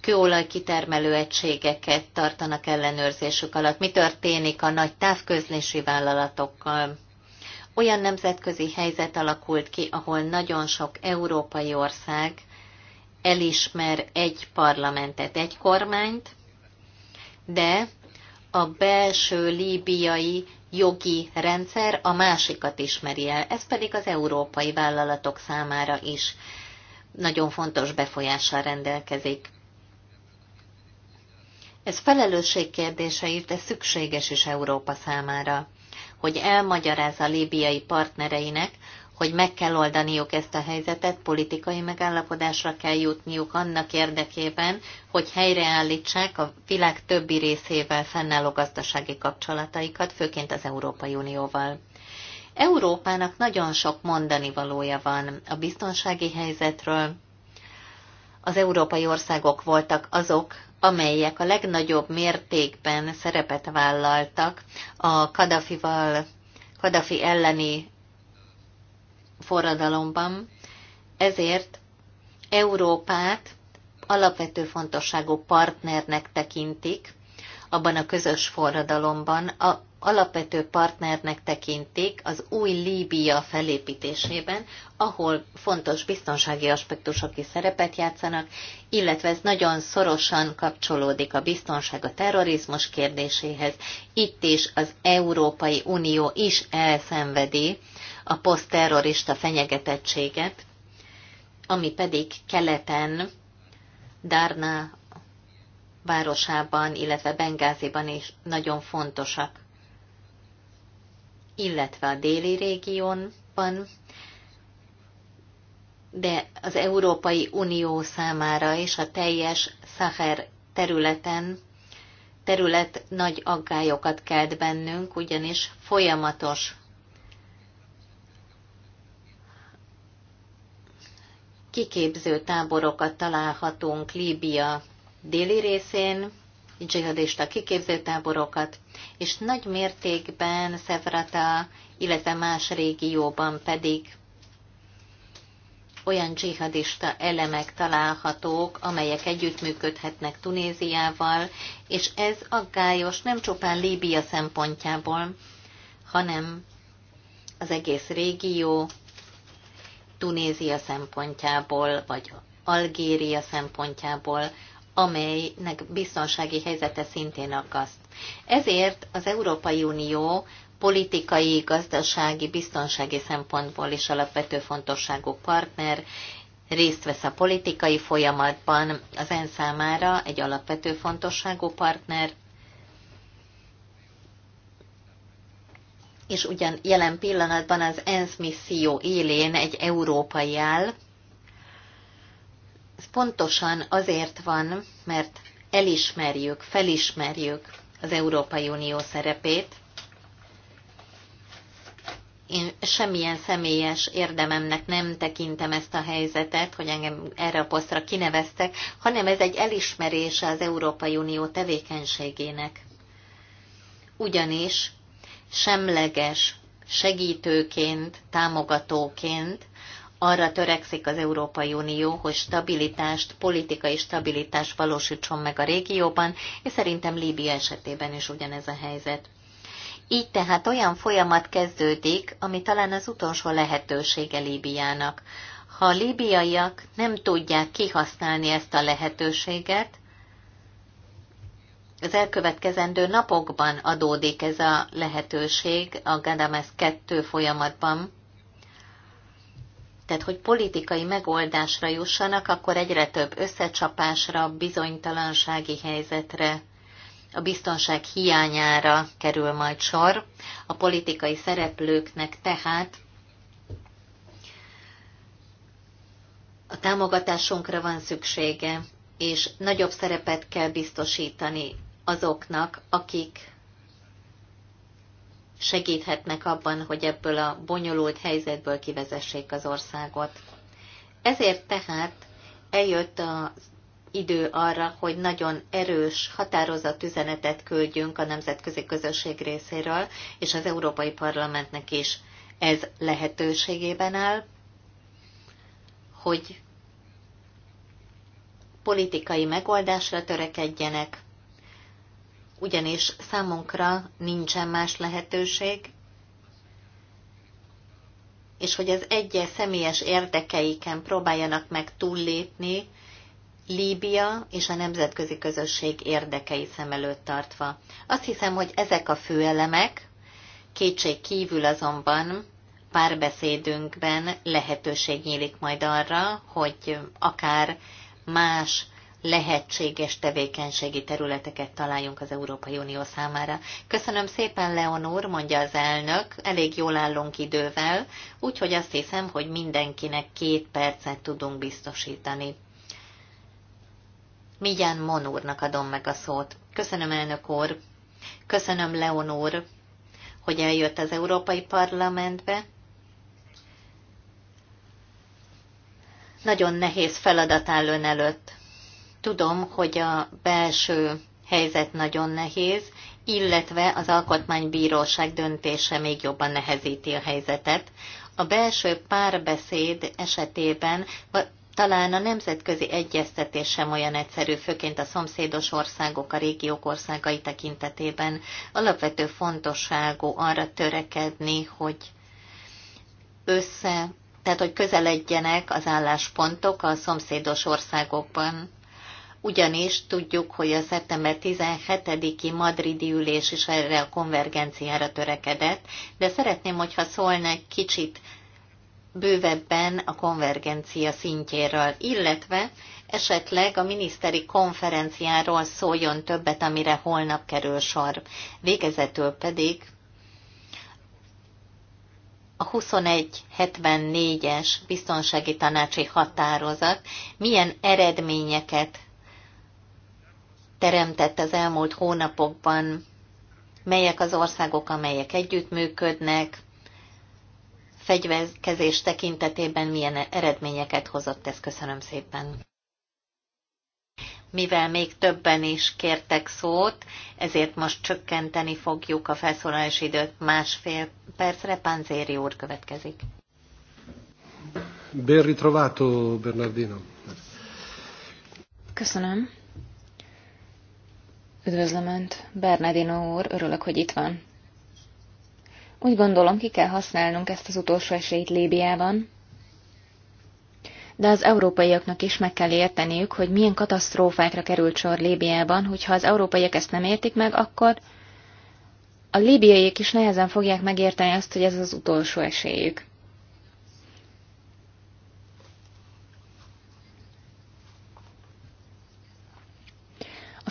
S3: kőolajkitermelő egységeket tartanak ellenőrzésük alatt, mi történik a nagy távközlési vállalatokkal. Olyan nemzetközi helyzet alakult ki, ahol nagyon sok európai ország elismer egy parlamentet, egy kormányt, de a belső líbiai jogi rendszer a másikat ismeri el, ez pedig az európai vállalatok számára is nagyon fontos befolyással rendelkezik. Ez felelősség kérdése írt, de szükséges is Európa számára, hogy elmagyarázza a líbiai partnereinek, hogy meg kell oldaniuk ezt a helyzetet, politikai megállapodásra kell jutniuk annak érdekében, hogy helyreállítsák a világ többi részével fennálló gazdasági kapcsolataikat, főként az Európai Unióval. Európának nagyon sok mondani valója van a biztonsági helyzetről. Az európai országok voltak azok, amelyek a legnagyobb mértékben szerepet vállaltak a Kadafival Kadafi elleni forradalomban, ezért Európát alapvető fontosságú partnernek tekintik abban a közös forradalomban, a alapvető partnernek tekintik az új Líbia felépítésében, ahol fontos biztonsági aspektusok is szerepet játszanak, illetve ez nagyon szorosan kapcsolódik a biztonság a terrorizmus kérdéséhez. Itt is az Európai Unió is elszenvedi a posztterrorista fenyegetettséget, ami pedig keleten, Darna városában, illetve Bengáziban is nagyon fontosak. Illetve a déli régiónban, de az Európai Unió számára és a teljes Szaher területen terület nagy aggályokat kelt bennünk, ugyanis folyamatos kiképző táborokat találhatunk Líbia déli részén, dzsihadista kiképző táborokat, és nagy mértékben Szevrata, illetve más régióban pedig olyan dzsihadista elemek találhatók, amelyek együttműködhetnek Tunéziával, és ez aggályos nem csupán Líbia szempontjából, hanem az egész régió Tunézia szempontjából, vagy Algéria szempontjából, amelynek biztonsági helyzete szintén akaszt. Ezért az Európai Unió politikai, gazdasági, biztonsági szempontból is alapvető fontosságú partner, részt vesz a politikai folyamatban, az ENSZ számára egy alapvető fontosságú partner, és ugyan jelen pillanatban az ENSZ misszió élén egy európai áll. Ez pontosan azért van, mert elismerjük, felismerjük az Európai Unió szerepét. Én semmilyen személyes érdememnek nem tekintem ezt a helyzetet, hogy engem erre a posztra kineveztek, hanem ez egy elismerése az Európai Unió tevékenységének. Ugyanis semleges segítőként, támogatóként arra törekszik az Európai Unió, hogy stabilitást, politikai stabilitást valósítson meg a régióban, és szerintem Líbia esetében is ugyanez a helyzet. Így tehát olyan folyamat kezdődik, ami talán az utolsó lehetősége Líbiának. Ha a líbiaiak nem tudják kihasználni ezt a lehetőséget, az elkövetkezendő napokban adódik ez a lehetőség a Gadames 2 folyamatban. Tehát, hogy politikai megoldásra jussanak, akkor egyre több összecsapásra, bizonytalansági helyzetre, a biztonság hiányára kerül majd sor. A politikai szereplőknek tehát a támogatásunkra van szüksége, és nagyobb szerepet kell biztosítani azoknak, akik segíthetnek abban, hogy ebből a bonyolult helyzetből kivezessék az országot. Ezért tehát eljött az idő arra, hogy nagyon erős, határozott üzenetet küldjünk a nemzetközi közösség részéről, és az Európai Parlamentnek is ez lehetőségében áll, hogy politikai megoldásra törekedjenek, ugyanis számunkra nincsen más lehetőség, és hogy az egyes személyes érdekeiken próbáljanak meg túllépni, Líbia és a nemzetközi közösség érdekei szem előtt tartva. Azt hiszem, hogy ezek a fő elemek, kétség kívül azonban párbeszédünkben lehetőség nyílik majd arra, hogy akár más lehetséges tevékenységi területeket találjunk az Európai Unió számára. Köszönöm szépen, Leonor, mondja az elnök, elég jól állunk idővel, úgyhogy azt hiszem, hogy mindenkinek két percet tudunk biztosítani. Migyán Monúrnak adom meg a szót. Köszönöm, elnök úr. Köszönöm, Leonor, hogy eljött az Európai Parlamentbe. Nagyon nehéz feladat áll ön előtt. Tudom, hogy a belső helyzet nagyon nehéz, illetve az alkotmánybíróság döntése még jobban nehezíti a helyzetet. A belső párbeszéd esetében talán a nemzetközi egyeztetés sem olyan egyszerű, főként a szomszédos országok, a régiók országai tekintetében alapvető fontosságú arra törekedni, hogy össze, tehát hogy közeledjenek az álláspontok a szomszédos országokban ugyanis tudjuk, hogy a szeptember 17-i madridi ülés is erre a konvergenciára törekedett, de szeretném, hogyha szólna egy kicsit bővebben a konvergencia szintjéről, illetve esetleg a miniszteri konferenciáról szóljon többet, amire holnap kerül sor. Végezetül pedig a 2174-es biztonsági tanácsi határozat milyen eredményeket teremtett az elmúlt hónapokban, melyek az országok, amelyek együttműködnek, fegyverkezés tekintetében milyen eredményeket hozott ez. Köszönöm szépen. Mivel még többen is kértek szót, ezért most csökkenteni fogjuk a felszólalási időt másfél percre. Panzéri úr következik.
S1: Ben ritrovato, Bernardino.
S3: Köszönöm.
S4: Üdvözlöm Önt, Bernardino úr, örülök, hogy itt van. Úgy gondolom, ki kell használnunk ezt az utolsó esélyt Líbiában, de az európaiaknak is meg kell érteniük, hogy milyen katasztrófákra került sor Líbiában, hogyha az európaiak ezt nem értik meg, akkor a líbiaiak is nehezen fogják megérteni azt, hogy ez az utolsó esélyük.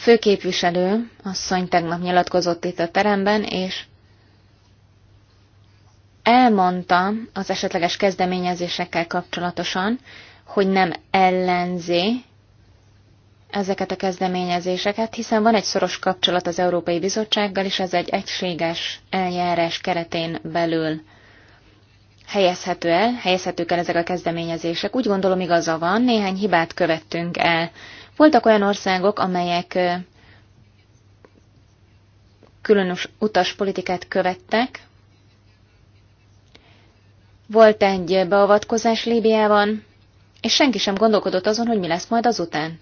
S4: főképviselő asszony tegnap nyilatkozott itt a teremben, és elmondta az esetleges kezdeményezésekkel kapcsolatosan, hogy nem ellenzi ezeket a kezdeményezéseket, hiszen van egy szoros kapcsolat az Európai Bizottsággal, és ez egy egységes eljárás keretén belül helyezhető el, helyezhetők el ezek a kezdeményezések. Úgy gondolom igaza van, néhány hibát követtünk el. Voltak olyan országok, amelyek különös utaspolitikát követtek. Volt egy beavatkozás Líbiában, és senki sem gondolkodott azon, hogy mi lesz majd azután.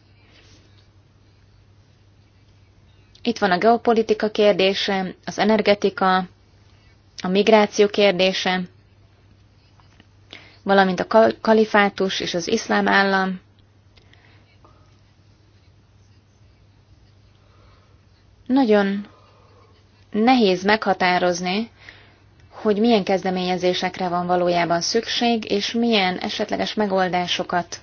S4: Itt van a geopolitika kérdése, az energetika, a migráció kérdése, valamint a kalifátus és az iszlám állam. Nagyon nehéz meghatározni, hogy milyen kezdeményezésekre van valójában szükség, és milyen esetleges megoldásokat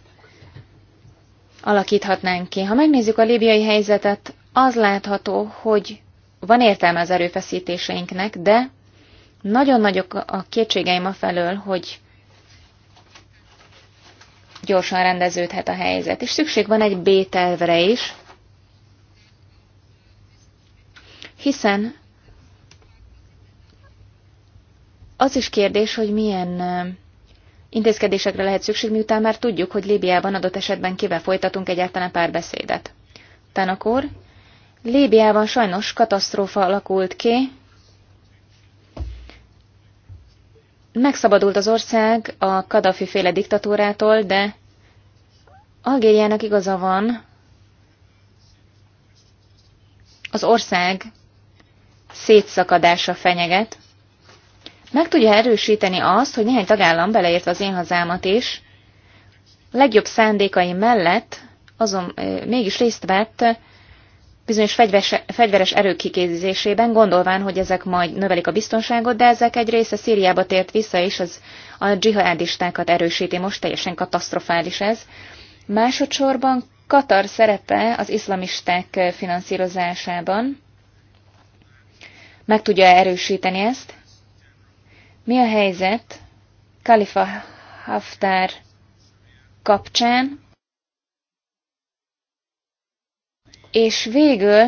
S4: alakíthatnánk ki. Ha megnézzük a líbiai helyzetet, az látható, hogy van értelme az erőfeszítéseinknek, de nagyon nagyok a kétségeim a felől, hogy gyorsan rendeződhet a helyzet. És szükség van egy b is, hiszen az is kérdés, hogy milyen intézkedésekre lehet szükség, miután már tudjuk, hogy Líbiában adott esetben kivel folytatunk egyáltalán párbeszédet. Tehát akkor Líbiában sajnos katasztrófa alakult ki, megszabadult az ország a Kadafi féle diktatúrától, de Algériának igaza van, az ország szétszakadása fenyeget. Meg tudja erősíteni azt, hogy néhány tagállam, beleértve az én hazámat is, legjobb szándékai mellett azon mégis részt vett bizonyos fegyveres, fegyveres erők kikézésében, gondolván, hogy ezek majd növelik a biztonságot, de ezek egy része Szíriába tért vissza, és az a dzsihadistákat erősíti most, teljesen katasztrofális ez. Másodszorban Katar szerepe az iszlamisták finanszírozásában. Meg tudja erősíteni ezt? Mi a helyzet Kalifa Haftar kapcsán, És végül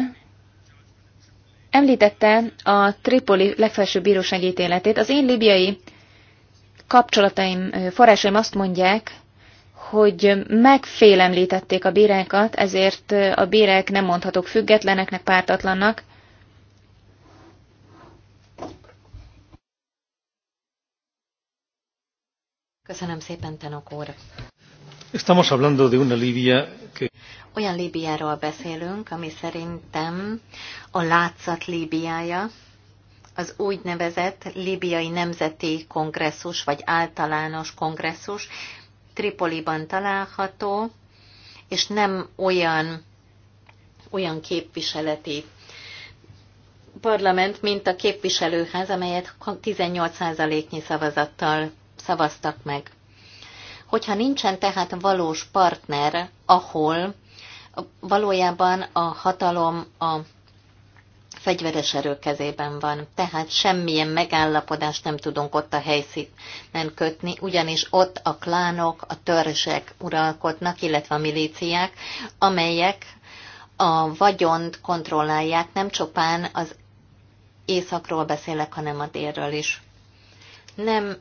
S4: említette a Tripoli legfelsőbb bíróság ítéletét. Az én libiai kapcsolataim, forrásaim azt mondják, hogy megfélemlítették a bírákat, ezért a bírák nem mondhatók függetleneknek, pártatlannak.
S3: Köszönöm szépen, Tenok úr.
S1: Estamos hablando de una Libia que...
S3: Olyan Líbiáról beszélünk, ami szerintem a látszat Líbiája, az úgynevezett Líbiai Nemzeti Kongresszus, vagy általános kongresszus Tripoliban található, és nem olyan, olyan képviseleti parlament, mint a képviselőház, amelyet 18%-nyi szavazattal szavaztak meg. Hogyha nincsen tehát valós partner, ahol valójában a hatalom a fegyveres erők kezében van, tehát semmilyen megállapodást nem tudunk ott a helyszínen kötni, ugyanis ott a klánok, a törzsek uralkodnak, illetve a milíciák, amelyek a vagyont kontrollálják, nem csupán az északról beszélek, hanem a délről is. Nem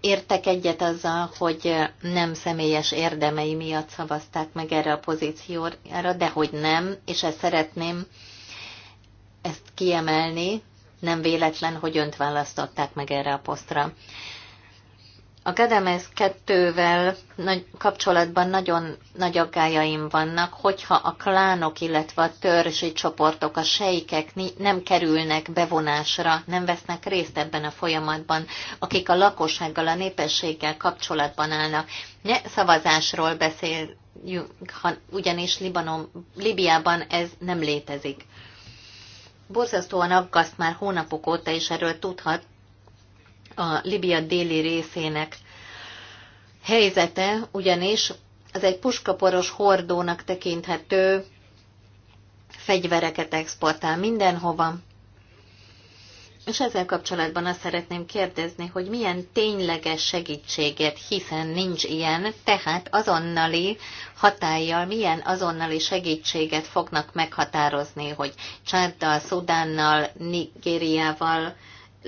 S3: értek egyet azzal, hogy nem személyes érdemei miatt szavazták meg erre a pozícióra, de hogy nem, és ezt szeretném ezt kiemelni, nem véletlen, hogy önt választották meg erre a posztra. A Gadamez 2-vel nagy, kapcsolatban nagyon nagy aggájaim vannak, hogyha a klánok, illetve a törzsi csoportok, a sejkek nem kerülnek bevonásra, nem vesznek részt ebben a folyamatban, akik a lakossággal, a népességgel kapcsolatban állnak. Ne szavazásról beszéljünk, ha, ugyanis Libanon, Libiában ez nem létezik. Borzasztóan aggaszt már hónapok óta, és erről tudhat, a Libia déli részének helyzete, ugyanis ez egy puskaporos hordónak tekinthető fegyvereket exportál mindenhova. És ezzel kapcsolatban azt szeretném kérdezni, hogy milyen tényleges segítséget, hiszen nincs ilyen, tehát azonnali hatállyal milyen azonnali segítséget fognak meghatározni, hogy Csárdal, Szudánnal, Nigériával,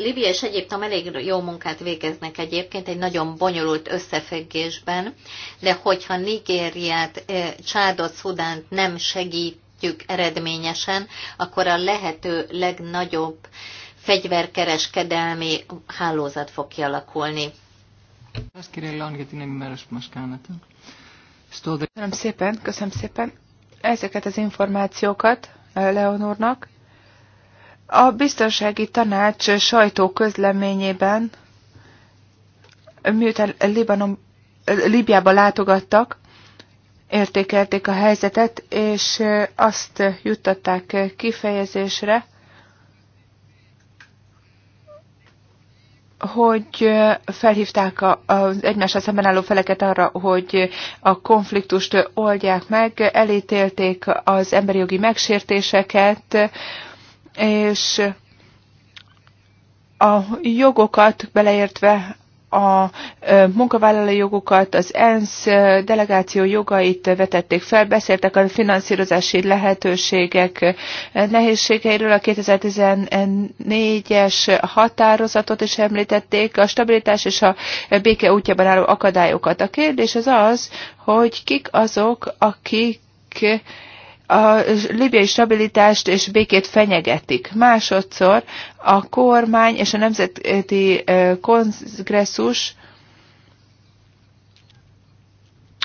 S3: Libia és Egyiptom elég jó munkát végeznek egyébként egy nagyon bonyolult összefüggésben, de hogyha Nigériát, Csádot, Szudánt nem segítjük eredményesen, akkor a lehető legnagyobb fegyverkereskedelmi hálózat fog kialakulni.
S2: Köszönöm szépen, köszönöm szépen ezeket az információkat Leonornak. A biztonsági tanács sajtó közleményében, miután Libanon, Libyába látogattak, értékelték a helyzetet, és azt juttatták kifejezésre, hogy felhívták az egymással szemben álló feleket arra, hogy a konfliktust oldják meg, elítélték az emberi jogi megsértéseket, és a jogokat beleértve a munkavállalói jogokat, az ENSZ delegáció jogait vetették fel, beszéltek a finanszírozási lehetőségek nehézségeiről, a 2014-es határozatot is említették, a stabilitás és a béke útjában álló akadályokat. A kérdés az az, hogy kik azok, akik a libiai stabilitást és békét fenyegetik. Másodszor a kormány és a nemzeti kongresszus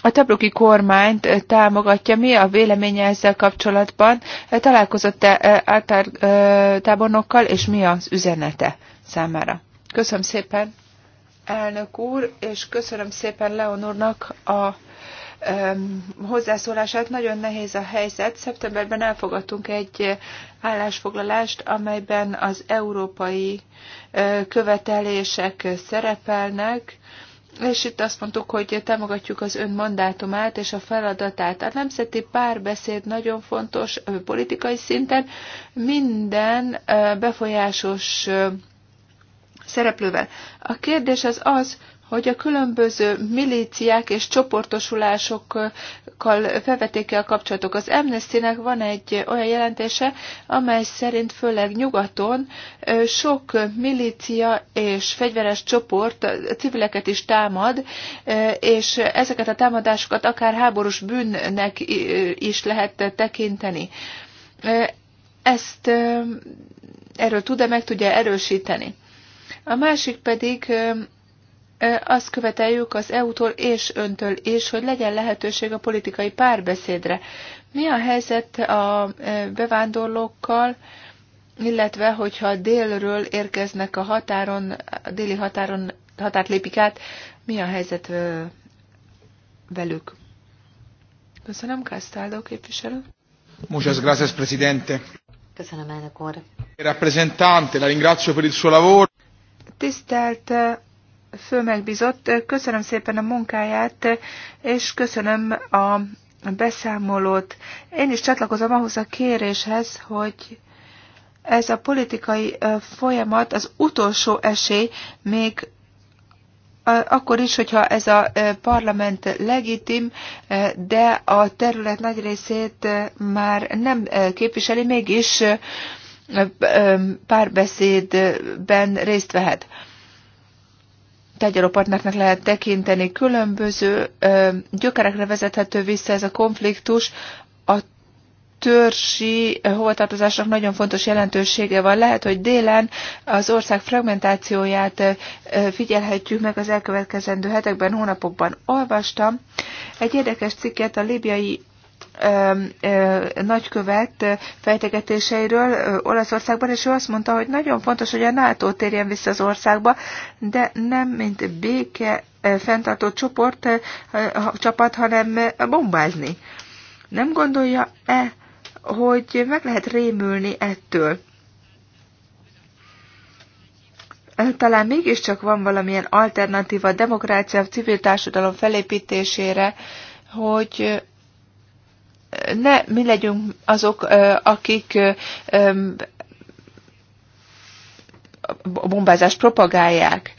S2: a tabruki kormányt támogatja. Mi a véleménye ezzel kapcsolatban? Találkozott -e által tábornokkal, és mi az üzenete számára? Köszönöm szépen, elnök úr, és köszönöm szépen Leonornak a hozzászólását. Nagyon nehéz a helyzet. Szeptemberben elfogadtunk egy állásfoglalást, amelyben az európai követelések szerepelnek, és itt azt mondtuk, hogy támogatjuk az ön mandátumát és a feladatát. A nemzeti párbeszéd nagyon fontos politikai szinten. Minden befolyásos szereplővel. A kérdés az az, hogy a különböző milíciák és csoportosulásokkal felvették el a kapcsolatok. Az Amnestynek van egy olyan jelentése, amely szerint főleg nyugaton sok milícia és fegyveres csoport civileket is támad, és ezeket a támadásokat akár háborús bűnnek is lehet tekinteni. Ezt erről tud-e meg tudja erősíteni? A másik pedig azt követeljük az EU-tól és öntől is, hogy legyen lehetőség a politikai párbeszédre. Mi a helyzet a bevándorlókkal, illetve hogyha délről érkeznek a határon, a déli határon, határt lépik át, mi a helyzet velük? Köszönöm, Castaldo képviselő. Muchas gracias,
S1: presidente.
S2: Köszönöm, elnök úr.
S1: Rappresentante, la ringrazio per il suo lavoro.
S2: Tisztelt főmegbízott. Köszönöm szépen a munkáját, és köszönöm a beszámolót. Én is csatlakozom ahhoz a kéréshez, hogy ez a politikai folyamat az utolsó esély, még akkor is, hogyha ez a parlament legitim, de a terület nagy részét már nem képviseli, mégis párbeszédben részt vehet tárgyaló partnernek lehet tekinteni. Különböző gyökerekre vezethető vissza ez a konfliktus. A törsi hovatartozásnak nagyon fontos jelentősége van. Lehet, hogy délen az ország fragmentációját figyelhetjük meg az elkövetkezendő hetekben, hónapokban. Olvastam egy érdekes cikket a libiai nagykövet fejtegetéseiről Olaszországban, és ő azt mondta, hogy nagyon fontos, hogy a NATO térjen vissza az országba, de nem mint béke fenntartó csoport, csapat, hanem bombázni. Nem gondolja-e, hogy meg lehet rémülni ettől? Talán mégiscsak van valamilyen alternatíva a demokrácia, a civil társadalom felépítésére, hogy ne mi legyünk azok, akik a bombázást propagálják.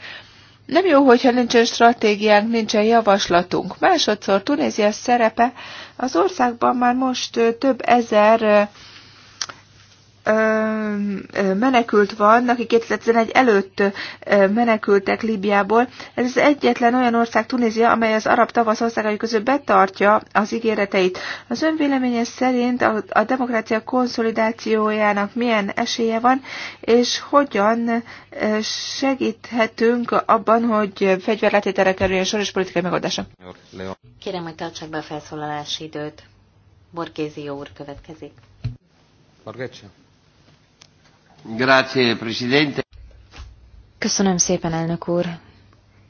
S2: Nem jó, hogyha nincsen stratégiánk, nincsen javaslatunk. Másodszor Tunézia szerepe az országban már most több ezer menekült van, aki 2011 előtt menekültek Líbiából. Ez az egyetlen olyan ország Tunézia, amely az arab tavasz országai között betartja az ígéreteit. Az ön véleménye szerint a, a demokrácia konszolidációjának milyen esélye van, és hogyan segíthetünk abban, hogy fegyverletételre kerüljön sor és politikai megoldása? Kérem, hogy tartsák be a
S3: felszólalási időt. Borgézió úr következik.
S1: Borgézió.
S4: Köszönöm szépen, elnök úr.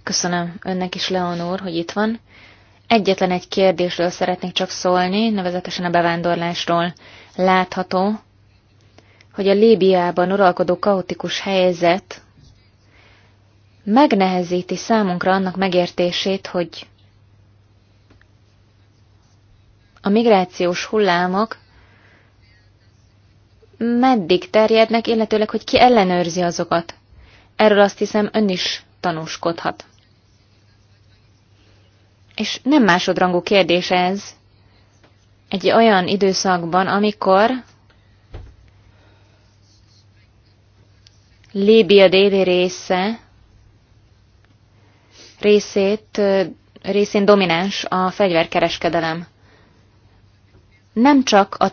S4: Köszönöm önnek is, Leon úr, hogy itt van. Egyetlen egy kérdésről szeretnék csak szólni, nevezetesen a bevándorlásról. Látható, hogy a Líbiában uralkodó kaotikus helyzet megnehezíti számunkra annak megértését, hogy a migrációs hullámok meddig terjednek, illetőleg, hogy ki ellenőrzi azokat. Erről azt hiszem, ön is tanúskodhat. És nem másodrangú kérdés ez egy olyan időszakban, amikor Líbia déli része részét, részén domináns a fegyverkereskedelem. Nem csak a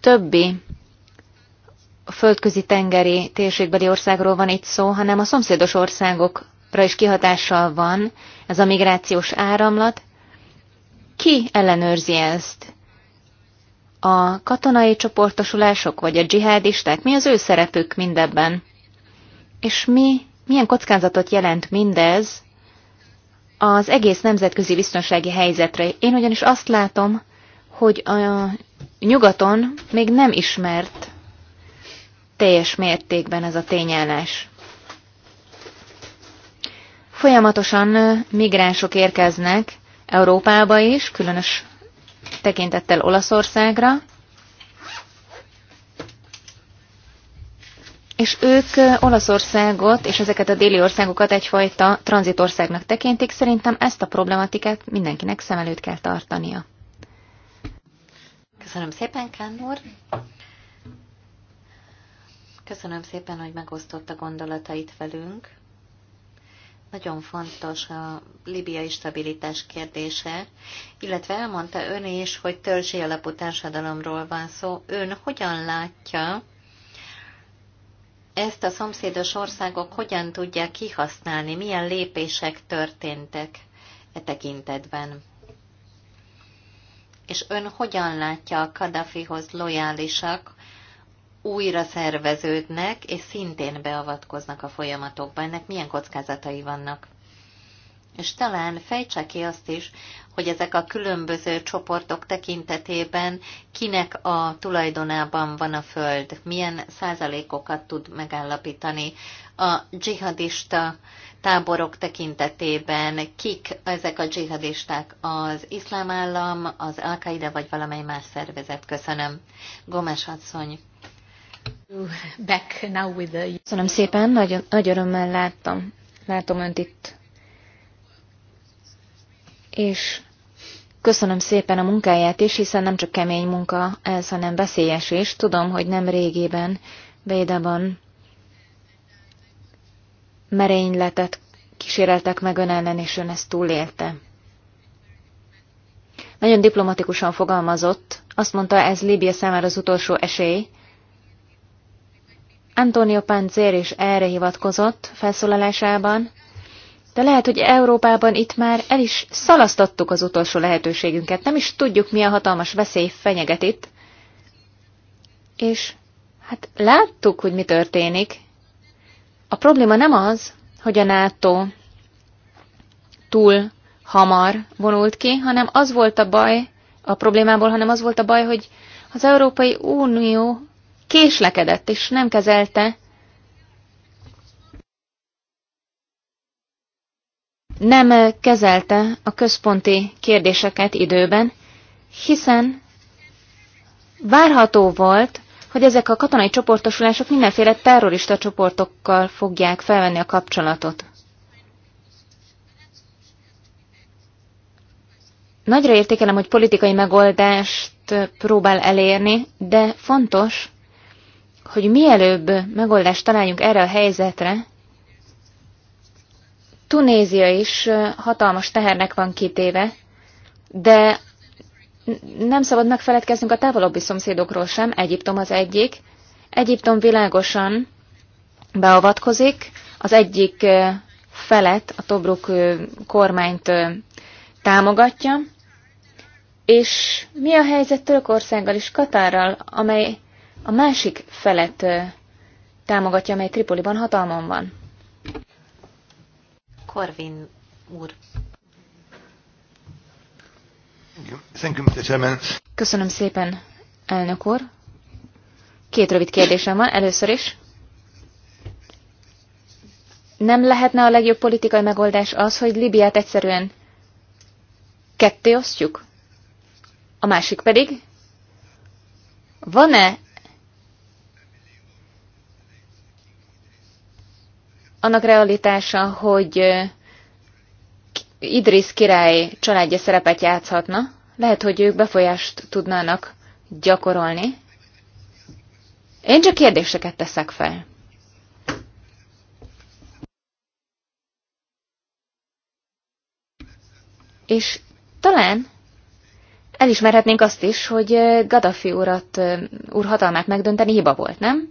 S4: többi földközi tengeri térségbeli országról van itt szó, hanem a szomszédos országokra is kihatással van ez a migrációs áramlat. Ki ellenőrzi ezt? A katonai csoportosulások vagy a dzsihádisták? Mi az ő szerepük mindebben? És mi, milyen kockázatot jelent mindez az egész nemzetközi biztonsági helyzetre? Én ugyanis azt látom, hogy a nyugaton még nem ismert teljes mértékben ez a tényállás. Folyamatosan migránsok érkeznek Európába is, különös tekintettel Olaszországra, és ők Olaszországot és ezeket a déli országokat egyfajta tranzitországnak tekintik, szerintem ezt a problematikát mindenkinek szem előtt kell tartania.
S3: Köszönöm szépen, Kánor. Köszönöm szépen, hogy megosztotta gondolatait velünk. Nagyon fontos a libiai stabilitás kérdése, illetve elmondta ön is, hogy törzsi alapú társadalomról van szó. Ön hogyan látja, ezt a szomszédos országok hogyan tudják kihasználni, milyen lépések történtek e tekintetben? és ön hogyan látja a Kadafihoz lojálisak, újra szerveződnek, és szintén beavatkoznak a folyamatokba. Ennek milyen kockázatai vannak? És talán fejtse ki azt is, hogy ezek a különböző csoportok tekintetében kinek a tulajdonában van a föld, milyen százalékokat tud megállapítani a dzsihadista táborok tekintetében, kik ezek a dzsihadisták, az iszlám állam, az al vagy valamely más szervezet. Köszönöm. Gomes Hadszony. Back now with the...
S4: Köszönöm szépen, nagy, nagy örömmel láttam. Látom önt itt. És köszönöm szépen a munkáját is, hiszen nem csak kemény munka ez, hanem veszélyes is. Tudom, hogy nem régében Bédában merényletet kíséreltek meg ön ellen, és ön ezt túlélte. Nagyon diplomatikusan fogalmazott, azt mondta, ez Líbia számára az utolsó esély. Antonio Panzer is erre hivatkozott felszólalásában, de lehet, hogy Európában itt már el is szalasztottuk az utolsó lehetőségünket, nem is tudjuk, milyen hatalmas veszély fenyeget itt. És hát láttuk, hogy mi történik, a probléma nem az, hogy a NATO túl hamar vonult ki, hanem az volt a baj a problémából, hanem az volt a baj, hogy az Európai Unió késlekedett és nem kezelte nem kezelte a központi kérdéseket időben, hiszen várható volt, hogy ezek a katonai csoportosulások mindenféle terrorista csoportokkal fogják felvenni a kapcsolatot. Nagyra értékelem, hogy politikai megoldást próbál elérni, de fontos, hogy mielőbb megoldást találjunk erre a helyzetre. Tunézia is hatalmas tehernek van kitéve, de nem szabad megfeledkeznünk a távolabbi szomszédokról sem, Egyiptom az egyik. Egyiptom világosan beavatkozik, az egyik felet, a Tobruk kormányt támogatja, és mi a helyzet Törökországgal és Katárral, amely a másik felet támogatja, amely Tripoliban hatalmon van?
S3: Korvin úr
S4: Köszönöm szépen, elnök úr. Két rövid kérdésem van. Először is, nem lehetne a legjobb politikai megoldás az, hogy Libiát egyszerűen ketté osztjuk? A másik pedig, van-e annak realitása, hogy Idris király családja szerepet játszhatna, lehet, hogy ők befolyást tudnának gyakorolni. Én csak kérdéseket teszek fel. És talán elismerhetnénk azt is, hogy Gaddafi urat, úr hatalmát megdönteni hiba volt, nem?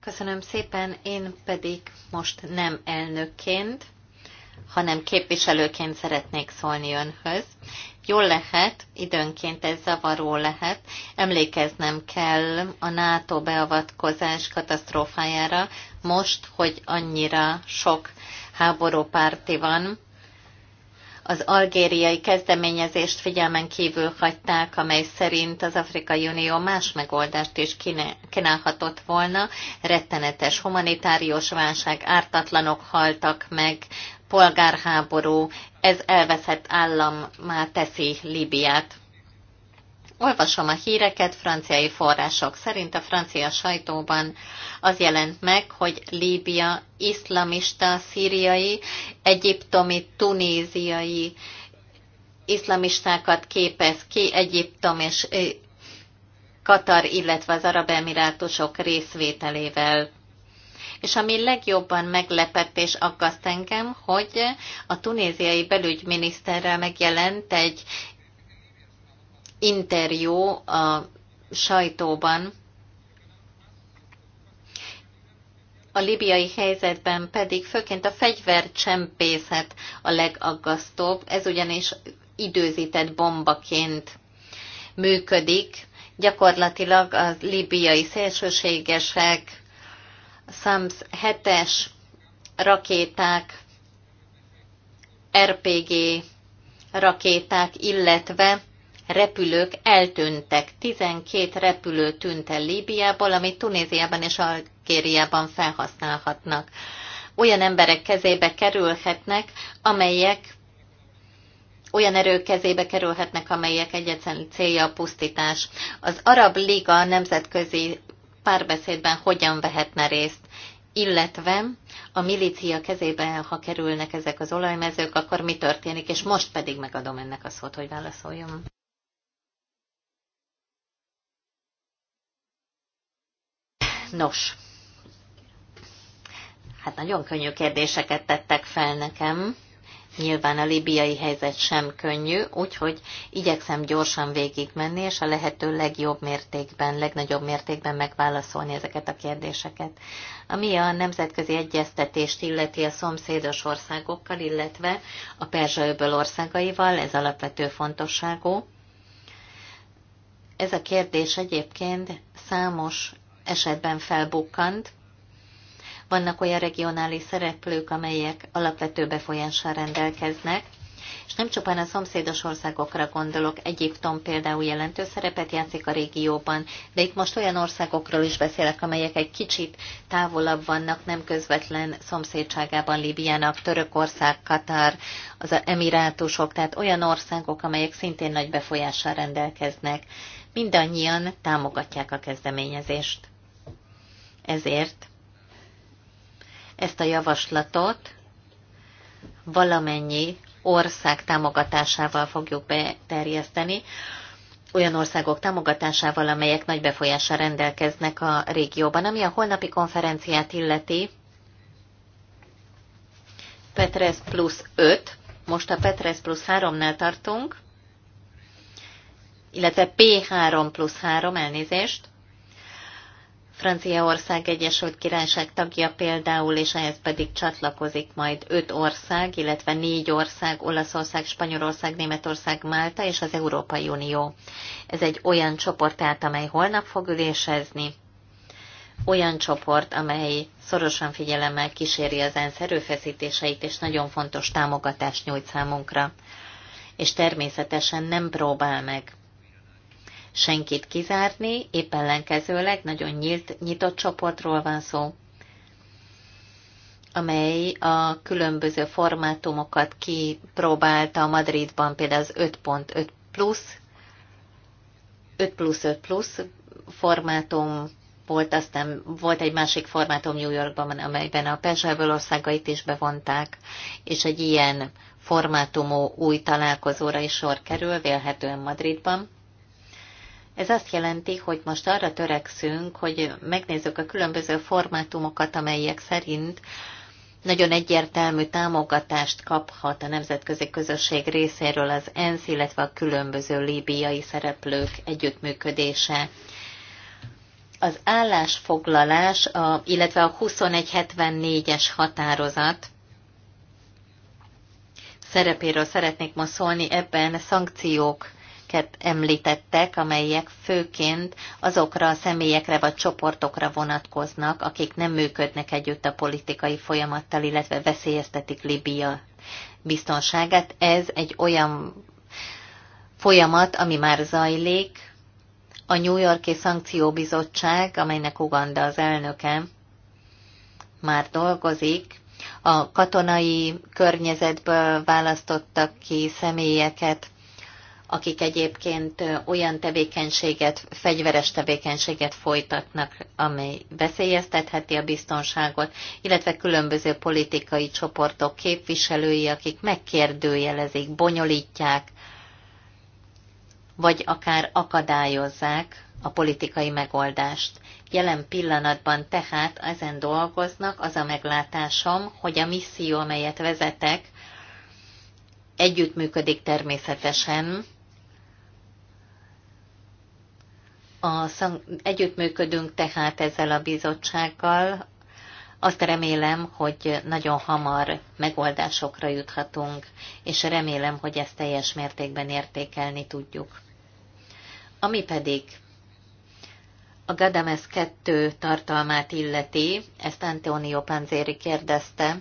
S3: Köszönöm szépen, én pedig most nem elnökként, hanem képviselőként szeretnék szólni önhöz. Jól lehet, időnként ez zavaró lehet, emlékeznem kell a NATO beavatkozás katasztrófájára, most, hogy annyira sok háborúpárti van, az algériai kezdeményezést figyelmen kívül hagyták, amely szerint az Afrikai Unió más megoldást is kínálhatott volna. Rettenetes humanitárius válság, ártatlanok haltak meg polgárháború, ez elveszett állam már teszi Libiát. Olvasom a híreket franciai források szerint a francia sajtóban az jelent meg, hogy Líbia iszlamista, szíriai, egyiptomi, tunéziai iszlamistákat képez ki, Egyiptom és Katar, illetve az Arab Emirátusok részvételével. És ami legjobban meglepett és aggaszt engem, hogy a tunéziai belügyminiszterrel megjelent egy interjú a sajtóban, a libiai helyzetben pedig főként a fegyvercsempészet a legaggasztóbb, ez ugyanis időzített bombaként működik. Gyakorlatilag a libiai szélsőségesek SAMS 7-es rakéták, RPG rakéták, illetve repülők eltűntek. 12 repülő tűnt el Líbiából, amit Tunéziában és Algériában felhasználhatnak. Olyan emberek kezébe kerülhetnek, amelyek olyan erők kezébe kerülhetnek, amelyek egyetlen célja a pusztítás. Az Arab Liga nemzetközi párbeszédben hogyan vehetne részt, illetve a milícia kezébe, ha kerülnek ezek az olajmezők, akkor mi történik, és most pedig megadom ennek a szót, hogy válaszoljon. Nos, hát nagyon könnyű kérdéseket tettek fel nekem. Nyilván a libiai helyzet sem könnyű, úgyhogy igyekszem gyorsan végigmenni, és a lehető legjobb mértékben, legnagyobb mértékben megválaszolni ezeket a kérdéseket. Ami a nemzetközi egyeztetést illeti a szomszédos országokkal, illetve a Perzsa-öböl országaival, ez alapvető fontosságú. Ez a kérdés egyébként számos esetben felbukkant, vannak olyan regionális szereplők, amelyek alapvető befolyással rendelkeznek, és nem csupán a szomszédos országokra gondolok, Egyiptom például jelentős szerepet játszik a régióban, de itt most olyan országokról is beszélek, amelyek egy kicsit távolabb vannak, nem közvetlen szomszédságában Líbiának, Törökország, Katar, az Emirátusok, tehát olyan országok, amelyek szintén nagy befolyással rendelkeznek. Mindannyian támogatják a kezdeményezést. Ezért ezt a javaslatot valamennyi ország támogatásával fogjuk beterjeszteni, olyan országok támogatásával, amelyek nagy befolyással rendelkeznek a régióban. Ami a holnapi konferenciát illeti, Petres plusz 5, most a Petres plusz 3-nál tartunk, illetve P3 plusz 3 elnézést. Franciaország Egyesült Királyság tagja például, és ehhez pedig csatlakozik majd öt ország, illetve négy ország, Olaszország, Spanyolország, Németország, Málta és az Európai Unió. Ez egy olyan csoport tehát, amely holnap fog ülésezni, olyan csoport, amely szorosan figyelemmel kíséri az ENSZ erőfeszítéseit, és nagyon fontos támogatást nyújt számunkra. És természetesen nem próbál meg senkit kizárni, épp ellenkezőleg nagyon nyílt, nyitott csoportról van szó, amely a különböző formátumokat kipróbálta Madridban, például az 5.5 plusz, 5 plusz 5 plusz formátum volt, aztán volt egy másik formátum New Yorkban, amelyben a Pezsával országait is bevonták, és egy ilyen formátumú új találkozóra is sor kerül, vélhetően Madridban. Ez azt jelenti, hogy most arra törekszünk, hogy megnézzük a különböző formátumokat, amelyek szerint nagyon egyértelmű támogatást kaphat a nemzetközi közösség részéről az ENSZ, illetve a különböző líbiai szereplők együttműködése. Az állásfoglalás, a, illetve a 2174-es határozat szerepéről szeretnék ma szólni, ebben szankciók amelyeket említettek, amelyek főként azokra a személyekre vagy csoportokra vonatkoznak, akik nem működnek együtt a politikai folyamattal, illetve veszélyeztetik Libia biztonságát. Ez egy olyan folyamat, ami már zajlik. A New Yorki Szankcióbizottság, amelynek Uganda az elnöke, már dolgozik, a katonai környezetből választottak ki személyeket, akik egyébként olyan tevékenységet, fegyveres tevékenységet folytatnak, amely veszélyeztetheti a biztonságot, illetve különböző politikai csoportok képviselői, akik megkérdőjelezik, bonyolítják, vagy akár akadályozzák a politikai megoldást. Jelen pillanatban tehát ezen dolgoznak, az a meglátásom, hogy a misszió, amelyet vezetek, együttműködik természetesen A szang- együttműködünk tehát ezzel a bizottsággal. Azt remélem, hogy nagyon hamar megoldásokra juthatunk, és remélem, hogy ezt teljes mértékben értékelni tudjuk. Ami pedig a Gadames 2 tartalmát illeti, ezt Antonio Panzeri kérdezte,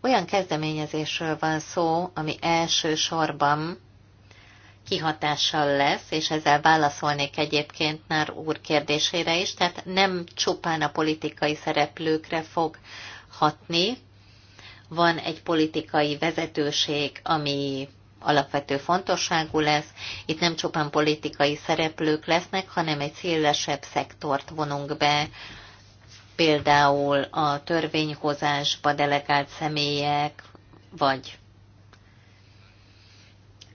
S3: olyan kezdeményezésről van szó, ami elsősorban kihatással lesz, és ezzel válaszolnék egyébként Nár úr kérdésére is, tehát nem csupán a politikai szereplőkre fog hatni, van egy politikai vezetőség, ami alapvető fontosságú lesz. Itt nem csupán politikai szereplők lesznek, hanem egy szélesebb szektort vonunk be, például a törvényhozásba delegált személyek, vagy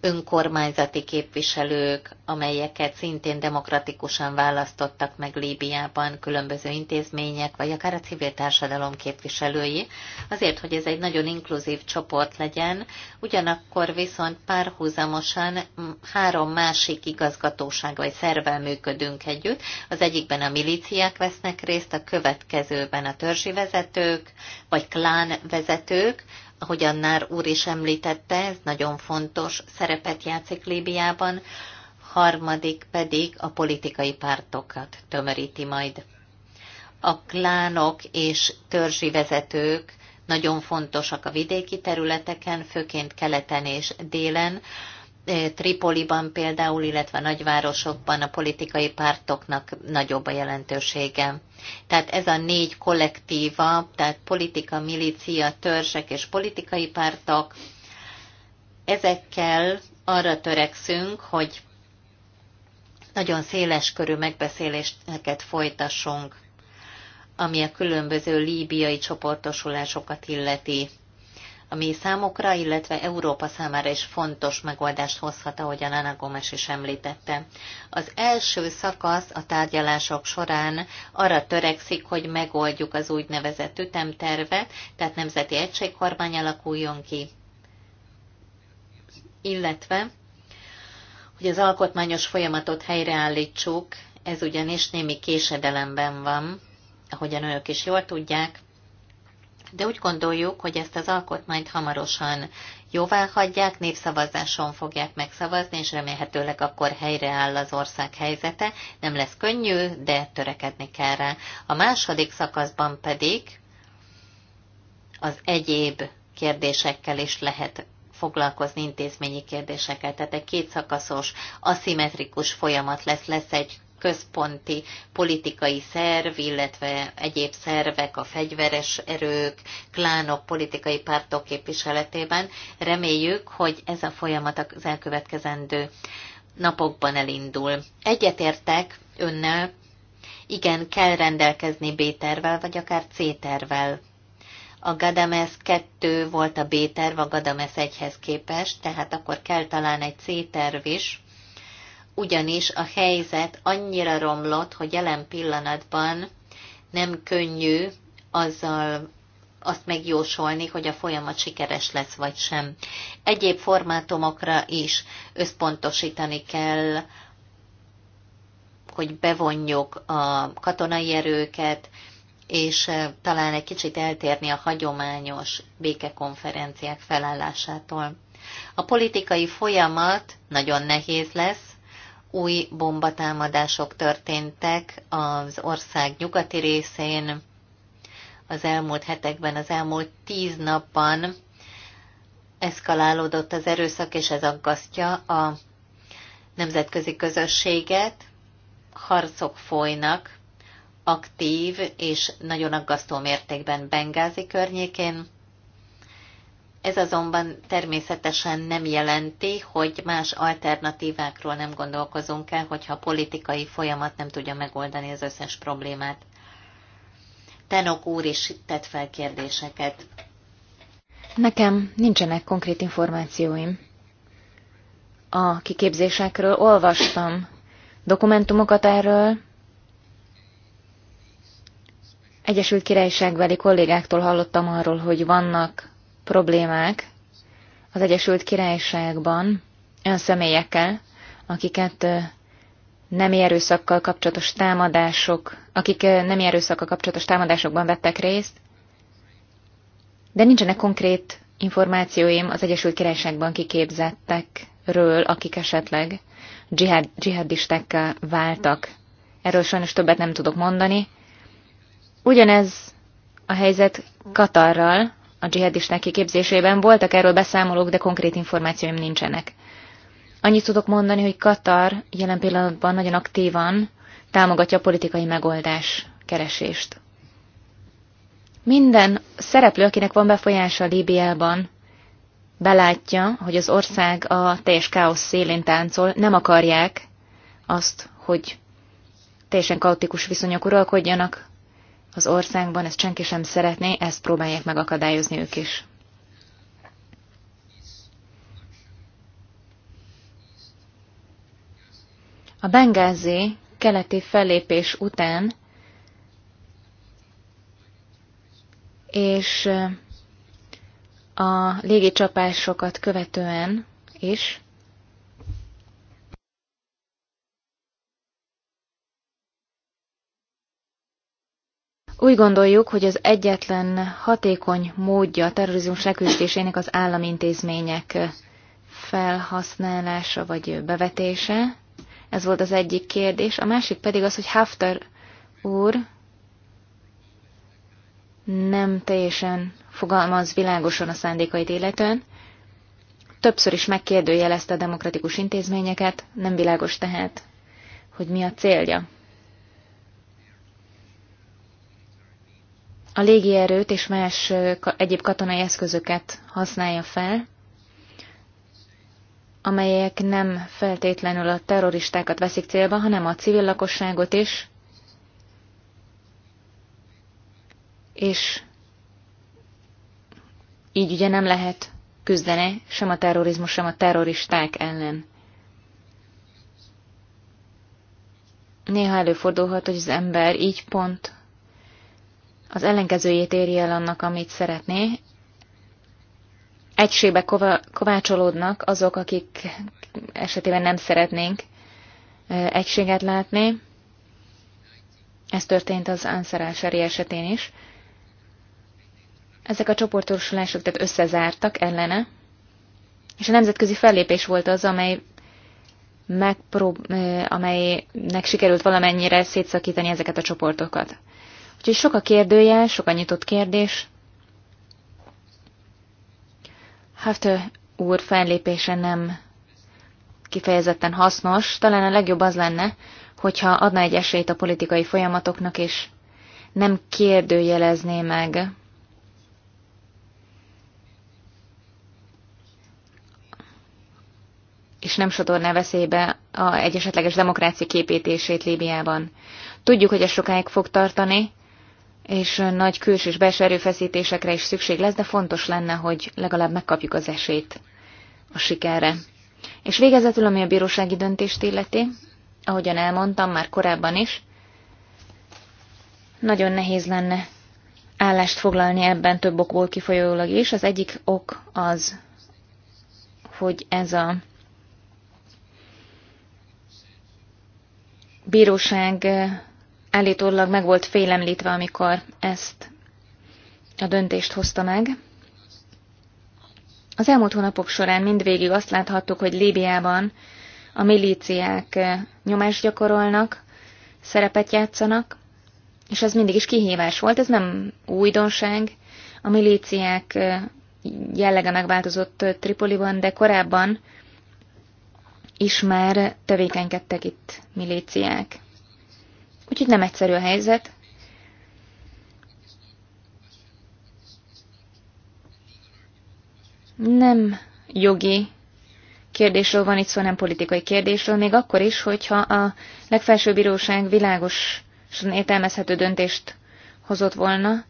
S3: önkormányzati képviselők, amelyeket szintén demokratikusan választottak meg Líbiában különböző intézmények, vagy akár a civil társadalom képviselői, azért, hogy ez egy nagyon inkluzív csoport legyen, ugyanakkor viszont párhuzamosan három másik igazgatóság vagy szervvel működünk együtt. Az egyikben a milíciák vesznek részt, a következőben a törzsi vezetők, vagy klán vezetők, ahogyan Nár úr is említette, ez nagyon fontos szerepet játszik Líbiában, harmadik pedig a politikai pártokat tömöríti majd. A klánok és törzsi vezetők nagyon fontosak a vidéki területeken, főként keleten és délen, Tripoliban például, illetve nagyvárosokban a politikai pártoknak nagyobb a jelentősége. Tehát ez a négy kollektíva, tehát politika, milícia, törzsek és politikai pártok, ezekkel arra törekszünk, hogy nagyon széles körű megbeszéléseket folytassunk, ami a különböző líbiai csoportosulásokat illeti ami számokra, illetve Európa számára is fontos megoldást hozhat, ahogyan Anna Gomes is említette. Az első szakasz a tárgyalások során arra törekszik, hogy megoldjuk az úgynevezett ütemtervet, tehát nemzeti egységkormány alakuljon ki, illetve hogy az alkotmányos folyamatot helyreállítsuk, ez ugyanis némi késedelemben van, ahogyan önök is jól tudják, de úgy gondoljuk, hogy ezt az alkotmányt hamarosan jóvá hagyják, népszavazáson fogják megszavazni, és remélhetőleg akkor helyreáll az ország helyzete. Nem lesz könnyű, de törekedni kell rá. A második szakaszban pedig az egyéb kérdésekkel is lehet foglalkozni intézményi kérdésekkel. Tehát egy kétszakaszos, aszimetrikus folyamat lesz, lesz egy központi politikai szerv, illetve egyéb szervek, a fegyveres erők, klánok, politikai pártok képviseletében. Reméljük, hogy ez a folyamat az elkövetkezendő napokban elindul. Egyetértek önnel, igen, kell rendelkezni B-tervel, vagy akár C-tervel. A Gadames 2 volt a B-terv a Gadames 1-hez képest, tehát akkor kell talán egy C-terv is, ugyanis a helyzet annyira romlott, hogy jelen pillanatban nem könnyű azzal azt megjósolni, hogy a folyamat sikeres lesz vagy sem. Egyéb formátumokra is összpontosítani kell, hogy bevonjuk a katonai erőket, és eh, talán egy kicsit eltérni a hagyományos békekonferenciák felállásától. A politikai folyamat nagyon nehéz lesz, új bombatámadások történtek az ország nyugati részén az elmúlt hetekben, az elmúlt tíz napban eszkalálódott az erőszak, és ez aggasztja a nemzetközi közösséget. Harcok folynak aktív és nagyon aggasztó mértékben Bengázi környékén. Ez azonban természetesen nem jelenti, hogy más alternatívákról nem gondolkozunk el, hogyha a politikai folyamat nem tudja megoldani az összes problémát. Tenok úr is tett fel kérdéseket.
S4: Nekem nincsenek konkrét információim. A kiképzésekről olvastam dokumentumokat erről. Egyesült Királyságbeli kollégáktól hallottam arról, hogy vannak problémák az Egyesült Királyságban olyan személyekkel, akiket nem erőszakkal kapcsolatos támadások, akik nem erőszakkal kapcsolatos támadásokban vettek részt, de nincsenek konkrét információim az Egyesült Királyságban kiképzettekről, akik esetleg dzsihad, dzsihadistekkel váltak. Erről sajnos többet nem tudok mondani. Ugyanez a helyzet Katarral, a dzsihadisták kiképzésében. Voltak erről beszámolók, de konkrét információim nincsenek. Annyit tudok mondani, hogy Katar jelen pillanatban nagyon aktívan támogatja a politikai megoldás keresést. Minden szereplő, akinek van befolyása Líbiában, belátja, hogy az ország a teljes káosz szélén táncol, nem akarják azt, hogy teljesen kaotikus viszonyok uralkodjanak az országban, ezt senki sem szeretné, ezt próbálják megakadályozni ők is. A Bengázi keleti fellépés után és a légicsapásokat követően is Úgy gondoljuk, hogy az egyetlen hatékony módja a terrorizmus leküzdésének az állami intézmények felhasználása vagy bevetése. Ez volt az egyik kérdés. A másik pedig az, hogy Haftar úr nem teljesen fogalmaz világosan a szándékait illetően. Többször is megkérdőjelezte a demokratikus intézményeket, nem világos tehát, hogy mi a célja. a légierőt és más egyéb katonai eszközöket használja fel, amelyek nem feltétlenül a terroristákat veszik célba, hanem a civil lakosságot is, és így ugye nem lehet küzdeni sem a terrorizmus, sem a terroristák ellen. Néha előfordulhat, hogy az ember így pont az ellenkezőjét éri el annak, amit szeretné. Egységbe kovácsolódnak azok, akik esetében nem szeretnénk egységet látni. Ez történt az Ansar esetén is. Ezek a csoportosulások tehát összezártak ellene, és a nemzetközi fellépés volt az, amely megprób- amelynek sikerült valamennyire szétszakítani ezeket a csoportokat. Úgyhogy sok a kérdője, sok a nyitott kérdés. Hafte úr fellépése nem kifejezetten hasznos, talán a legjobb az lenne, hogyha adna egy esélyt a politikai folyamatoknak, és nem kérdőjelezné meg és nem sodorná veszélybe a egy esetleges demokrácia képítését Líbiában. Tudjuk, hogy ez sokáig fog tartani, és nagy külső és belső erőfeszítésekre is szükség lesz, de fontos lenne, hogy legalább megkapjuk az esélyt a sikerre. És végezetül, ami a bírósági döntést illeti, ahogyan elmondtam már korábban is, nagyon nehéz lenne állást foglalni ebben több okból kifolyólag is. Az egyik ok az, hogy ez a bíróság állítólag meg volt félemlítve, amikor ezt a döntést hozta meg. Az elmúlt hónapok során mindvégig azt láthattuk, hogy Líbiában a milíciák nyomást gyakorolnak, szerepet játszanak, és ez mindig is kihívás volt, ez nem újdonság. A milíciák jellege megváltozott Tripoliban, de korábban is már tevékenykedtek itt milíciák. Úgyhogy nem egyszerű a helyzet. Nem jogi kérdésről van itt szó, nem politikai kérdésről, még akkor is, hogyha a legfelső bíróság világos értelmezhető döntést hozott volna,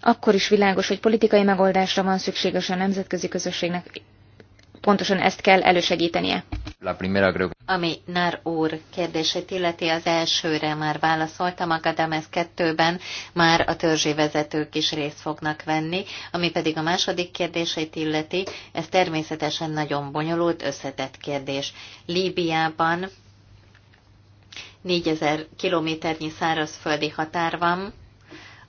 S4: akkor is világos, hogy politikai megoldásra van szükséges a nemzetközi közösségnek pontosan ezt kell
S3: elősegítenie. Ami Nár úr kérdését illeti, az elsőre már válaszoltam, a Gadames 2-ben már a törzsi vezetők is részt fognak venni, ami pedig a második kérdését illeti, ez természetesen nagyon bonyolult, összetett kérdés. Líbiában 4000 kilométernyi szárazföldi határ van,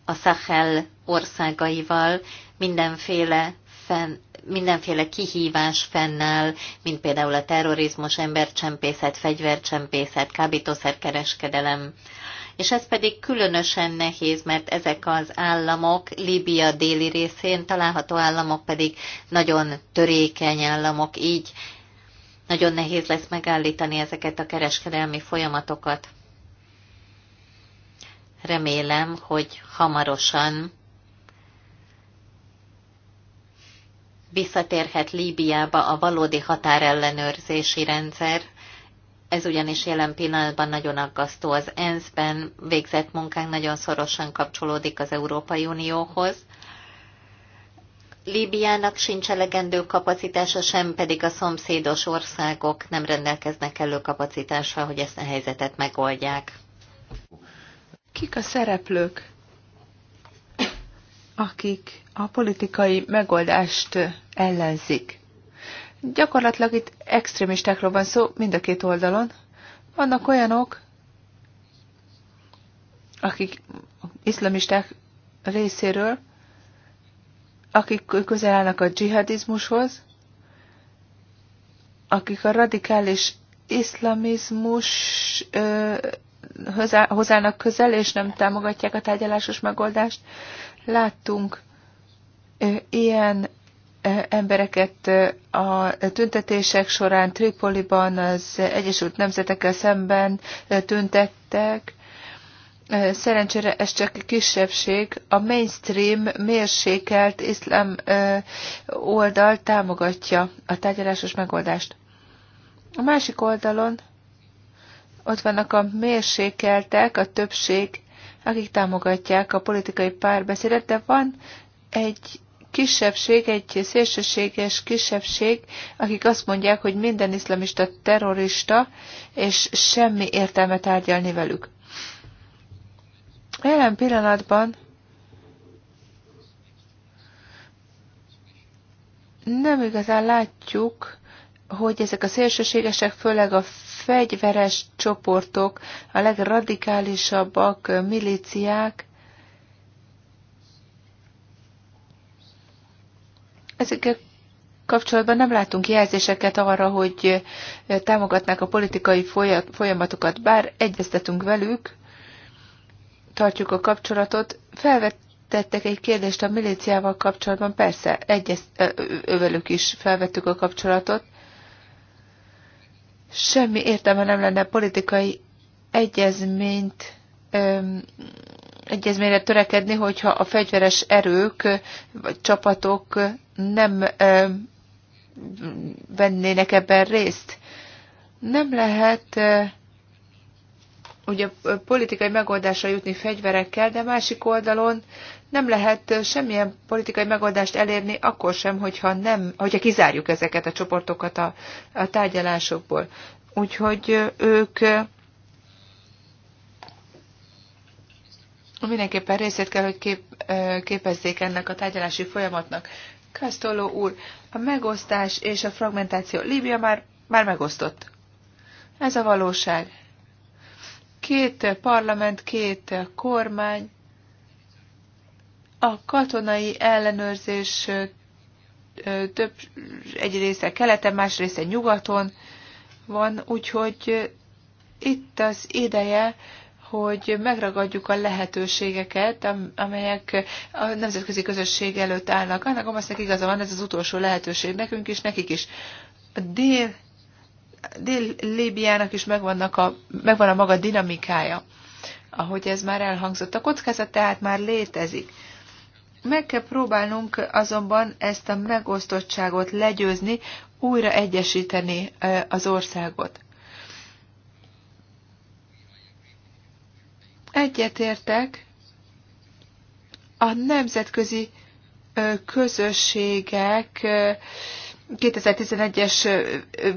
S3: a Sahel országaival mindenféle fenn, mindenféle kihívás fennáll, mint például a terrorizmus, embercsempészet, fegyvercsempészet, kábítószerkereskedelem. És ez pedig különösen nehéz, mert ezek az államok, Líbia déli részén található államok pedig nagyon törékeny államok, így nagyon nehéz lesz megállítani ezeket a kereskedelmi folyamatokat. Remélem, hogy hamarosan visszatérhet Líbiába a valódi határellenőrzési rendszer. Ez ugyanis jelen pillanatban nagyon aggasztó. Az ENSZ-ben végzett munkánk nagyon szorosan kapcsolódik az Európai Unióhoz. Líbiának sincs elegendő kapacitása, sem pedig a szomszédos országok nem rendelkeznek elő kapacitással, hogy ezt a helyzetet megoldják.
S2: Kik a szereplők? akik a politikai megoldást ellenzik. Gyakorlatilag itt extrémistákról van szó mind a két oldalon. Vannak olyanok, akik iszlamisták részéről, akik közel állnak a dzsihadizmushoz, akik a radikális iszlamizmus hozzának közel, és nem támogatják a tárgyalásos megoldást. Láttunk ilyen embereket a tüntetések során Tripoliban az Egyesült Nemzetekkel szemben tüntettek. Szerencsére ez csak kisebbség. A mainstream mérsékelt iszlám oldal támogatja a tárgyalásos megoldást. A másik oldalon ott vannak a mérsékeltek, a többség, akik támogatják a politikai párbeszédet, de van egy kisebbség, egy szélsőséges kisebbség, akik azt mondják, hogy minden iszlamista terrorista, és semmi értelme tárgyalni velük. Jelen pillanatban nem igazán látjuk hogy ezek a szélsőségesek, főleg a fegyveres csoportok, a legradikálisabbak, milíciák, ezekkel kapcsolatban nem látunk jelzéseket arra, hogy támogatnák a politikai folyamatokat, bár egyeztetünk velük, tartjuk a kapcsolatot. Felvetettek egy kérdést a milíciával kapcsolatban, persze, egyez, ővelük is felvettük a kapcsolatot semmi értelme nem lenne politikai egyezményt öm, egyezményre törekedni, hogyha a fegyveres erők vagy csapatok nem öm, vennének ebben részt. Nem lehet öm, ugye politikai megoldásra jutni fegyverekkel, de másik oldalon nem lehet semmilyen politikai megoldást elérni, akkor sem, hogyha, nem, hogyha kizárjuk ezeket a csoportokat a, a tárgyalásokból. Úgyhogy ők mindenképpen részét kell, hogy kép, képezzék ennek a tárgyalási folyamatnak. Kastoló úr, a megosztás és a fragmentáció. Líbia már, már megosztott. Ez a valóság. Két parlament, két kormány, a katonai ellenőrzés több egy része keleten, más része nyugaton van, úgyhogy itt az ideje, hogy megragadjuk a lehetőségeket, amelyek a nemzetközi közösség előtt állnak. Annak Gomasznak igaza van, ez az utolsó lehetőség nekünk is, nekik is. A dél, Dél-Líbiának is megvannak a, megvan a maga dinamikája. Ahogy ez már elhangzott, a kockázat tehát már létezik. Meg kell próbálnunk azonban ezt a megosztottságot legyőzni, újra egyesíteni az országot. Egyetértek a nemzetközi közösségek 2011-es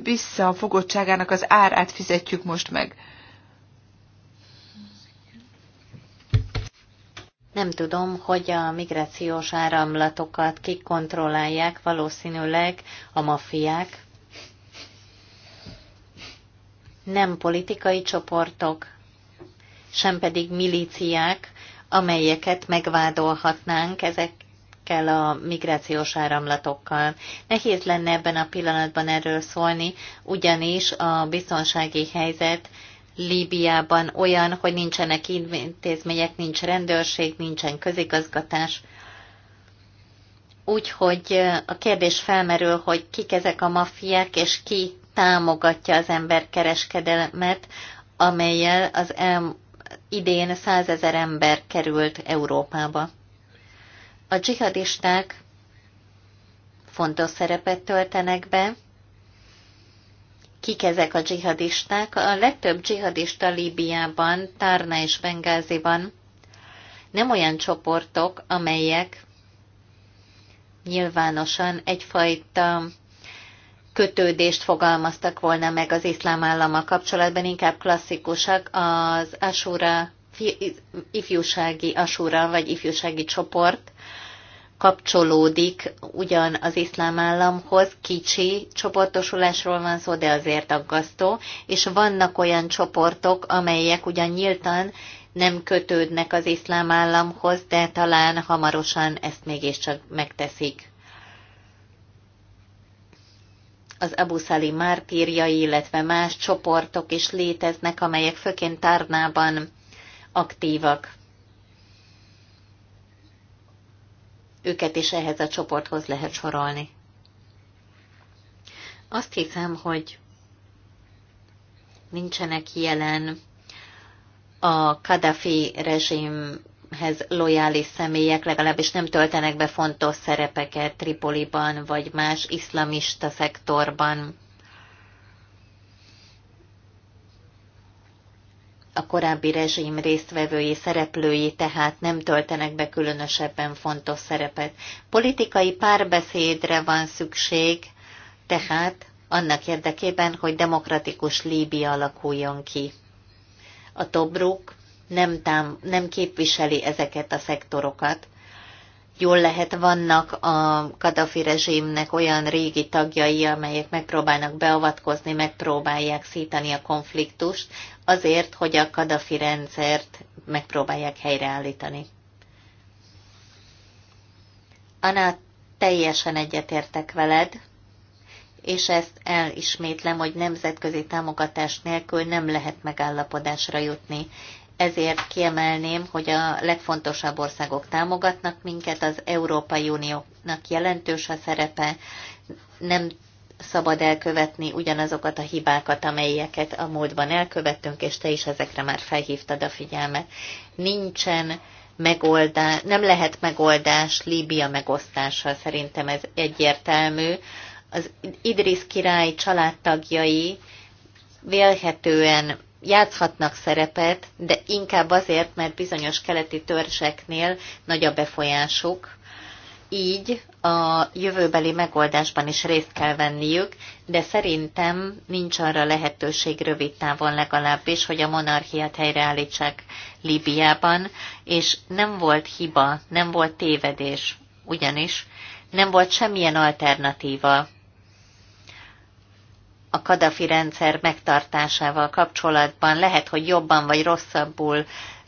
S2: visszafogottságának az árát fizetjük most meg.
S3: Nem tudom, hogy a migrációs áramlatokat kik kontrollálják, valószínűleg a mafiák, nem politikai csoportok, sem pedig milíciák, amelyeket megvádolhatnánk ezekkel a migrációs áramlatokkal. Nehéz lenne ebben a pillanatban erről szólni, ugyanis a biztonsági helyzet Líbiában olyan, hogy nincsenek intézmények, nincs rendőrség, nincsen közigazgatás. Úgyhogy a kérdés felmerül, hogy kik ezek a maffiák, és ki támogatja az emberkereskedelmet, amelyel az el, idén százezer ember került Európába. A dzsihadisták fontos szerepet töltenek be, kik ezek a dzsihadisták. A legtöbb dzsihadista Líbiában, Tárna és Bengáziban nem olyan csoportok, amelyek nyilvánosan egyfajta kötődést fogalmaztak volna meg az iszlám állama kapcsolatban, inkább klasszikusak az Asura, ifjúsági Asura vagy ifjúsági csoport, kapcsolódik ugyan az iszlám államhoz, kicsi csoportosulásról van szó, de azért aggasztó, és vannak olyan csoportok, amelyek ugyan nyíltan nem kötődnek az iszlám államhoz, de talán hamarosan ezt mégiscsak megteszik. Az Abu Szali mártírjai, illetve más csoportok is léteznek, amelyek főként Tárnában aktívak. őket is ehhez a csoporthoz lehet sorolni. Azt hiszem, hogy nincsenek jelen a Kadhafi rezsimhez lojális személyek, legalábbis nem töltenek be fontos szerepeket Tripoliban vagy más iszlamista szektorban. a korábbi rezsim résztvevői, szereplői tehát nem töltenek be különösebben fontos szerepet. Politikai párbeszédre van szükség, tehát annak érdekében, hogy demokratikus Líbia alakuljon ki. A Tobruk nem, tám- nem képviseli ezeket a szektorokat, jól lehet vannak a Kadafi rezsimnek olyan régi tagjai, amelyek megpróbálnak beavatkozni, megpróbálják szítani a konfliktust, azért, hogy a Kadafi rendszert megpróbálják helyreállítani. Anna, teljesen egyetértek veled, és ezt elismétlem, hogy nemzetközi támogatás nélkül nem lehet megállapodásra jutni ezért kiemelném, hogy a legfontosabb országok támogatnak minket, az Európai Uniónak jelentős a szerepe, nem szabad elkövetni ugyanazokat a hibákat, amelyeket a múltban elkövettünk, és te is ezekre már felhívtad a figyelmet. Nincsen megoldás, nem lehet megoldás Líbia megosztása, szerintem ez egyértelmű. Az Idris király családtagjai vélhetően játszhatnak szerepet, de inkább azért, mert bizonyos keleti törzseknél nagy a befolyásuk, így a jövőbeli megoldásban is részt kell venniük, de szerintem nincs arra lehetőség rövid távon legalábbis, hogy a monarchiát helyreállítsák Líbiában, és nem volt hiba, nem volt tévedés, ugyanis nem volt semmilyen alternatíva a Kadafi rendszer megtartásával kapcsolatban lehet, hogy jobban vagy rosszabbul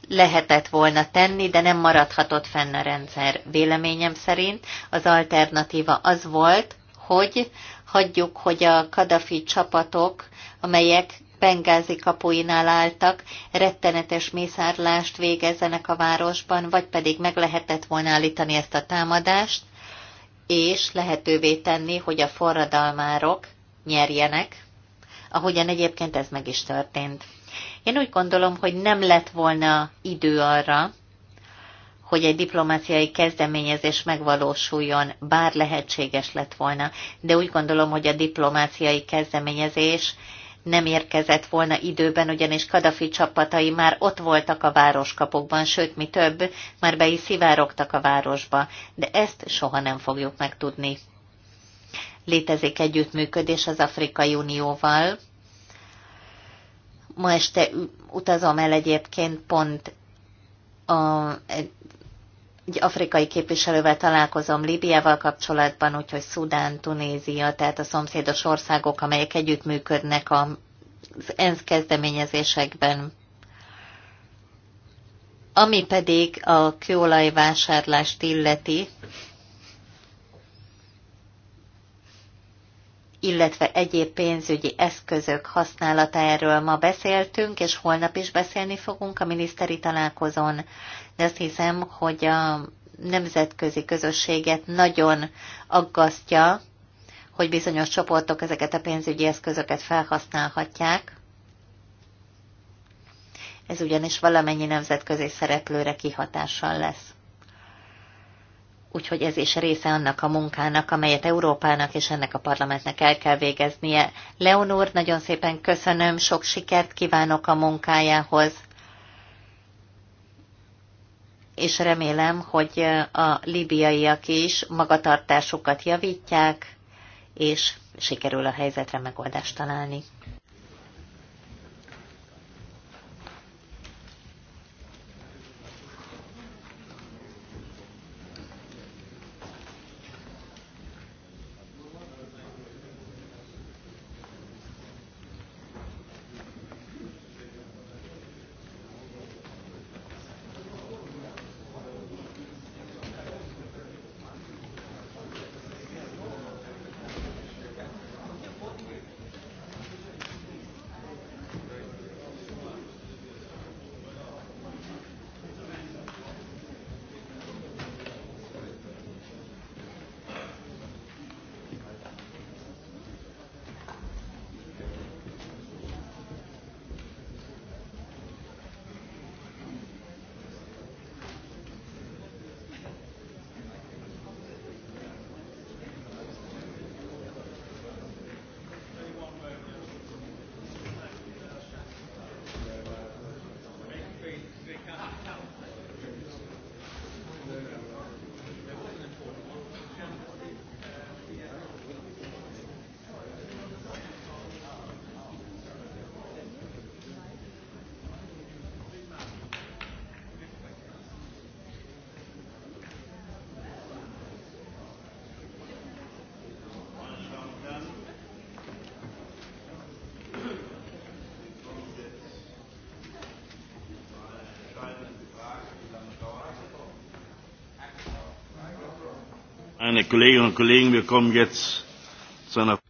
S3: lehetett volna tenni, de nem maradhatott fenn a rendszer. Véleményem szerint az alternatíva az volt, hogy hagyjuk, hogy a Kadafi csapatok, amelyek Bengázi kapuinál álltak, rettenetes mészárlást végezzenek a városban, vagy pedig meg lehetett volna állítani ezt a támadást, és lehetővé tenni, hogy a forradalmárok nyerjenek, ahogyan egyébként ez meg is történt. Én úgy gondolom, hogy nem lett volna idő arra, hogy egy diplomáciai kezdeményezés megvalósuljon, bár lehetséges lett volna, de úgy gondolom, hogy a diplomáciai kezdeményezés nem érkezett volna időben, ugyanis Kadafi csapatai már ott voltak a városkapokban, sőt, mi több, már be is szivárogtak a városba, de ezt soha nem fogjuk megtudni létezik együttműködés az Afrikai Unióval. Ma este utazom el egyébként pont a, egy afrikai képviselővel találkozom Líbiával kapcsolatban, úgyhogy Szudán, Tunézia, tehát a szomszédos országok, amelyek együttműködnek az ENSZ kezdeményezésekben. Ami pedig a kőolajvásárlást illeti, illetve egyéb pénzügyi eszközök használatáról ma beszéltünk, és holnap is beszélni fogunk a miniszteri találkozón. De azt hiszem, hogy a nemzetközi közösséget nagyon aggasztja, hogy bizonyos csoportok ezeket a pénzügyi eszközöket felhasználhatják. Ez ugyanis valamennyi nemzetközi szereplőre kihatással lesz. Úgyhogy ez is része annak a munkának, amelyet Európának és ennek a parlamentnek el kell végeznie. Leonor, nagyon szépen köszönöm, sok sikert kívánok a munkájához, és remélem, hogy a libiaiak is magatartásukat javítják, és sikerül a helyzetre megoldást találni.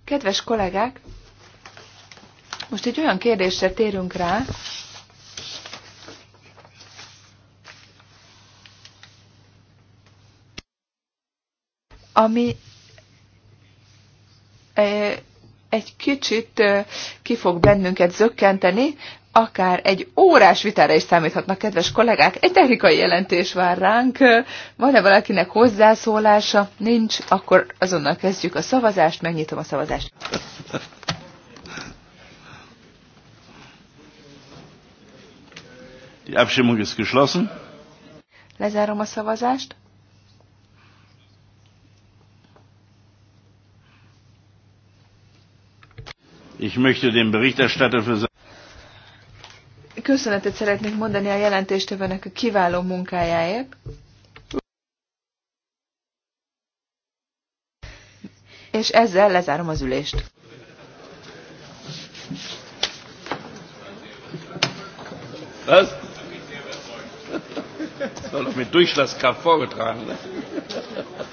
S2: Kedves kollégák, most egy olyan kérdésre térünk rá, ami eh, egy kicsit eh, ki fog bennünket zökkenteni, akár egy órás vitára is számíthatnak, kedves kollégák. Egy technikai jelentés vár ránk. Van-e valakinek hozzászólása? Nincs, akkor azonnal kezdjük a szavazást, megnyitom a szavazást.
S1: Die Abstimmung ist geschlossen.
S2: Lezárom a szavazást.
S1: Ich möchte den Berichterstatter für
S2: köszönetet szeretnék mondani a jelentéstevőnek a kiváló munkájáért. És ezzel lezárom az ülést.
S1: Was? Das doch mit Durchschlagskraft vorgetragen. Ne?